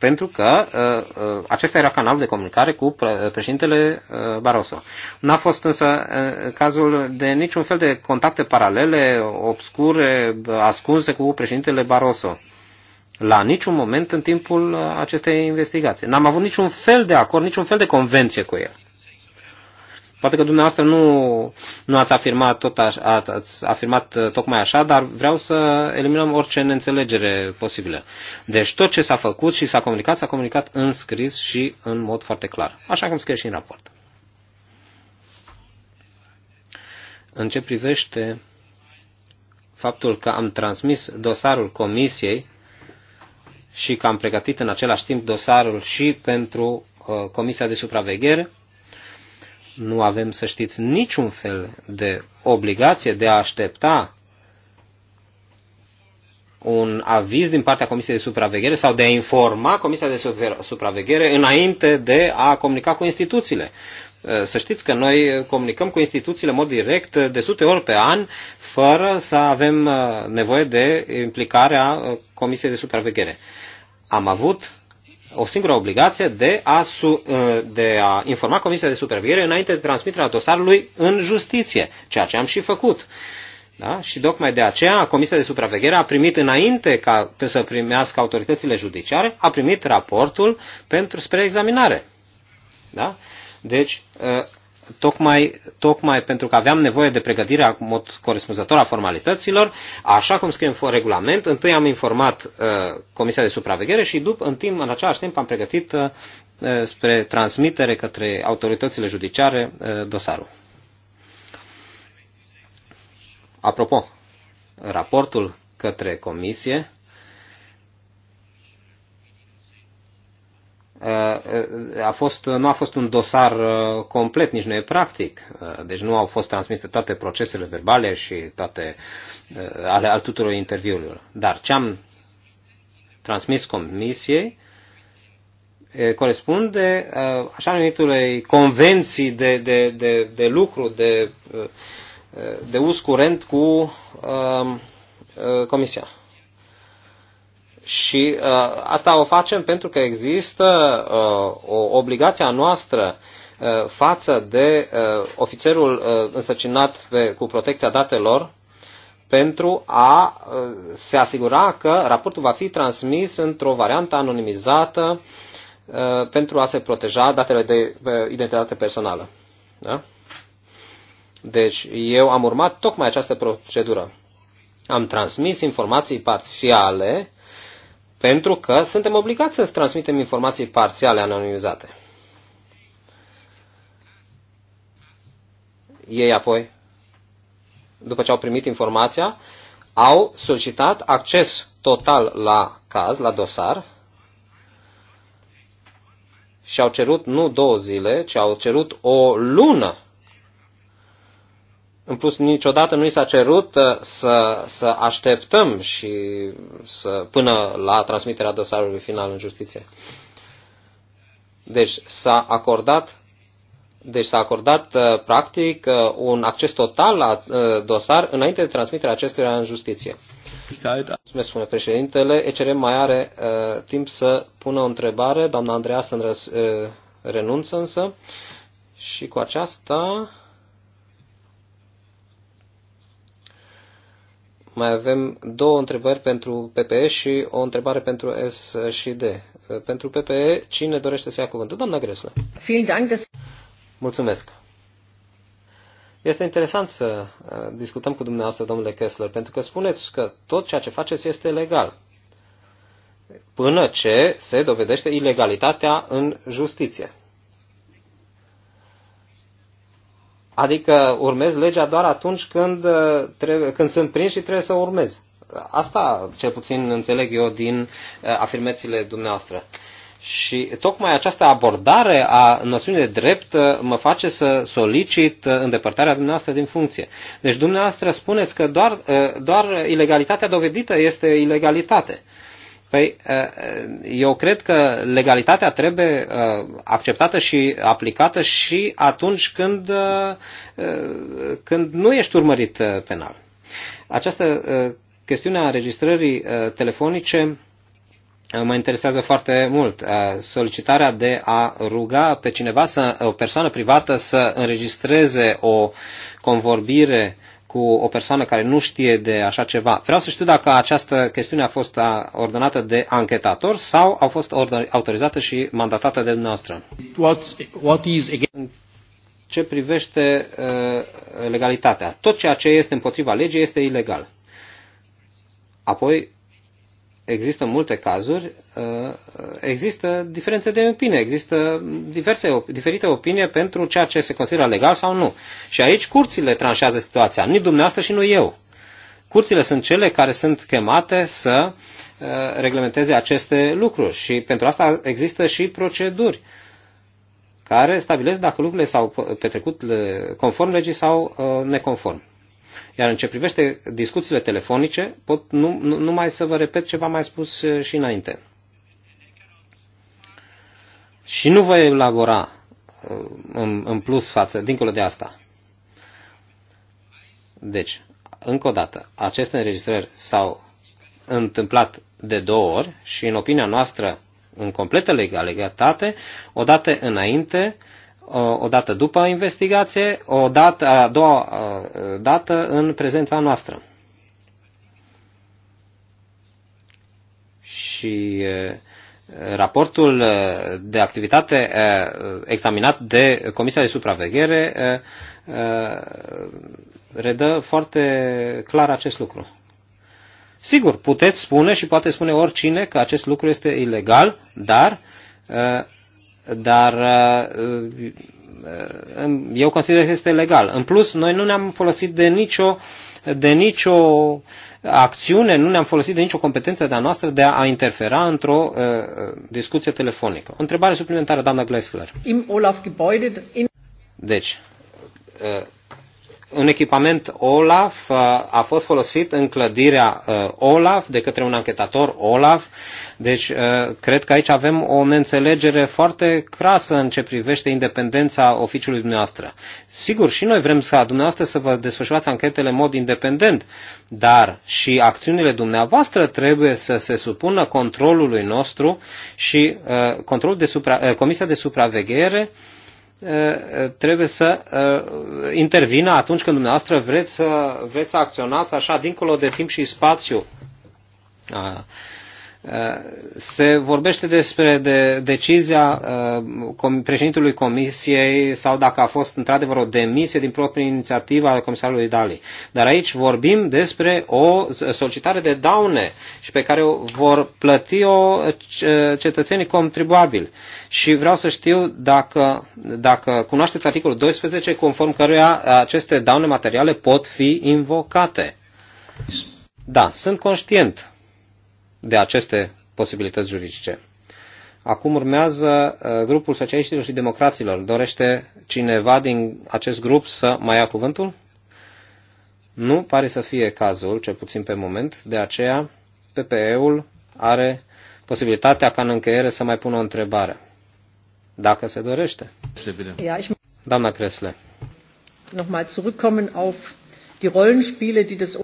pentru că uh, uh, acesta era canalul de comunicare cu uh, președintele uh, Barroso. N-a fost însă uh, cazul de niciun fel de contacte paralele, obscure, ascunse cu președintele Barroso. La niciun moment în timpul uh, acestei investigații. N-am avut niciun fel de acord, niciun fel de convenție cu el. Poate că dumneavoastră nu, nu ați, afirmat tot așa, ați afirmat uh, tocmai așa, dar vreau să eliminăm orice neînțelegere posibilă. Deci tot ce s-a făcut și s-a comunicat, s-a comunicat în scris și în mod foarte clar, așa cum scrie și în raport. În ce privește faptul că am transmis dosarul comisiei și că am pregătit în același timp dosarul și pentru uh, Comisia de Supraveghere, nu avem, să știți, niciun fel de obligație de a aștepta un aviz din partea Comisiei de Supraveghere sau de a informa Comisia de Supraveghere înainte de a comunica cu instituțiile. Uh, să știți că noi comunicăm cu instituțiile în mod direct uh, de sute ori pe an, fără să avem uh, nevoie de implicarea Comisiei de Supraveghere. Am avut o singură obligație de a, su, uh, de a informa Comisia de Supraveghere înainte de transmiterea dosarului în justiție, ceea ce am și făcut. Da? Și tocmai de aceea Comisia de Supraveghere a primit înainte ca să primească autoritățile judiciare, a primit raportul pentru spre examinare. Da? Deci uh, tocmai, tocmai pentru că aveam nevoie de pregătirea în mod corespunzător a formalităților, așa cum scrie în regulament, întâi am informat uh, Comisia de Supraveghere și după, în, timp, în același timp am pregătit uh, uh, spre transmitere către autoritățile judiciare uh, dosarul. Apropo, raportul către Comisie a fost, nu a fost un dosar uh, complet, nici nu e practic. Uh, deci nu au fost transmise toate procesele verbale și toate uh, ale al tuturor interviurilor. Dar ce am transmis comisiei corespunde așa numitului convenții de, de, de, de lucru, de, de uz curent cu comisia. Și uh, asta o facem pentru că există uh, o obligația noastră uh, față de uh, ofițerul uh, însărcinat pe, cu protecția datelor pentru a uh, se asigura că raportul va fi transmis într-o variantă anonimizată uh, pentru a se proteja datele de uh, identitate personală. Da? Deci eu am urmat tocmai această procedură. Am transmis informații parțiale pentru că suntem obligați să transmitem informații parțiale anonimizate. Ei apoi, după ce au primit informația, au solicitat acces total la caz, la dosar, și au cerut nu două zile, ci au cerut o lună în plus, niciodată nu i s-a cerut uh, să, să așteptăm și să, până la transmiterea dosarului final în justiție. Deci s-a acordat deci s-a acordat, uh, practic, uh, un acces total la dosar înainte de transmiterea acestuia în justiție. Cum spune președintele. ECR mai are uh, timp să pună o întrebare. Doamna Andreea să uh, renunță însă. Și cu aceasta Mai avem două întrebări pentru PPE și o întrebare pentru S și D. Pentru PPE, cine dorește să ia cuvântul? Doamna Gresla. Mulțumesc. Este interesant să uh, discutăm cu dumneavoastră, domnule Kessler, pentru că spuneți că tot ceea ce faceți este legal. Până ce se dovedește ilegalitatea în justiție. Adică urmez legea doar atunci când, uh, trebuie, când sunt prins și trebuie să o Asta cel puțin înțeleg eu din uh, afirmațiile dumneavoastră. Și tocmai această abordare a noțiunii de drept uh, mă face să solicit îndepărtarea dumneavoastră din funcție. Deci dumneavoastră spuneți că doar, doar ilegalitatea dovedită este ilegalitate. Uh, Păi, eu cred că legalitatea trebuie acceptată și aplicată și atunci când, când nu ești urmărit penal. Această chestiune a înregistrării telefonice mă interesează foarte mult. Solicitarea de a ruga pe cineva, să, o persoană privată, să înregistreze o convorbire cu o persoană care nu știe de așa ceva. Vreau să știu dacă această chestiune a fost ordonată de anchetator sau a fost autorizată și mandatată de dumneavoastră. what is again? Ce privește uh, legalitatea. Tot ceea ce este împotriva legii este ilegal. Apoi, există multe cazuri, uh, există diferențe de opinie, există diverse, diferite opinie pentru ceea ce se consideră legal sau nu. Și aici curțile tranșează situația, nici dumneavoastră și nu eu. Curțile sunt cele care sunt chemate să uh, reglementeze aceste lucruri și pentru asta există și proceduri care stabilesc dacă lucrurile s-au petrecut conform legii sau uh, neconform. Iar în ce privește discuțiile telefonice, pot nu, nu, numai să vă repet ce v-am mai spus uh, și înainte. Și nu voi elabora uh, în, în plus față, dincolo de asta. Deci, încă o dată, aceste înregistrări s-au întâmplat de două ori și, în opinia noastră, în completă legalitate, odată înainte o dată după investigație, o dată, a doua dată în prezența noastră. Și raportul de activitate examinat de Comisia de Supraveghere redă foarte clar acest lucru. Sigur, puteți spune și poate spune oricine că acest lucru este ilegal, dar dar uh, uh, eu consider că este legal. În plus, noi nu ne-am folosit de nicio, de nicio acțiune, nu ne-am folosit de nicio competență de-a noastră de a interfera într-o uh, uh discuție telefonică. O întrebare suplimentară, doamna Gleisler. Im Olaf Deci, uh, un echipament OLAF uh, a fost folosit în clădirea uh, OLAF de către un anchetator OLAF. Deci, uh, cred că aici avem o neînțelegere foarte crasă în ce privește independența oficiului dumneavoastră. Sigur, și noi vrem să dumneavoastră să vă desfășurați anchetele în mod independent, dar și acțiunile dumneavoastră trebuie să se supună controlului nostru și controlul de supra, Comisia de Supraveghere uh, trebuie să intervină atunci când dumneavoastră vreți să, vreți să acționați așa dincolo de timp și spațiu se vorbește despre de, decizia uh, președintelui Comisiei sau dacă a fost într-adevăr o demisie din propria inițiativă a comisarului Dali. Dar aici vorbim despre o solicitare de daune și pe care o vor plăti-o cetățenii contribuabili. Și vreau să știu dacă, dacă cunoașteți articolul 12 conform căruia aceste daune materiale pot fi invocate. Da, sunt conștient de aceste posibilități juridice. Acum urmează uh, grupul socialiștilor și democraților. Dorește cineva din acest grup să mai ia cuvântul? Nu pare să fie cazul, cel puțin pe moment, de aceea PPE-ul are posibilitatea ca în încheiere să mai pună o întrebare. Dacă se dorește. Doamna Cresle. Nochmal zurückkommen auf die Rollenspiele, die das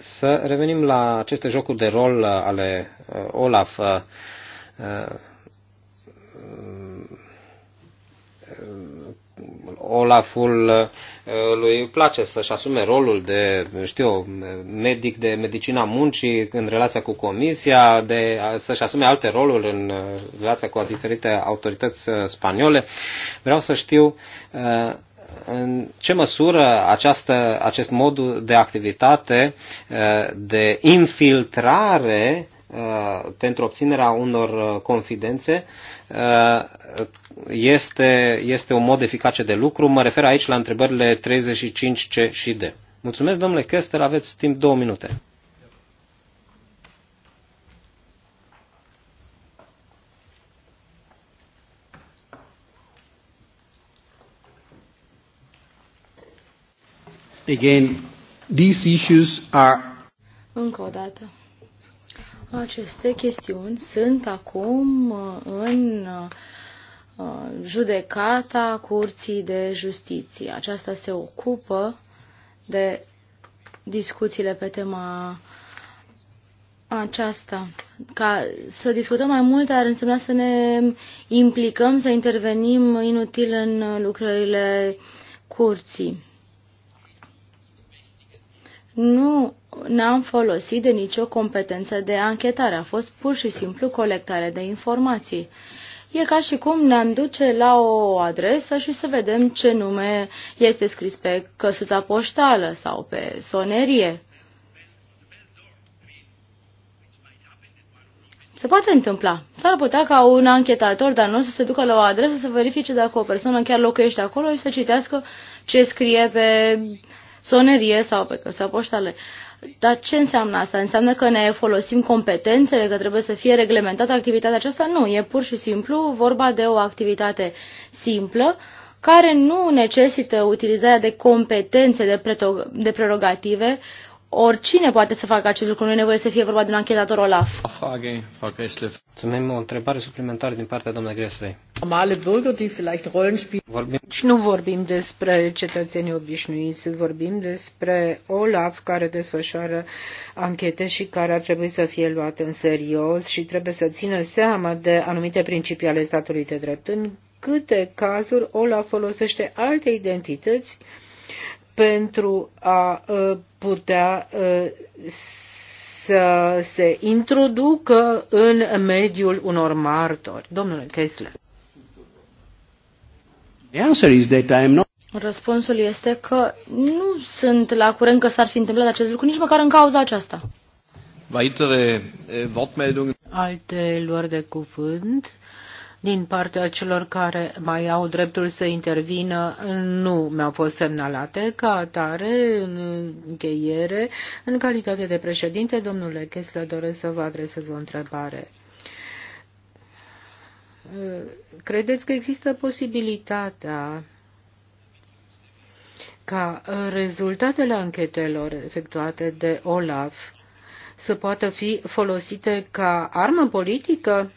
să revenim la aceste jocuri de rol uh, ale uh, Olaf. Uh, Olaful lui place să-și asume rolul de, știu, medic de medicina muncii în relația cu comisia, de să-și asume alte roluri în relația cu diferite autorități spaniole. Vreau să știu în ce măsură această, acest mod de activitate eh, de infiltrare eh, pentru obținerea unor eh, confidențe este, este un mod eficace de lucru. Mă refer aici la întrebările 35C și D. Mulțumesc, domnule Kester, aveți timp două minute. Again, these issues are... Încă o dată. Aceste chestiuni sunt acum uh, în uh, judecata Curții de Justiție. Aceasta se ocupă de discuțiile pe tema aceasta. Ca să discutăm mai mult ar însemna să ne implicăm, să intervenim inutil în lucrările curții nu ne am folosit de nicio competență de anchetare, a fost pur și simplu colectare de informații. E ca și cum ne-am duce la o adresă și să vedem ce nume este scris pe căsuța poștală sau pe sonerie. Se poate întâmpla. S-ar putea ca un anchetator dar nu să se ducă la o adresă să verifice dacă o persoană chiar locuiește acolo și să citească ce scrie pe sonerie sau pe sau poștale. Dar ce înseamnă asta? Înseamnă că ne folosim competențele, că trebuie să fie reglementată activitatea aceasta? Nu, e pur și simplu vorba de o activitate simplă care nu necesită utilizarea de competențe, de, de prerogative oricine poate să facă acest lucru, nu e nevoie să fie vorba de un anchetator Olaf. Mulțumim o întrebare suplimentară din partea doamnei Gresley. Vorbim... Deci nu vorbim despre cetățenii obișnuiți, vorbim despre Olaf care desfășoară anchete și care ar trebui să fie luate în serios și trebuie să țină seama de anumite principii ale statului de drept. În câte cazuri Olaf folosește alte identități pentru a ă, putea ă, să se introducă în mediul unor martori. Domnule Kessler. The answer is that I am not... Răspunsul este că nu sunt la curent că s-ar fi întâmplat acest lucru, nici măcar în cauza aceasta. Weitere Alte luări de cuvânt din partea celor care mai au dreptul să intervină nu mi-au fost semnalate. Ca atare, în încheiere, în calitate de președinte, domnule Chesle, doresc să vă adresez o întrebare. Credeți că există posibilitatea ca rezultatele anchetelor efectuate de Olaf să poată fi folosite ca armă politică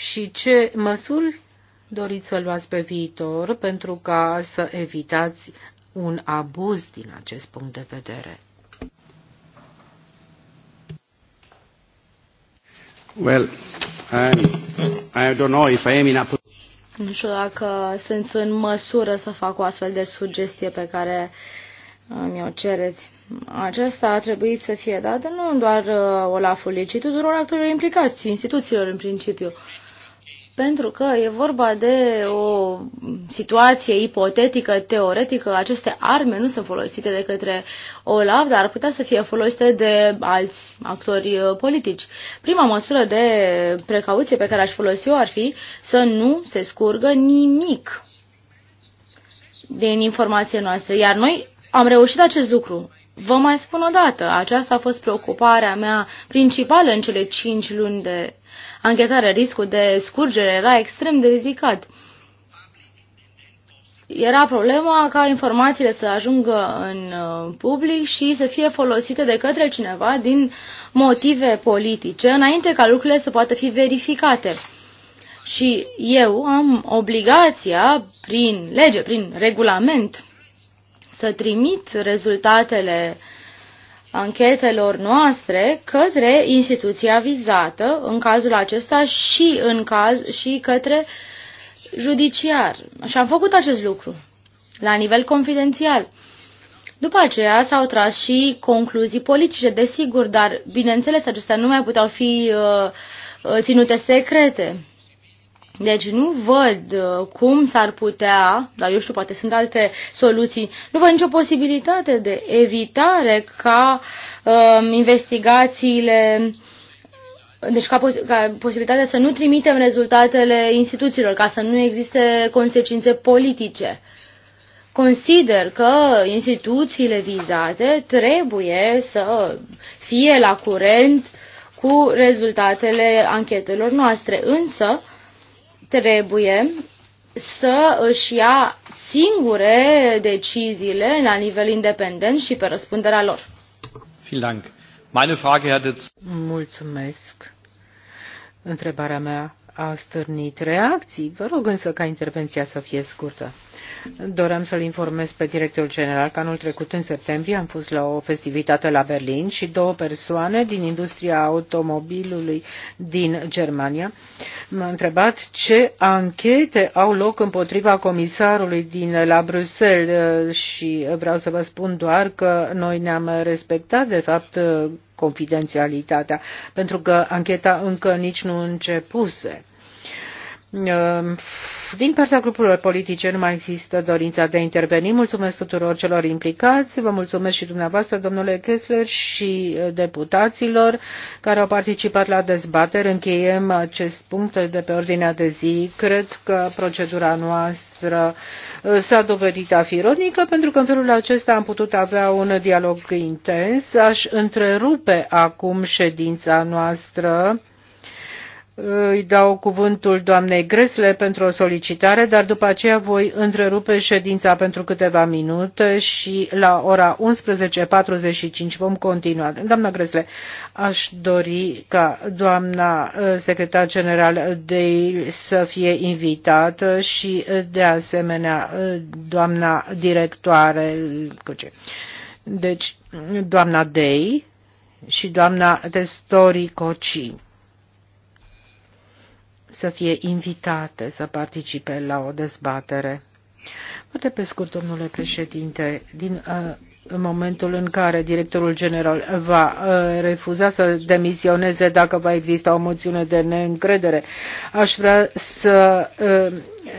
și ce măsuri doriți să luați pe viitor pentru ca să evitați un abuz din acest punct de vedere? Well, I um, I don't know if I am in a nu știu dacă sunt în măsură să fac o astfel de sugestie pe care uh, mi-o cereți. Aceasta a trebuit să fie dată nu doar uh, Olafului, ci tuturor actorilor implicați, instituțiilor în principiu. Uh, pentru că e vorba de o situație ipotetică, teoretică. Aceste arme nu sunt folosite de către OLAF, dar ar putea să fie folosite de alți actori uh, politici. Prima măsură de precauție pe care aș folosi eu ar fi să nu se scurgă nimic din informația noastră. Iar noi am reușit acest lucru. Vă mai spun o dată, aceasta a fost preocuparea mea principală în cele cinci luni de anchetarea riscul de scurgere era extrem de ridicat. Era problema ca informațiile să ajungă în uh, public și să fie folosite de către cineva din motive politice, înainte ca lucrurile să poată fi verificate. Și eu am obligația, prin lege, prin regulament, să trimit rezultatele uh, anchetelor noastre către instituția vizată, în cazul acesta și în caz și către judiciar. Și am făcut acest lucru la nivel confidențial. După aceea s-au tras și concluzii politice, desigur, dar bineînțeles acestea nu mai puteau fi uh, uh ținute secrete. Deci nu văd uh, cum s-ar putea, dar eu știu, poate sunt alte soluții, nu văd nicio posibilitate de evitare ca um, investigațiile, deci ca, pos- ca posibilitatea să nu trimitem rezultatele instituțiilor, ca să nu existe consecințe politice. Consider că instituțiile vizate trebuie să fie la curent cu rezultatele anchetelor noastre, însă trebuie să își ia singure deciziile la nivel independent și pe răspunderea lor. Mulțumesc. Întrebarea mea a stârnit reacții. Vă rog însă ca intervenția să fie scurtă. Doream să-l informez pe directorul general că anul trecut, în septembrie, am fost la o festivitate la Berlin și două persoane din industria automobilului din Germania m-au întrebat ce anchete au loc împotriva comisarului din la Bruxelles și vreau să vă spun doar că noi ne-am respectat, de fapt, confidențialitatea, pentru că ancheta încă nici nu începuse. Ehm, din partea grupurilor politice nu mai există dorința de a interveni. Mulțumesc tuturor celor implicați, vă mulțumesc și dumneavoastră, domnule Kessler, și eh, deputaților care au participat la dezbatere. Încheiem acest punct de pe ordinea de zi. Cred că procedura noastră eh, s-a dovedit a fi rodnică, pentru că în felul acesta am putut avea un dialog intens. Aș întrerupe acum ședința noastră îi dau cuvântul doamnei Gresle pentru o solicitare, dar după aceea voi întrerupe ședința pentru câteva minute și la ora 11.45 vom continua. Doamna Gresle, aș dori ca doamna uh, secretar general de să fie invitată și uh, de asemenea uh, doamna directoare. Deci, doamna Dei și doamna Testori Cocini să fie invitate să participe la o dezbatere. Poate pe scurt, domnule președinte, din uh, în momentul în care directorul general va uh, refuza să demisioneze dacă va exista o moțiune de neîncredere. Aș vrea să uh,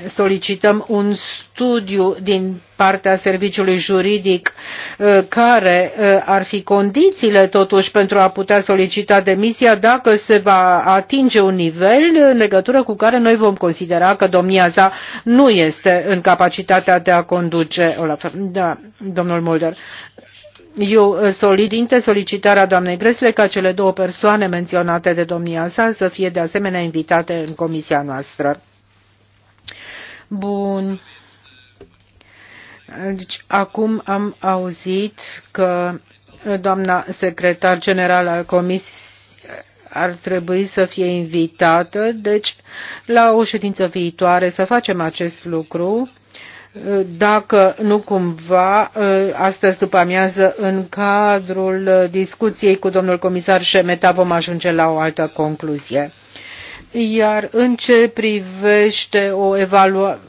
solicităm un studiu din partea serviciului juridic uh, care ar fi condițiile totuși pentru a putea solicita demisia dacă se va atinge un nivel în legătură cu care noi vom considera că domnia sa nu este în capacitatea de a conduce Olaf. Da, domnul Mulder eu eh, solicit solicitarea doamnei grle ca cele două persoane menționate de domnia sa să fie de asemenea invitate în comisia noastră. Bun. Deci, acum am auzit că doamna secretar general al comisiei ar trebui să fie invitată, deci la o ședință viitoare să facem acest lucru dacă nu cumva ă, astăzi după amiază în cadrul discuției cu domnul comisar Șemeta vom ajunge la o altă concluzie. Iar în ce privește o evaluare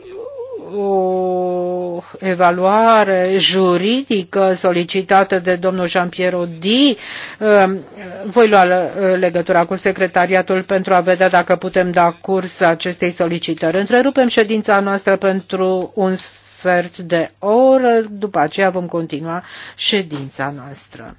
o evaluare juridică solicitată de domnul Jean-Pierre Odi. Ehm, voi lua uh, legătura cu secretariatul pentru a vedea dacă putem da curs acestei solicitări. Întrerupem ședința noastră pentru un sfert de oră, după aceea vom continua ședința noastră.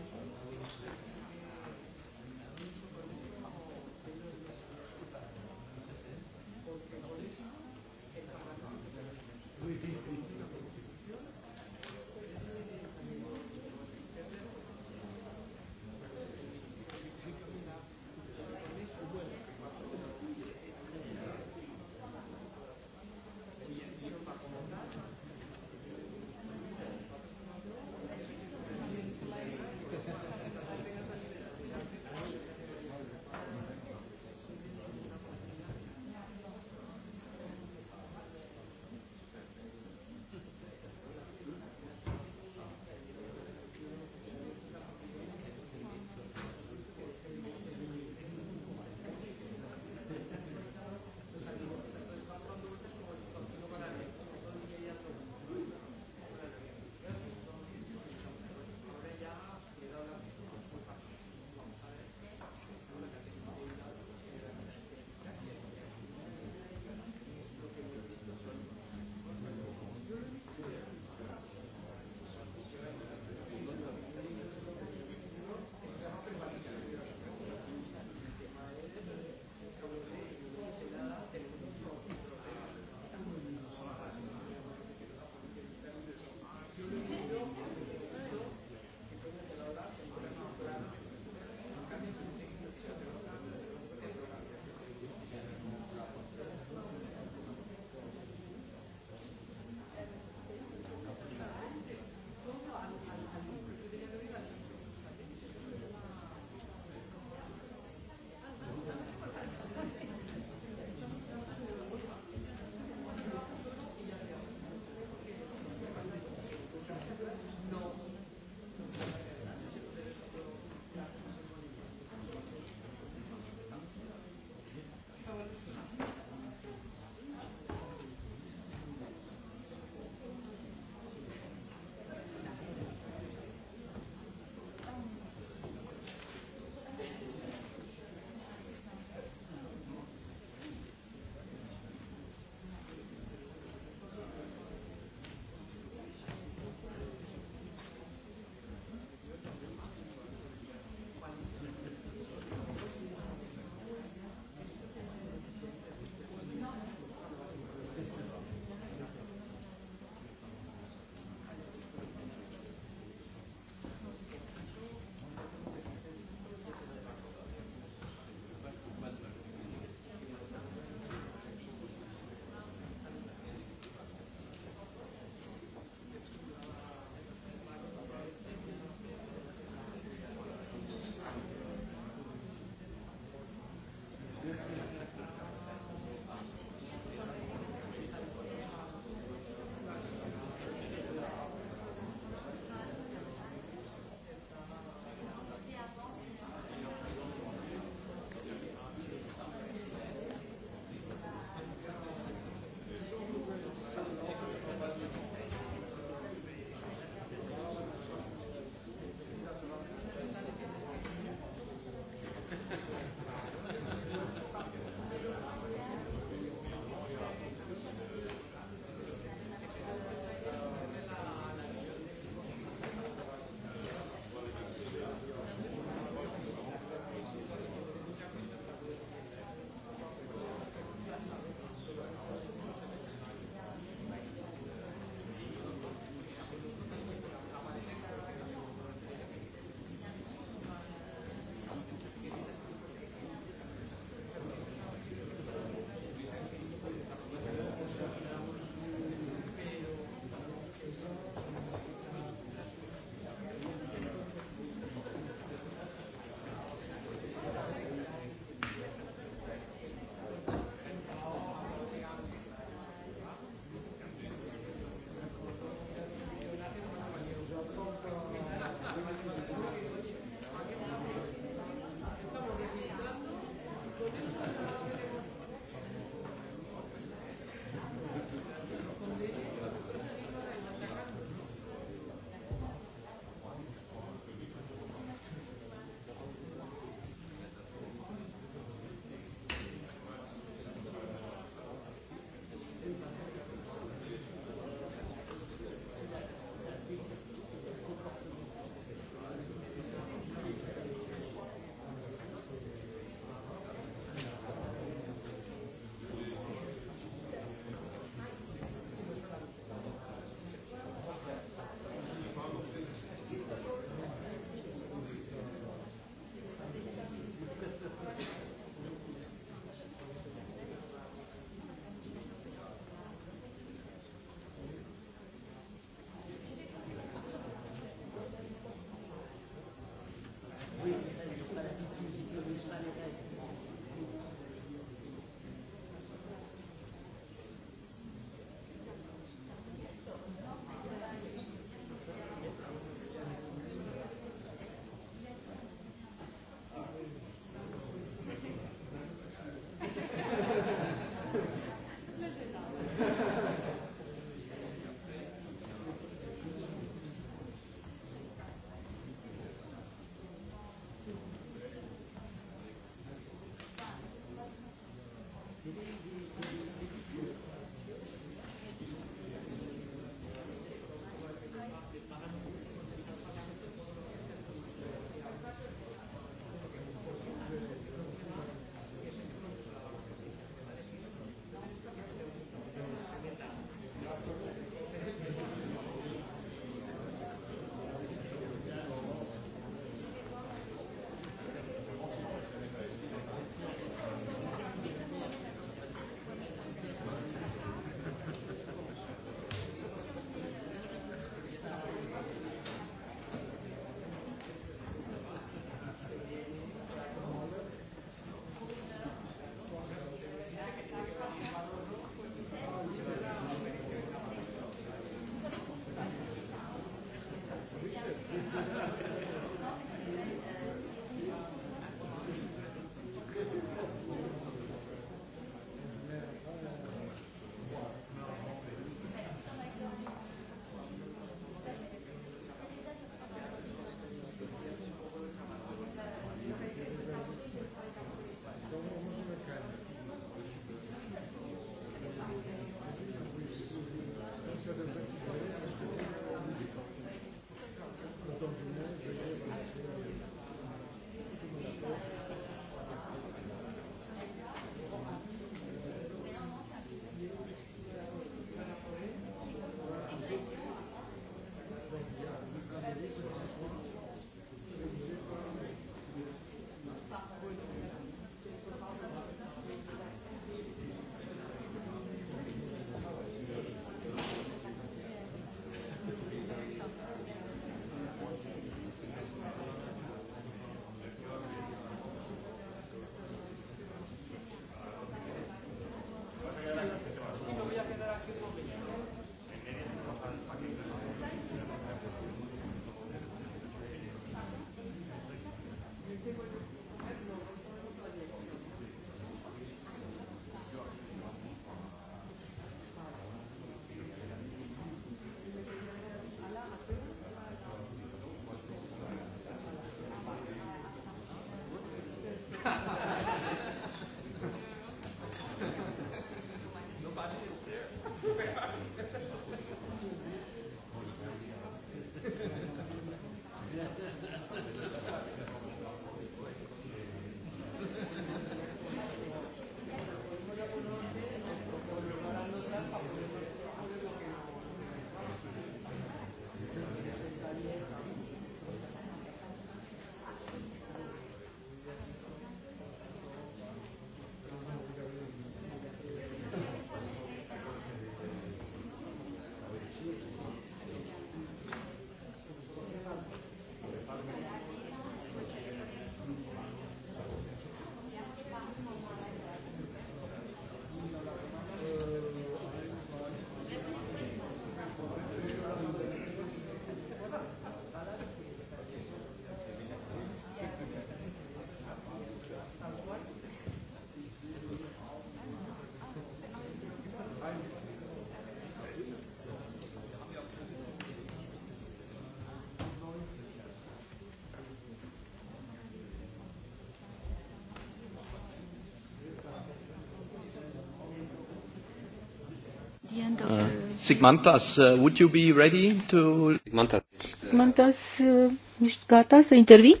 Sigmantas, uh, would you be ready to... Sigmantas, Sigmantas uh, ești gata să intervii?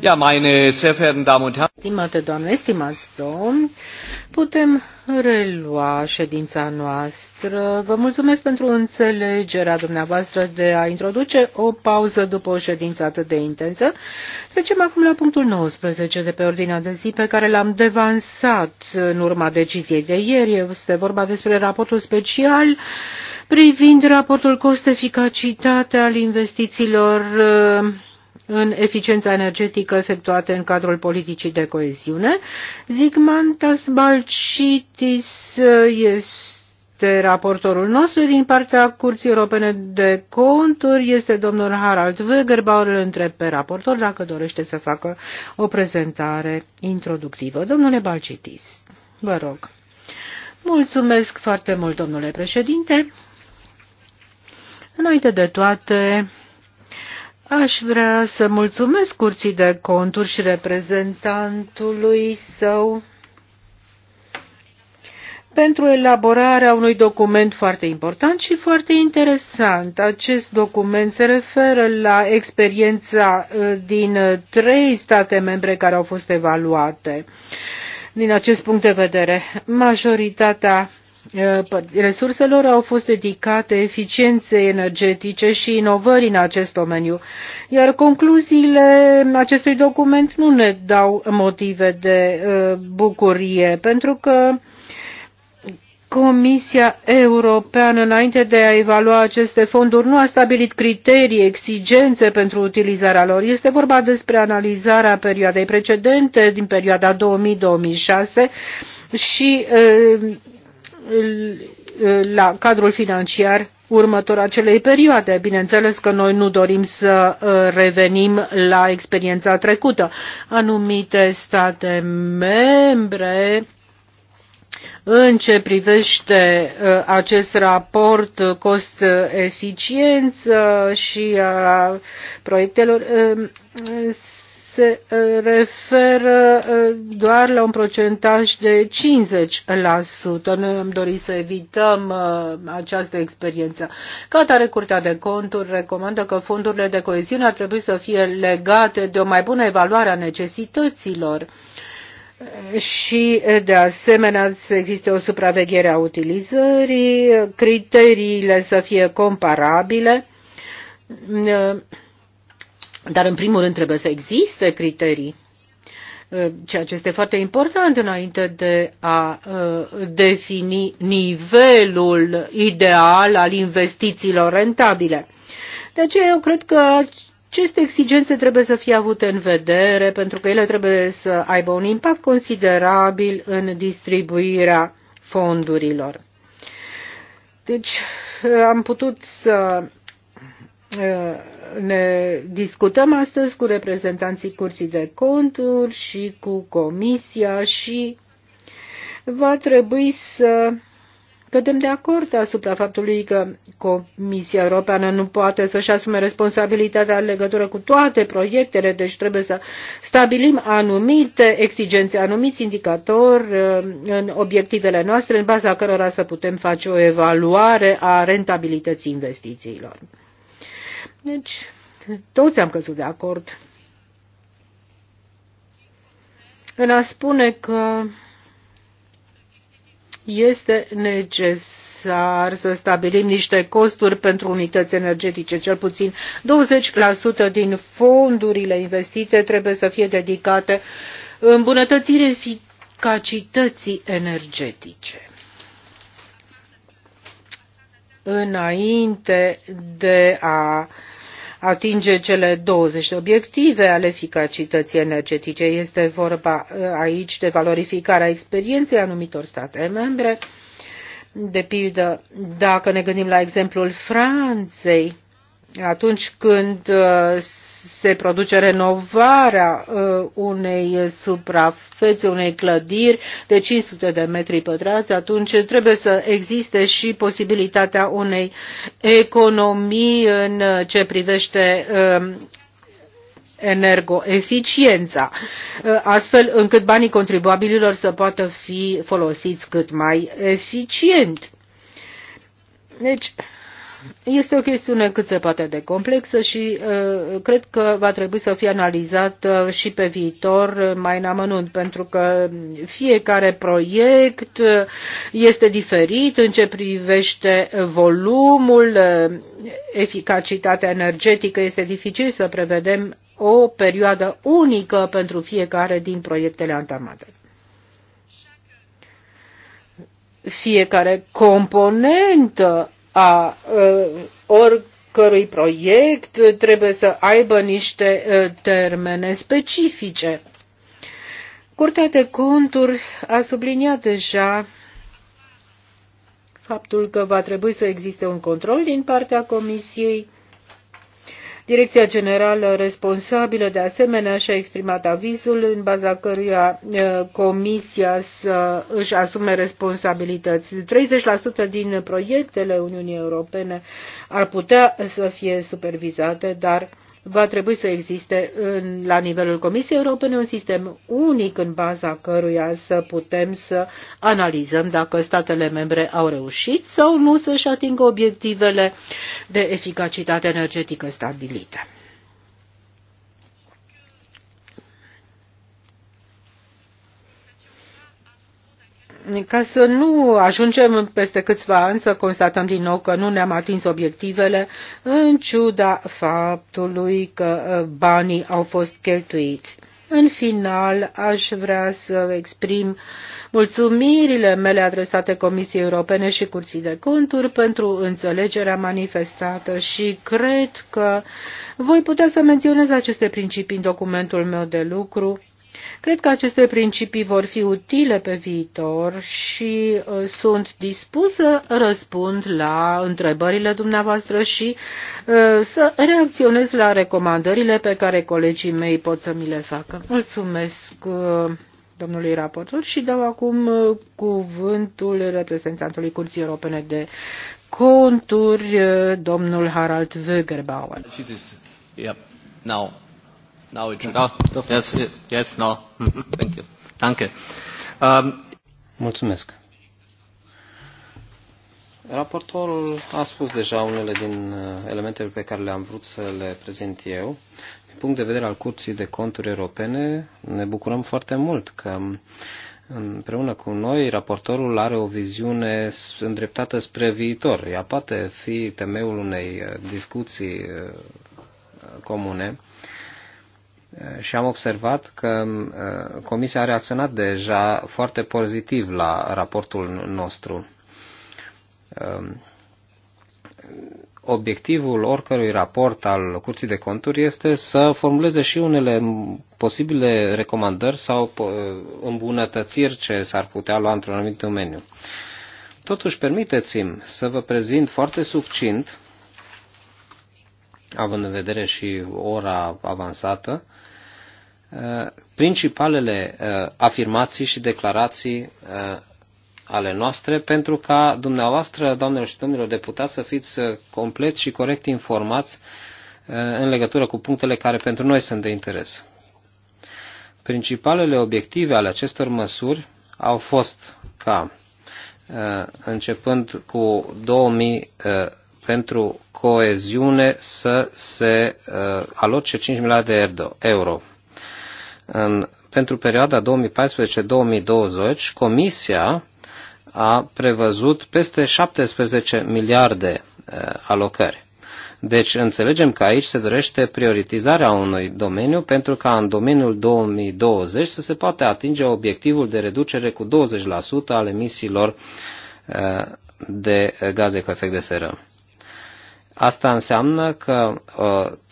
Ja, meine sehr verehrten Damen und Herren. Stimate doamne, stimați domn, putem relua ședința noastră. Vă mulțumesc pentru înțelegerea dumneavoastră de a introduce o pauză după o ședință atât de intensă Trecem acum la punctul 19 de pe ordinea de zi pe care l-am devansat în urma deciziei de ieri. Este vorba despre raportul special privind raportul cost-eficacitate al investițiilor uh, în eficiența energetică efectuate în cadrul politicii de coeziune. Zigmantas Balcitis uh, este este raportorul nostru din partea Curții Europene de Conturi, este domnul Harald Wögerbauer, îl întreb pe raportor dacă dorește să facă o prezentare introductivă. Domnule Balcitis, vă rog. Mulțumesc foarte mult, domnule președinte. Înainte de toate, Aș vrea să mulțumesc curții de conturi și reprezentantului său pentru elaborarea unui document foarte important și foarte interesant. Acest document se referă la experiența uh, din uh, trei state membre care au fost evaluate. Din acest punct de vedere, majoritatea uh, resurselor au fost dedicate eficienței energetice și inovării în acest domeniu, iar concluziile acestui document nu ne dau motive de bucurie, pentru că Comisia Europeană, înainte de a evalua aceste fonduri, nu a stabilit criterii, exigențe pentru utilizarea lor. Este vorba despre analizarea perioadei precedente, din perioada 2000-2006 și uh, la cadrul financiar următor acelei perioade. Bineînțeles că noi nu dorim să uh, revenim la experiența trecută. Anumite state membre în ce privește uh, acest raport uh, cost-eficiență și a proiectelor, um, se uh, referă doar la un procentaj de 50%. Noi am dorit să evităm această experiență. Ca atare, Curtea de Conturi recomandă că fondurile de coeziune ar trebui să fie legate de o mai bună evaluare a necesităților și eh, de asemenea să existe o supraveghere a utilizării, criteriile să fie comparabile, eh, dar în primul rând trebuie să existe criterii eh, ceea ce este foarte important înainte de a defini nivelul ideal al investițiilor rentabile. De aceea eu cred că aceste exigențe trebuie să fie avute în vedere pentru că ele trebuie să aibă un impact considerabil în distribuirea fondurilor. Deci am putut să uh, ne discutăm astăzi cu reprezentanții Curții de Conturi și cu Comisia și va trebui să Cădem de acord asupra faptului că Comisia Europeană nu poate să-și asume responsabilitatea în legătură cu toate proiectele, deci trebuie să stabilim anumite exigențe, anumiți indicatori uh, în obiectivele noastre, în baza cărora să putem face o evaluare a rentabilității investițiilor. Deci, toți am căzut de acord în a spune că este necesar să stabilim niște costuri pentru unități energetice. Cel puțin 20% din fondurile investite trebuie să fie dedicate îmbunătățirii eficacității energetice înainte de a atinge cele 20 de obiective ale eficacității energetice. Este vorba uh, aici de valorificarea experienței anumitor state membre. De pildă, dacă ne gândim la exemplul Franței, atunci când uh, se produce renovarea uh, unei suprafețe, unei clădiri de 500 de metri pătrați, atunci trebuie să existe și posibilitatea unei economii în uh, ce privește energoeficiența, astfel încât banii contribuabililor să poată fi folosiți cât mai eficient. Deci, este o chestiune cât se poate de complexă și uh, cred că va trebui să fie analizată uh, și pe viitor uh, mai în amănunt, pentru că fiecare proiect uh, este diferit în ce privește volumul, eficacitatea energetică. Este dificil să prevedem o perioadă unică pentru fiecare din proiectele antamate fiecare componentă a oricărui proiect trebuie să aibă niște termene specifice. Curtea de conturi a subliniat deja faptul că va trebui să existe un control din partea Comisiei Direcția generală responsabilă de asemenea și-a exprimat avizul în baza căruia Comisia să își asume responsabilități. 30% din proiectele Uniunii Europene ar putea să fie supervizate, dar va trebui să existe în, la nivelul Comisiei Europene un sistem unic în baza căruia să putem să analizăm dacă statele membre au reușit sau nu să-și atingă obiectivele de eficacitate energetică stabilite. ca să nu ajungem peste câțiva ani să constatăm din nou că nu ne-am atins obiectivele, în ciuda faptului că uh, banii au fost cheltuiți. În final, aș vrea să exprim mulțumirile mele adresate Comisiei Europene și Curții de Conturi pentru înțelegerea manifestată și cred că voi putea să menționez aceste principii în documentul meu de lucru Cred că aceste principii vor fi utile pe viitor și uh, sunt dispusă, să răspund la întrebările dumneavoastră și uh, să reacționez la recomandările pe care colegii mei pot să mi le facă. Mulțumesc uh, domnului raportor și dau acum cuvântul reprezentantului Curții Europene de Conturi, domnul Harald Wögerbauer. Now, Now it should. Oh, yes, yes, no. <laughs> Thank you. Um, Mulțumesc. Raportorul a spus deja unele din uh, elementele pe care le-am vrut să le prezint eu. Din punct de vedere al Curții de Conturi Europene, ne bucurăm foarte mult că um, împreună cu noi raportorul are o viziune îndreptată spre viitor. Ea poate fi temeiul unei uh, discuții uh, comune și am observat că uh, Comisia a reacționat deja foarte pozitiv la raportul nostru. Um, obiectivul oricărui raport al Curții de Conturi este să formuleze și unele posibile recomandări sau uh, îmbunătățiri ce s-ar putea lua într-un anumit domeniu. Totuși, permiteți-mi să vă prezint foarte succint având în vedere și ora avansată, uh, principalele uh, afirmații și declarații uh, ale noastre pentru ca dumneavoastră, doamnelor și domnilor deputați, să fiți complet și corect informați în legătură cu punctele care pentru noi sunt de interes. Principalele obiective ale acestor măsuri au fost ca, începând cu 2000, pentru coeziune să se uh, aloce 5 miliarde de euro. În, pentru perioada 2014-2020, Comisia a prevăzut peste 17 miliarde uh, alocări. Deci înțelegem că aici se dorește prioritizarea unui domeniu pentru ca în domeniul 2020 să se poate atinge obiectivul de reducere cu 20% al emisiilor uh, de gaze cu efect de seră. Asta înseamnă că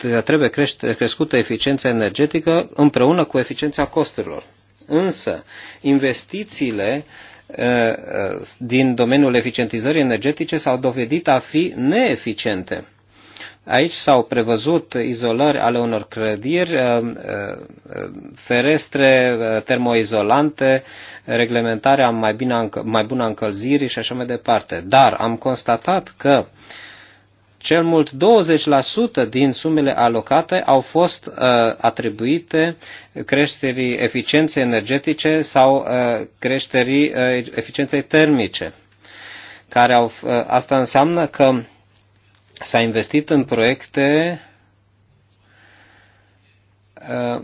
uh, trebuie crește, crescută eficiența energetică împreună cu eficiența costurilor. Însă, investițiile uh, uh, din domeniul eficientizării energetice s-au dovedit a fi neeficiente. Aici s-au prevăzut izolări ale unor clădiri, uh, uh, ferestre termoizolante, reglementarea mai, bine, mai bună încălzirii și așa mai departe. Dar am constatat că uh, cel mult 20% din sumele alocate au fost uh, atribuite creșterii eficienței energetice sau uh, creșterii uh, eficienței termice. Care au, uh, asta înseamnă că s-a investit în proiecte uh,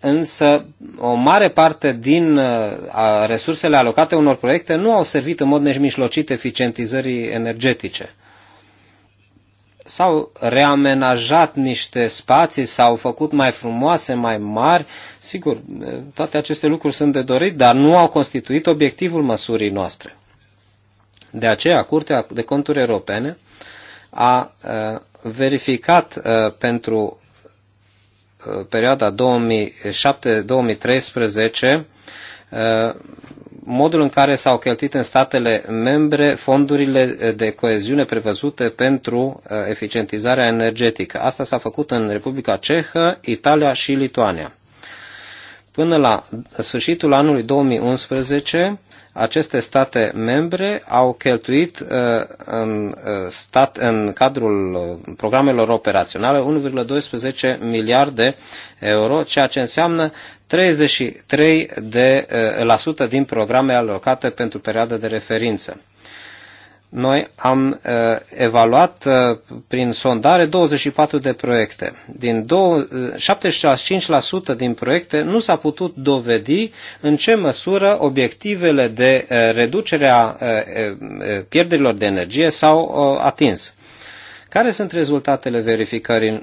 însă o mare parte din uh, resursele alocate unor proiecte nu au servit în mod neșmișlocit eficientizării energetice s-au reamenajat niște spații, s-au făcut mai frumoase, mai mari. Sigur, toate aceste lucruri sunt de dorit, dar nu au constituit obiectivul măsurii noastre. De aceea, Curtea de Conturi Europene a uh, verificat uh, pentru uh, perioada 2007-2013 modul în care s-au cheltuit în statele membre fondurile eh, de coeziune prevăzute pentru eh, eficientizarea energetică. Asta s-a făcut în Republica Cehă, Italia și Lituania. Până la sfârșitul anului 2011, aceste state membre au cheltuit uh, în, uh, stat, în cadrul uh, programelor operaționale 1,12 miliarde euro, ceea ce înseamnă 33% de, din programe alocate pentru perioada de referință. Noi am uh, evaluat uh, prin sondare 24 de proiecte. Din dou- 75% uh, din proiecte nu s-a putut dovedi în ce măsură obiectivele de uh, reducere a uh, uh pierderilor de energie s-au uh, atins. Care sunt rezultatele verificării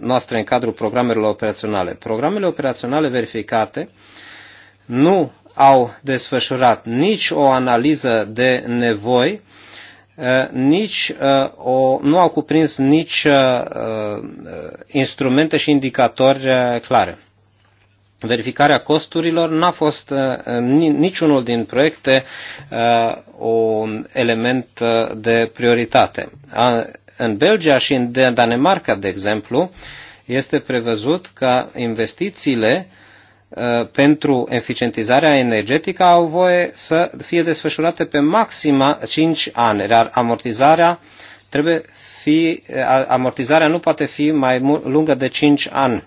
noastre în cadrul programelor operaționale? Programele operaționale verificate nu au desfășurat nici o analiză de nevoi Uh, nici uh, o, nu au cuprins nici uh, instrumente și indicatori clare. Verificarea costurilor n-a fost niciunul din proiecte un element de prioritate. În Belgia și în Danemarca, de exemplu, este prevăzut ca investițiile Uh, pentru eficientizarea energetică au voie să fie desfășurate pe maxima 5 ani, iar amortizarea, trebuie fi, uh, amortizarea nu poate fi mai lungă de 5 ani.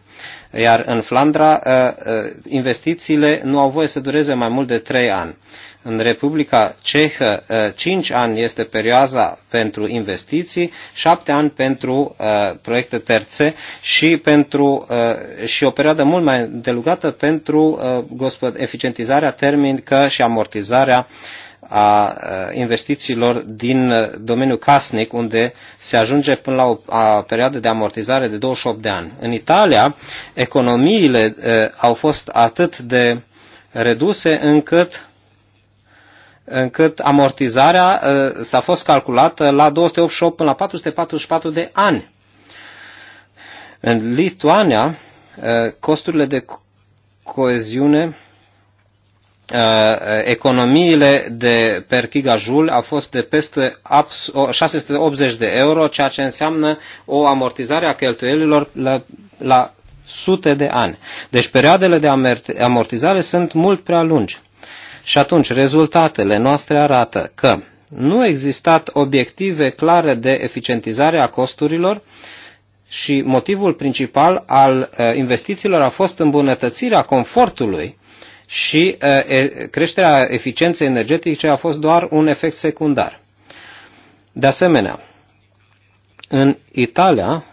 Iar în Flandra uh, investițiile nu au voie să dureze mai mult de 3 ani. În Republica Cehă, 5 eh, ani este perioada pentru investiții, 7 ani pentru eh, proiecte terțe și, pentru, eh, și o perioadă mult mai delugată pentru eficientizarea terminică și amortizarea a investițiilor din domeniul casnic, unde se ajunge până la o a, perioadă de amortizare de 28 de ani. În Italia, economiile au fost atât de reduse încât încât amortizarea uh, s-a fost calculată la 288 până la 444 de ani. În Lituania, uh, costurile de coeziune, uh, economiile de per gigajul au fost de peste 680 de euro, ceea ce înseamnă o amortizare a cheltuielilor la, la sute de ani. Deci perioadele de amortizare sunt mult prea lungi. Și atunci rezultatele noastre arată că nu existat obiective clare de eficientizare a costurilor și motivul principal al uh, investițiilor a fost îmbunătățirea confortului și uh, creșterea eficienței energetice a fost doar un efect secundar. De asemenea, în Italia,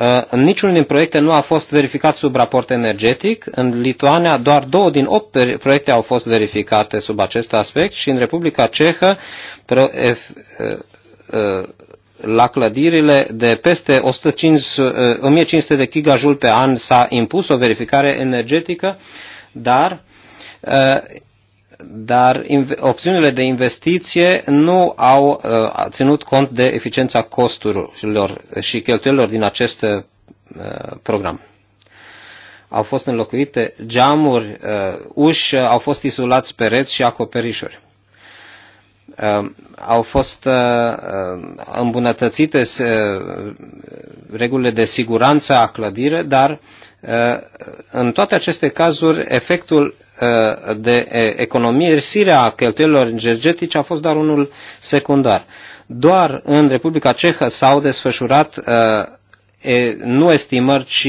Uh, în niciunul din proiecte nu a fost verificat sub raport energetic. În Lituania doar două din opt proiecte au fost verificate sub acest aspect și în Republica Cehă uh, uh, la clădirile de peste 1500 de gigajul pe an s-a impus o verificare energetică, dar dar opțiunile de investiție nu au uh, ținut cont de eficiența costurilor și cheltuielilor din acest uh, program. Au fost înlocuite geamuri, uh, uși, au fost izolați pereți și acoperișuri. Um, au fost uh, um, îmbunătățite uh, regulile de siguranță a clădire, dar uh, în toate aceste cazuri efectul de economisire a cheltuielilor energetice a fost doar unul secundar. Doar în Republica Cehă s-au desfășurat nu estimări, ci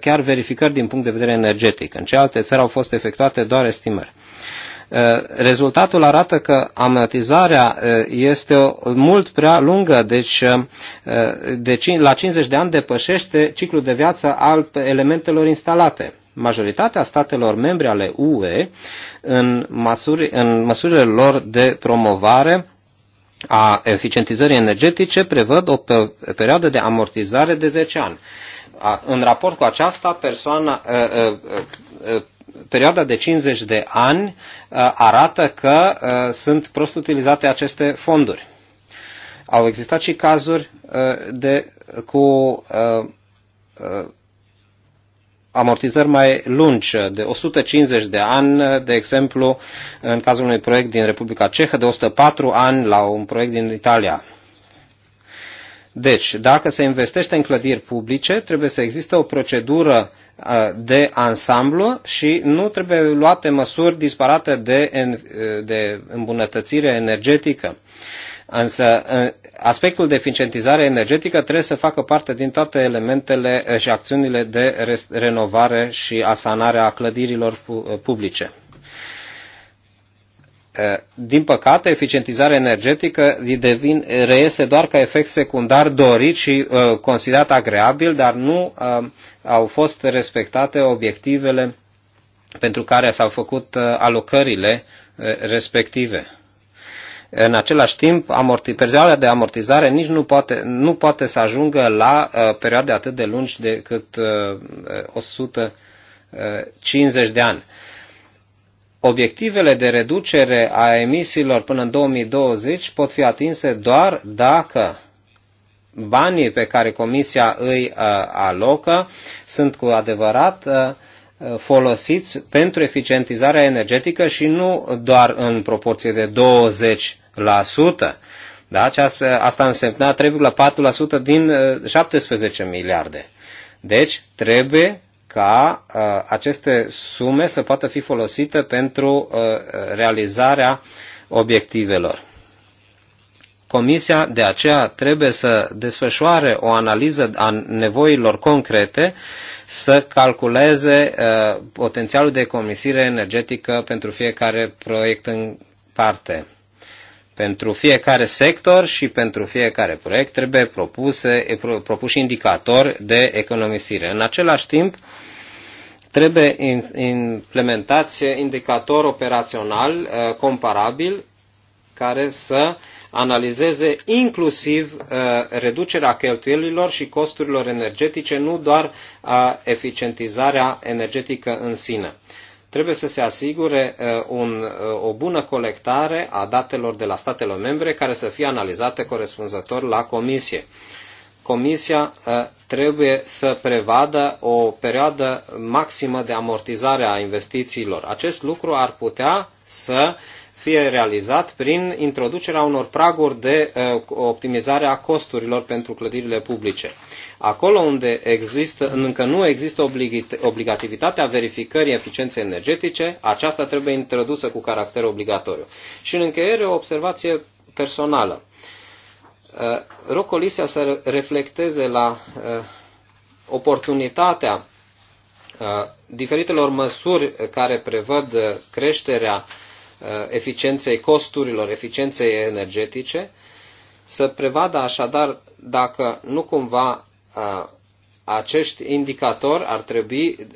chiar verificări din punct de vedere energetic. În celelalte țări au fost efectuate doar estimări. Uh, rezultatul arată că amortizarea uh, este mult prea lungă, deci uh, de la 50 de ani depășește ciclul de viață al elementelor instalate. Majoritatea statelor membre ale UE, în, măsuri, în măsurile lor de promovare a eficientizării energetice, prevăd o perioadă de amortizare de 10 ani. În raport cu aceasta, persoana, perioada de 50 de ani uh, arată că uh, sunt prost utilizate aceste fonduri. Au existat și cazuri uh, de, cu amortizări mai lungi, de 150 de ani, de exemplu, în cazul unui proiect din Republica Cehă, de 104 ani la un proiect din Italia. Deci, dacă se investește în clădiri publice, trebuie să existe o procedură de ansamblu și nu trebuie luate măsuri disparate de, de îmbunătățire energetică. Însă aspectul de eficientizare energetică trebuie să facă parte din toate elementele și acțiunile de renovare și asanare a clădirilor publice din păcate, eficientizarea energetică devin, reiese doar ca efect secundar dorit și uh, considerat agreabil, dar nu uh, au fost respectate obiectivele pentru care s-au făcut uh, alocările uh, respective. În același timp, amorti, perioada de amortizare nici nu poate, nu poate să ajungă la uh, perioade atât de lungi decât uh, 150 de ani. Uh, obiectivele de reducere a emisiilor până în 2020 pot fi atinse doar dacă banii pe care Comisia îi uh, alocă sunt cu adevărat uh, folosiți pentru eficientizarea energetică și nu doar în proporție de 20%. Da? Aceasta, asta însemna 3,4% din 17 uh, miliarde. Deci trebuie ca uh, aceste sume să poată fi folosite pentru uh, realizarea obiectivelor. Comisia de aceea trebuie să desfășoare o analiză a nevoilor concrete, să calculeze uh, potențialul de economisire energetică pentru fiecare proiect în parte. Pentru fiecare sector și pentru fiecare proiect trebuie propuse, propuși indicatori de economisire. În același timp, uh, Trebuie implementați indicator operațional uh, comparabil care să analizeze inclusiv uh, reducerea cheltuielilor și costurilor energetice, nu doar eficientizarea energetică în sine trebuie să se asigure uh, un, o bună colectare a datelor de la statele membre care să fie analizate corespunzător la Comisie. Comisia ă, trebuie să prevadă o perioadă maximă de amortizare a investițiilor. Acest lucru ar putea să fie realizat prin introducerea unor praguri de ă, optimizare a costurilor pentru clădirile publice. Acolo unde există, încă nu există obligativitatea verificării eficienței energetice, aceasta trebuie introdusă cu caracter obligatoriu. Și în încheiere o observație personală Uh, Rocolisia să reflecteze la uh, oportunitatea uh, diferitelor măsuri care prevăd creșterea eficienței costurilor, eficienței energetice, să prevadă așadar dacă nu cumva acești indicatori ar trebui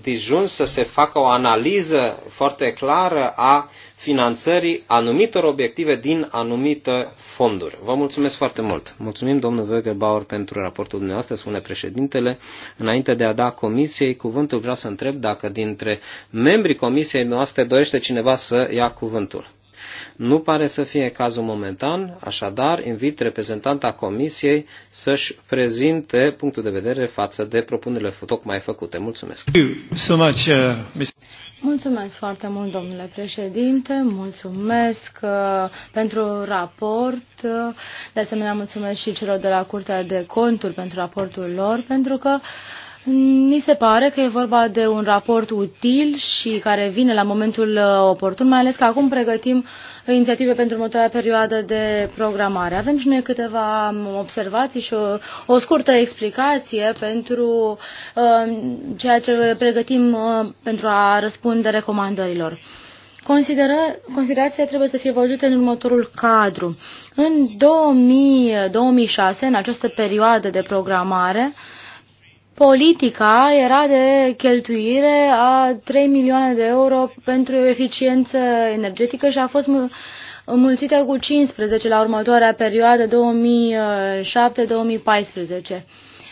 disjuns să se facă o analiză foarte clară a finanțării anumitor obiective din anumite fonduri. Vă mulțumesc foarte mult. Mulțumim, domnul Wegerbauer, pentru raportul dumneavoastră, spune președintele. Înainte de a da comisiei cuvântul, vreau să întreb dacă dintre membrii comisiei noastre dorește cineva să ia cuvântul. Nu pare să fie cazul momentan, așadar invit reprezentanta Comisiei să-și prezinte punctul de vedere față de propunerile tocmai făcute. Mulțumesc! Mulțumesc foarte mult, domnule președinte, mulțumesc uh, pentru raport, de asemenea mulțumesc și celor de la Curtea de Conturi pentru raportul lor, pentru că uh, Ni se pare că e vorba de un raport util și care vine la momentul uh, oportun, mai ales că acum pregătim inițiative pentru următoarea perioadă de programare. Avem și noi câteva um, observații și o, o scurtă explicație pentru uh, ceea ce pregătim uh, pentru a răspunde recomandărilor. Considera, considerația trebuie să fie văzută în următorul cadru. În 2000, 2006, în această perioadă de programare, uh, politica era de cheltuire a 3 milioane de euro pentru eficiență energetică și a fost înmulțită cu 15 la următoarea perioadă 2007-2014.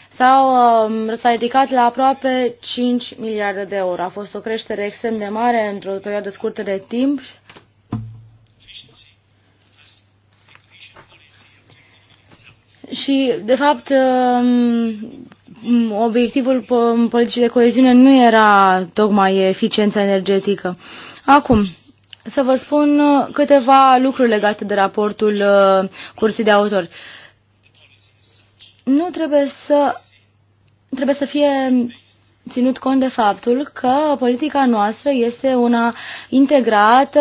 S-au, um, a ridicat la aproape 5 miliarde de euro. A fost o creștere extrem de mare într-o perioadă scurtă de timp Și, de fapt, um, obiectivul politicii de coeziune nu era tocmai eficiența energetică. Acum, să vă spun uh, câteva lucruri legate de raportul uh, curții de autor. Nu trebuie să trebuie să fie ținut cont de faptul că politica noastră este una integrată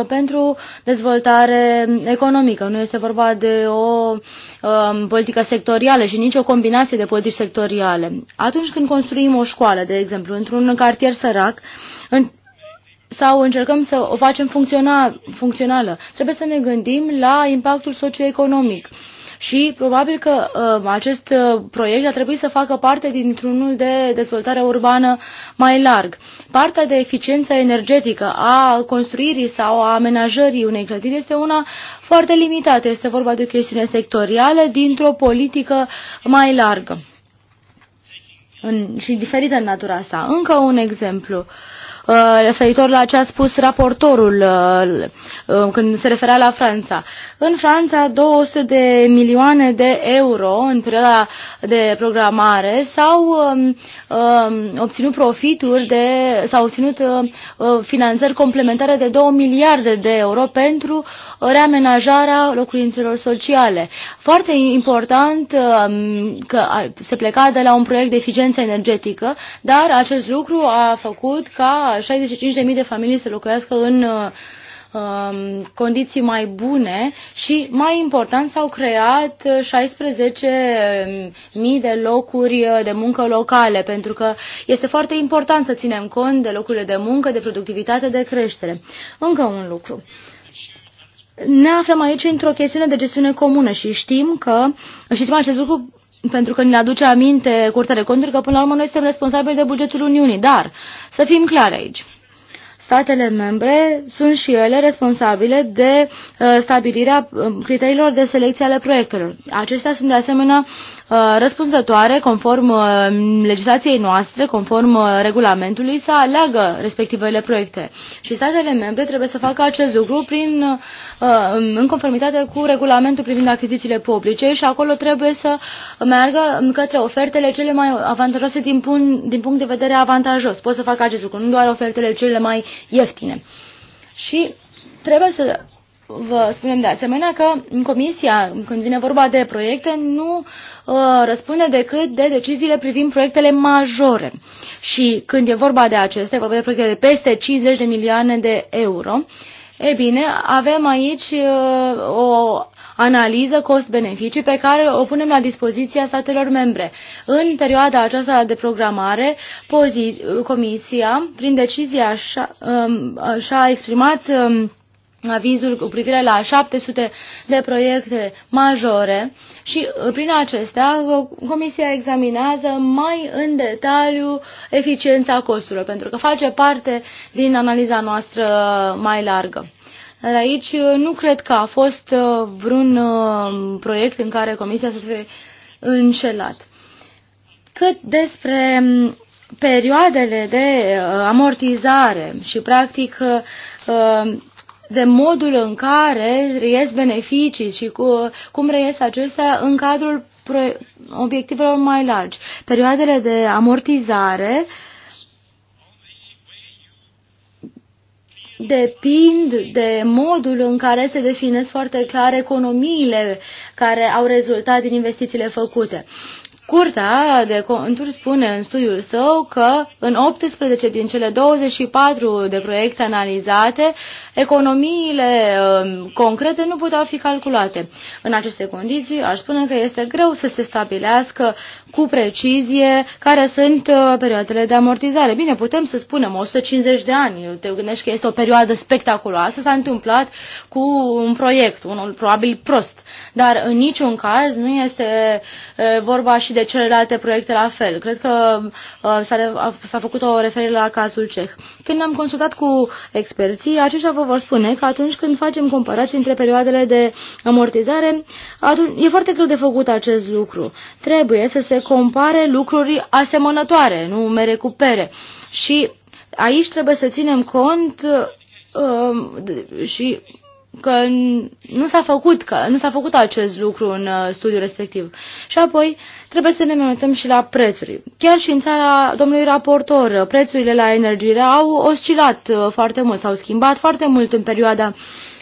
uh, pentru dezvoltare economică. Nu este vorba de o um, politică sectorială și nici o combinație de politici sectoriale. Atunci când construim o școală, de exemplu, într-un cartier sărac, în, sau încercăm să o facem funcționa, funcțională, trebuie să ne gândim la impactul socioeconomic. economic și probabil că uh, acest uh, proiect ar trebui să facă parte dintr-unul de dezvoltare urbană mai larg. Partea de eficiență energetică a construirii sau a amenajării unei clădiri este una foarte limitată. Este vorba de o chestiune sectorială dintr-o politică mai largă în, și diferită în natura sa. Încă un exemplu. Uh, Uh, referitor la ce a spus raportorul uh, uh, când se referea la Franța. În Franța, 200 de milioane de euro în perioada de programare s-au um, um, obținut profituri de, s-au obținut finanțări complementare de 2 miliarde de euro pentru reamenajarea locuințelor sociale. Foarte important um, că se pleca de la un proiect de eficiență energetică, dar acest lucru a făcut ca 65.000 de familii să locuiască în uh, um, condiții mai bune și, mai important, s-au creat 16.000 de locuri uh, de muncă locale, pentru că este foarte important să ținem cont de locurile de muncă, de productivitate, de creștere. Încă un lucru. Ne aflăm aici într-o chestiune de gestiune comună și știm că, și știm acest lucru pentru că ne aduce aminte Curtea de Conturi că până la urmă noi suntem responsabili de bugetul Uniunii. Dar să fim clari aici. Statele membre sunt și ele responsabile de uh, stabilirea uh, criteriilor de selecție ale proiectelor. Acestea sunt de asemenea uh, Uh, răspunzătoare, conform uh, legislației noastre, conform uh, regulamentului, să aleagă respectivele proiecte. Și statele membre trebuie să facă acest lucru prin, în conformitate cu regulamentul privind achizițiile publice și acolo trebuie să meargă către ofertele cele mai avantajoase din, punct din punct de vedere avantajos. Pot să facă acest lucru, nu doar ofertele cele mai ieftine. Și trebuie să vă spunem de asemenea că Comisia, când vine vorba de proiecte, nu uh, răspunde decât de deciziile privind proiectele majore. Și când e vorba de acestea, vorba de proiecte de peste 50 de milioane de euro, e bine, avem aici uh, o analiză cost-beneficii pe care o punem la dispoziția statelor membre. În perioada aceasta de programare, uh, Comisia, prin decizia um, uh, și-a exprimat um, avizul cu privire la 700 de proiecte majore și uh, prin acestea uh, Comisia examinează mai în detaliu eficiența costurilor, pentru că face parte din analiza noastră mai largă. Dar aici uh, nu cred că a fost vreun proiect în care Comisia să fie înșelat. Cât despre um, perioadele de amortizare și practic de modul în care reiesc beneficii și cu, cum reiesc acestea în cadrul obiectivelor mai largi. Perioadele de amortizare depind de modul în care se definesc foarte clar economiile care au rezultat din investițiile făcute. Curtea de conturi spune în studiul său că în 18 din cele 24 de proiecte analizate, economiile um, concrete nu puteau fi calculate. În aceste condiții, aș spune că este greu să se stabilească cu precizie care sunt uh, perioadele de amortizare. Bine, putem să spunem 150 de ani. Te gândești că este o perioadă spectaculoasă, s-a întâmplat cu un proiect, unul probabil prost, dar în niciun caz nu este uh, vorba și de de celelalte proiecte la fel. Cred că uh, s-a făcut o referire la cazul ceh. Când am consultat cu experții, aceștia vă vor spune că atunci când facem comparații între perioadele de amortizare, atunci, e foarte greu de făcut acest lucru. Trebuie să se compare lucruri asemănătoare, nu mere cu pere. Și aici trebuie să ținem cont uh, și că nu s-a făcut, că nu s-a făcut acest lucru în uh, studiul respectiv. Și apoi trebuie să ne mai uităm și la prețuri. Chiar și în țara domnului raportor, prețurile la energie au oscilat uh, foarte mult, s-au schimbat foarte mult în perioada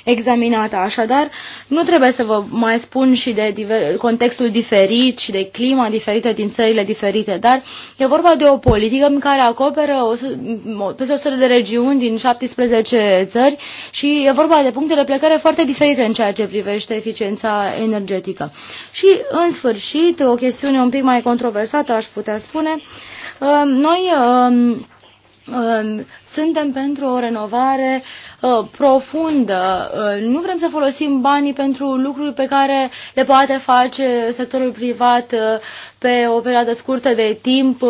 examinată. Așadar, nu trebuie să vă mai spun și de diver, contextul diferit și de clima diferită din țările diferite, dar e vorba de o politică în care acoperă o, peste 100 de regiuni din 17 țări și e vorba de puncte de plecare foarte diferite în ceea ce privește eficiența energetică. Și, în sfârșit, o chestiune un pic mai controversată, aș putea spune, uh, noi um, um, suntem pentru o renovare uh, profundă. Uh, nu vrem să folosim banii pentru lucruri pe care le poate face sectorul privat uh, pe o perioadă scurtă de timp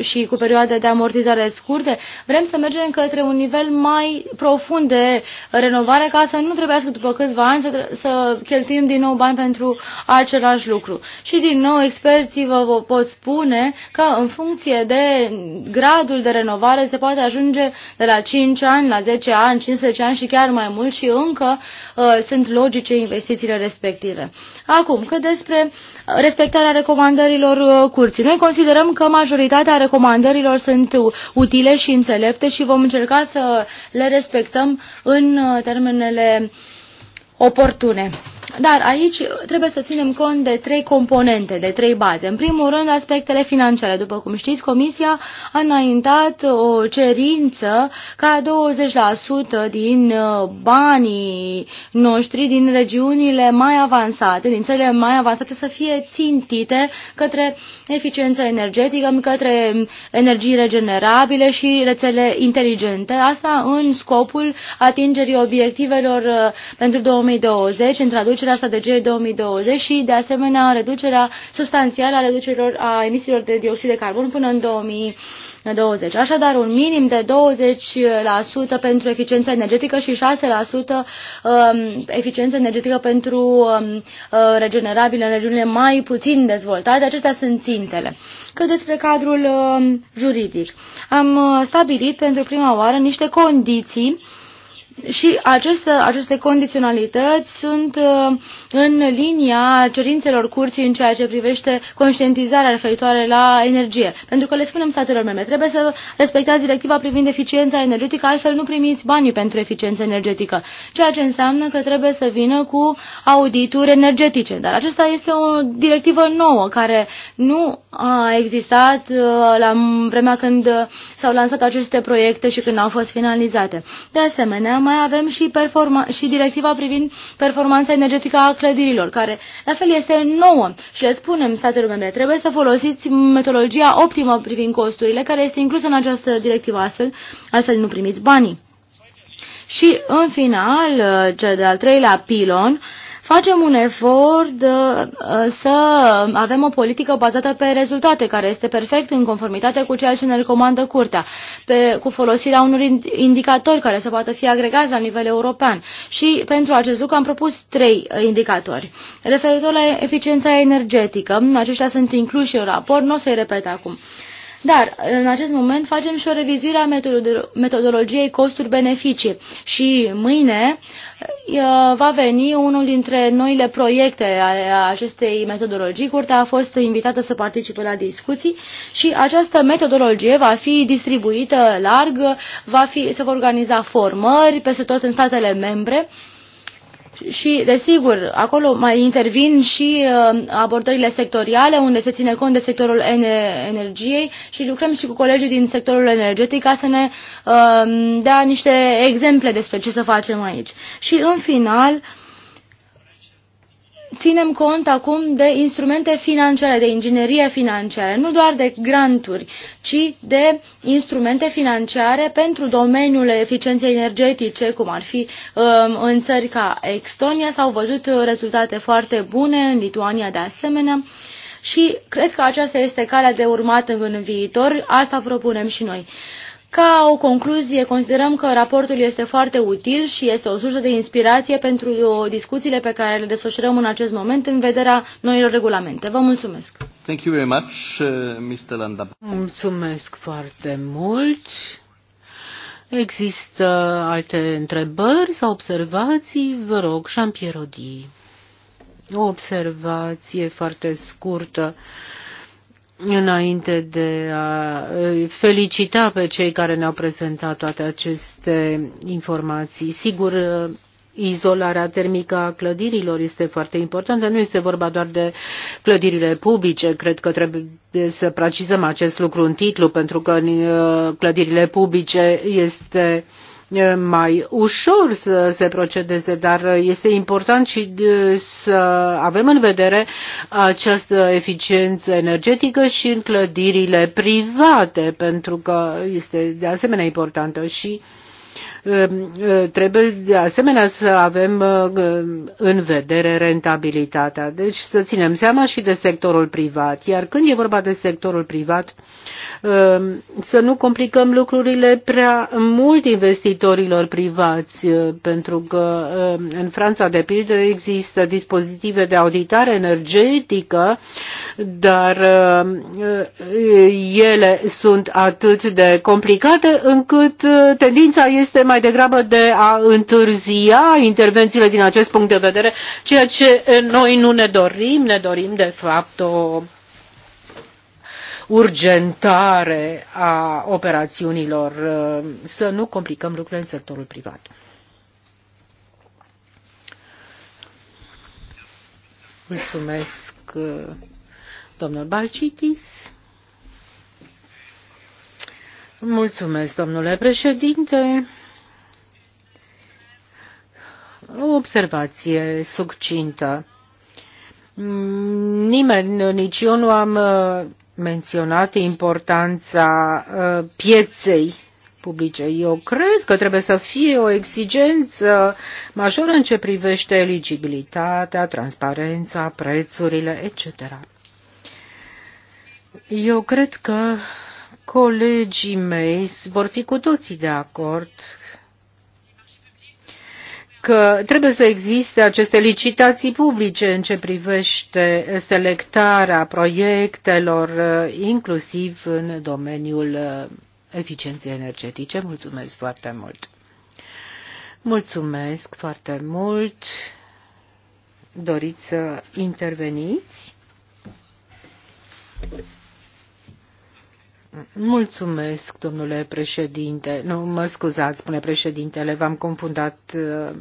și cu perioade de amortizare scurte. Vrem să mergem către un nivel mai profund de renovare ca să nu trebuiască după câțiva ani să, să cheltuim din nou bani pentru același lucru. Și din nou experții vă, vă pot spune că în funcție de gradul de renovare se poate ajunge de la 5 ani la 10 ani, 15 ani și chiar mai mult și încă uh, sunt logice investițiile respective. Acum, că despre uh, respectarea recomandărilor uh, curții. Noi considerăm că majoritatea recomandărilor sunt utile și înțelepte și vom încerca să le respectăm în uh, termenele oportune. Dar aici trebuie să ținem cont de trei componente, de trei baze. În primul rând, aspectele financiare. După cum știți, Comisia a înaintat o cerință ca 20% din uh, banii noștri din regiunile mai avansate, din țările mai avansate, să fie țintite către eficiență energetică, către energii regenerabile și rețele inteligente. Asta în scopul atingerii obiectivelor uh, pentru 2020 în traducere reducerea strategiei 2020 și, de asemenea, reducerea substanțială a reducerilor a emisiilor de dioxid de carbon până în 2020. Așadar, un minim de 20% pentru eficiență energetică și 6% um, eficiență energetică pentru um, uh, regenerabile în regiunile mai puțin dezvoltate. Acestea sunt țintele cât despre cadrul um, juridic. Am uh, stabilit pentru prima oară niște condiții și aceste, aceste condiționalități sunt uh, în linia cerințelor curții în ceea ce privește conștientizarea referitoare la energie. Pentru că le spunem statelor membre, trebuie să respectați directiva privind eficiența energetică, altfel nu primiți banii pentru eficiență energetică. Ceea ce înseamnă că trebuie să vină cu audituri energetice. Dar acesta este o directivă nouă care nu a existat uh, la vremea când s-au lansat aceste proiecte și când au fost finalizate. De asemenea, mai avem și, și directiva privind performanța energetică a clădirilor, care la fel este nouă și le spunem statelor membre, trebuie să folosiți metodologia optimă privind costurile, care este inclusă în această directivă, astfel, altfel nu primiți banii. Și, în final, cel de-al treilea pilon, uh, facem un efort uh, uh, să avem o politică bazată pe rezultate, care este perfect în conformitate cu ceea ce ne recomandă Curtea, pe, cu folosirea unor indicatori care să poată fi agregați la nivel european. Și pentru acest lucru am propus trei uh, indicatori. Referitor la eficiența energetică, aceștia sunt incluși în raport, nu o să-i repet acum. Dar în acest moment facem și o revizuire a metodologiei costuri-beneficii și mâine uh, va veni unul dintre noile proiecte ale acestei metodologii. Curtea a fost invitată să participe la discuții și această metodologie va fi distribuită larg, va fi, se vor organiza formări peste tot în statele membre și, desigur, acolo mai intervin și uh, abordările sectoriale, unde se ține cont de sectorul energiei și lucrăm și cu colegii din sectorul energetic ca să ne uh, dea niște exemple despre ce să facem aici. Și, în final, ținem cont acum de instrumente financiare, de inginerie financiară, nu doar de granturi, ci de instrumente financiare pentru domeniul eficienței energetice, cum ar fi um, în țări ca Estonia. S-au văzut rezultate foarte bune în Lituania de asemenea și cred că aceasta este calea de urmat în viitor. Asta propunem și noi. Ca o concluzie, considerăm că raportul este foarte util și este o sursă de inspirație pentru uh, discuțiile pe care le desfășurăm în acest moment în vederea noilor regulamente. Vă mulțumesc! Thank you very much, uh, Mr. Landa. Mulțumesc foarte mult! Există alte întrebări sau observații? Vă rog, Jean-Pierre O observație foarte scurtă. Uh, înainte de a felicita pe cei care ne-au prezentat toate aceste informații. Sigur, izolarea termică a clădirilor este foarte importantă. Nu este vorba doar de clădirile publice. Cred că trebuie să precizăm acest lucru în titlu, pentru că în uh, clădirile publice este mai ușor să se procedeze, dar este important și să avem în vedere această eficiență energetică și în clădirile private, pentru că este de asemenea importantă și trebuie de asemenea să avem în vedere rentabilitatea. Deci să ținem seama și de sectorul privat. Iar când e vorba de sectorul privat, Um, să nu complicăm lucrurile prea mult investitorilor privați, uh, pentru că um, în Franța, de pildă, există dispozitive de auditare energetică, dar um, uh, ele sunt atât de complicate încât uh, tendința este mai degrabă de a întârzia intervențiile din acest punct de vedere, ceea ce noi nu ne dorim, ne dorim de fapt o urgentare a operațiunilor, uh, să nu complicăm lucrurile în sectorul privat. Mulțumesc, uh, domnul Balcitis. Mulțumesc, domnule președinte. O observație succintă. Nimeni, nici eu nu am uh, menționat importanța uh, pieței publice. Eu cred că trebuie să fie o exigență majoră în ce privește eligibilitatea, transparența, prețurile, etc. Eu cred că colegii mei vor fi cu toții de acord că trebuie să existe aceste licitații publice în ce privește selectarea proiectelor, uh, inclusiv în domeniul uh, eficienței energetice. Mulțumesc foarte mult! Mulțumesc foarte mult! Doriți să interveniți? Mulțumesc, domnule președinte. Nu, mă scuzați, spune președintele, v-am confundat. Uh,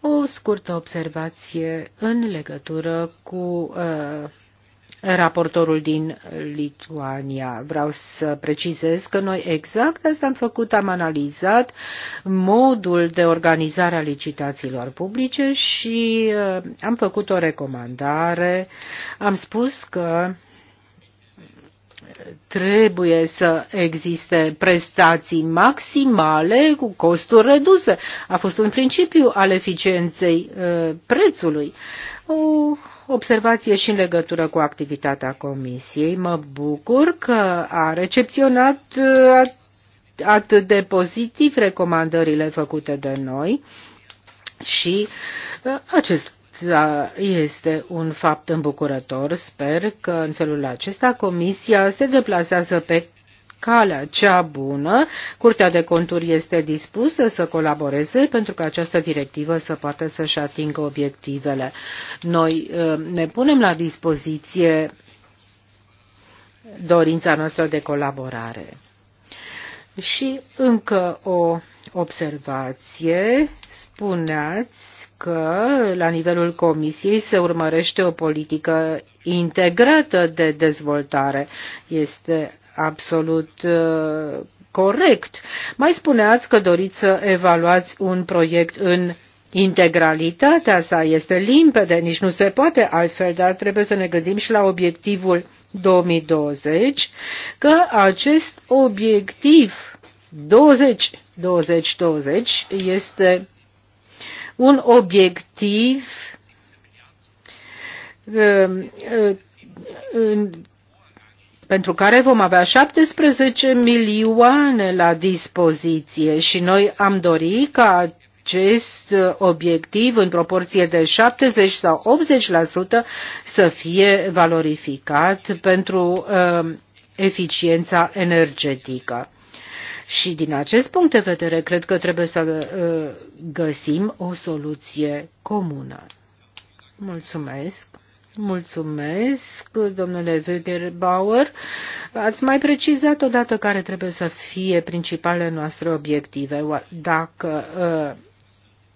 o scurtă observație în legătură cu uh, raportorul din Lituania. Vreau să precizez că noi exact asta am făcut, am analizat modul de organizare a licitațiilor publice și uh, am făcut o recomandare. Am spus că uh, trebuie să existe prestații maximale cu costuri reduse. A fost un principiu al eficienței uh, prețului. O observație și în legătură cu activitatea comisiei. Mă bucur că a recepționat uh, atât de pozitiv recomandările făcute de noi și uh, acest da, este un fapt îmbucurător. Sper că în felul acesta Comisia se deplasează pe calea cea bună. Curtea de conturi este dispusă să colaboreze pentru că această directivă să poată să-și atingă obiectivele. Noi ă, ne punem la dispoziție dorința noastră de colaborare. Și încă o observație, spuneați că la nivelul Comisiei se urmărește o politică integrată de dezvoltare. Este absolut uh, corect. Mai spuneați că doriți să evaluați un proiect în integralitatea sa. Este limpede, nici nu se poate altfel, dar trebuie să ne gândim și la obiectivul 2020, că acest obiectiv 20, 20, 20 este un obiectiv um, pentru care vom avea 17 milioane la dispoziție și noi am dorit ca acest obiectiv în proporție de 70 sau 80% să fie valorificat pentru um, eficiența energetică. Și din acest punct de vedere, cred că trebuie să uh, găsim o soluție comună. Mulțumesc. Mulțumesc, domnule Wegerbauer. Ați mai precizat odată care trebuie să fie principalele noastre obiective. Dacă uh,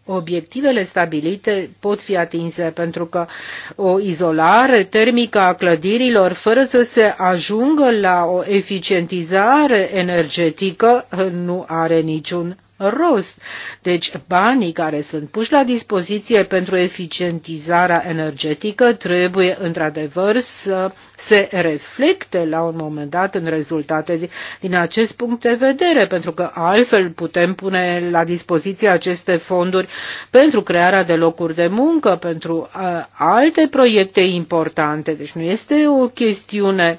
obiectivele stabilite pot fi atinse pentru că o izolare termică a clădirilor fără să se ajungă la o eficientizare energetică nu are niciun rost. Deci banii care sunt puși la dispoziție pentru eficientizarea energetică trebuie într-adevăr să se reflecte la un moment dat în rezultate din acest punct de vedere, pentru că altfel putem pune la dispoziție aceste fonduri pentru crearea de locuri de muncă, pentru alte proiecte importante. Deci nu este o chestiune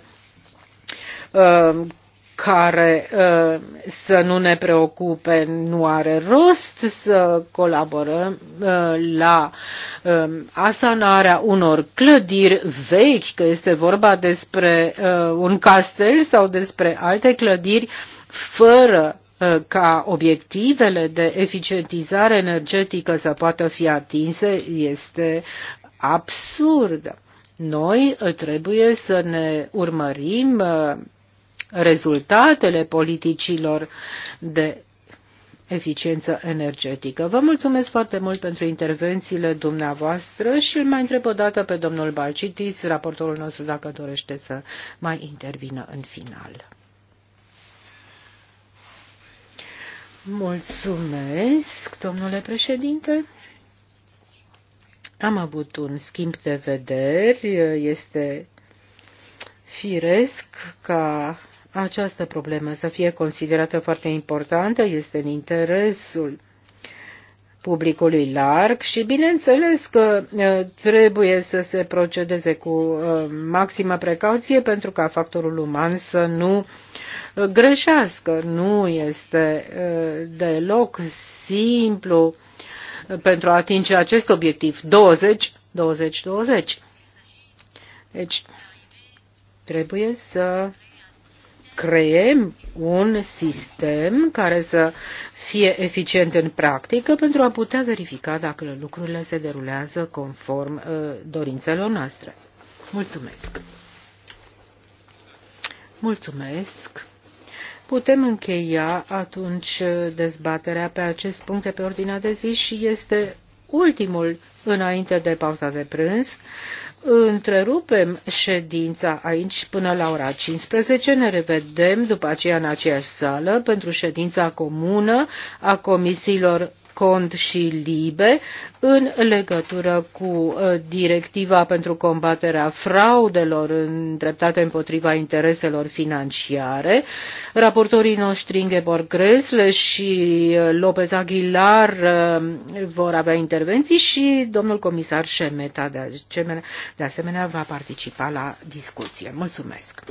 care uh, să nu ne preocupe, nu are rost să colaborăm uh, la um, asanarea unor clădiri vechi, că este vorba despre uh, un castel sau despre alte clădiri, fără ca obiectivele de eficientizare energetică să poată fi atinse, este absurdă. Noi trebuie să ne urmărim rezultatele politicilor de eficiență energetică. Vă mulțumesc foarte mult pentru intervențiile dumneavoastră și îl mai întreb o dată pe domnul Balcitis, raportorul nostru, dacă dorește să mai intervină în final. Mulțumesc, domnule președinte. Am avut un schimb de vederi. Este firesc ca această problemă să fie considerată foarte importantă, este în interesul publicului larg și bineînțeles că trebuie să se procedeze cu maximă precauție pentru ca factorul uman să nu greșească. Nu este deloc simplu pentru a atinge acest obiectiv 20 20 20. Deci trebuie să creem un sistem care să fie eficient în practică pentru a putea verifica dacă lucrurile se derulează conform uh, dorințelor noastre. Mulțumesc! Mulțumesc! Putem încheia atunci uh, dezbaterea pe acest punct de pe ordinea de zi și este ultimul înainte de pauza de prânz. Întrerupem ședința aici până la ora 15. Ne revedem după aceea în aceeași sală pentru ședința comună a comisiilor Cont și Libe în legătură cu uh, directiva pentru combaterea fraudelor îndreptate împotriva intereselor financiare. Raportorii noștri Ingeborg Gresle și uh, Lopez Aguilar uh, vor avea intervenții și domnul comisar Șemeta de asemenea va participa la discuție. Mulțumesc!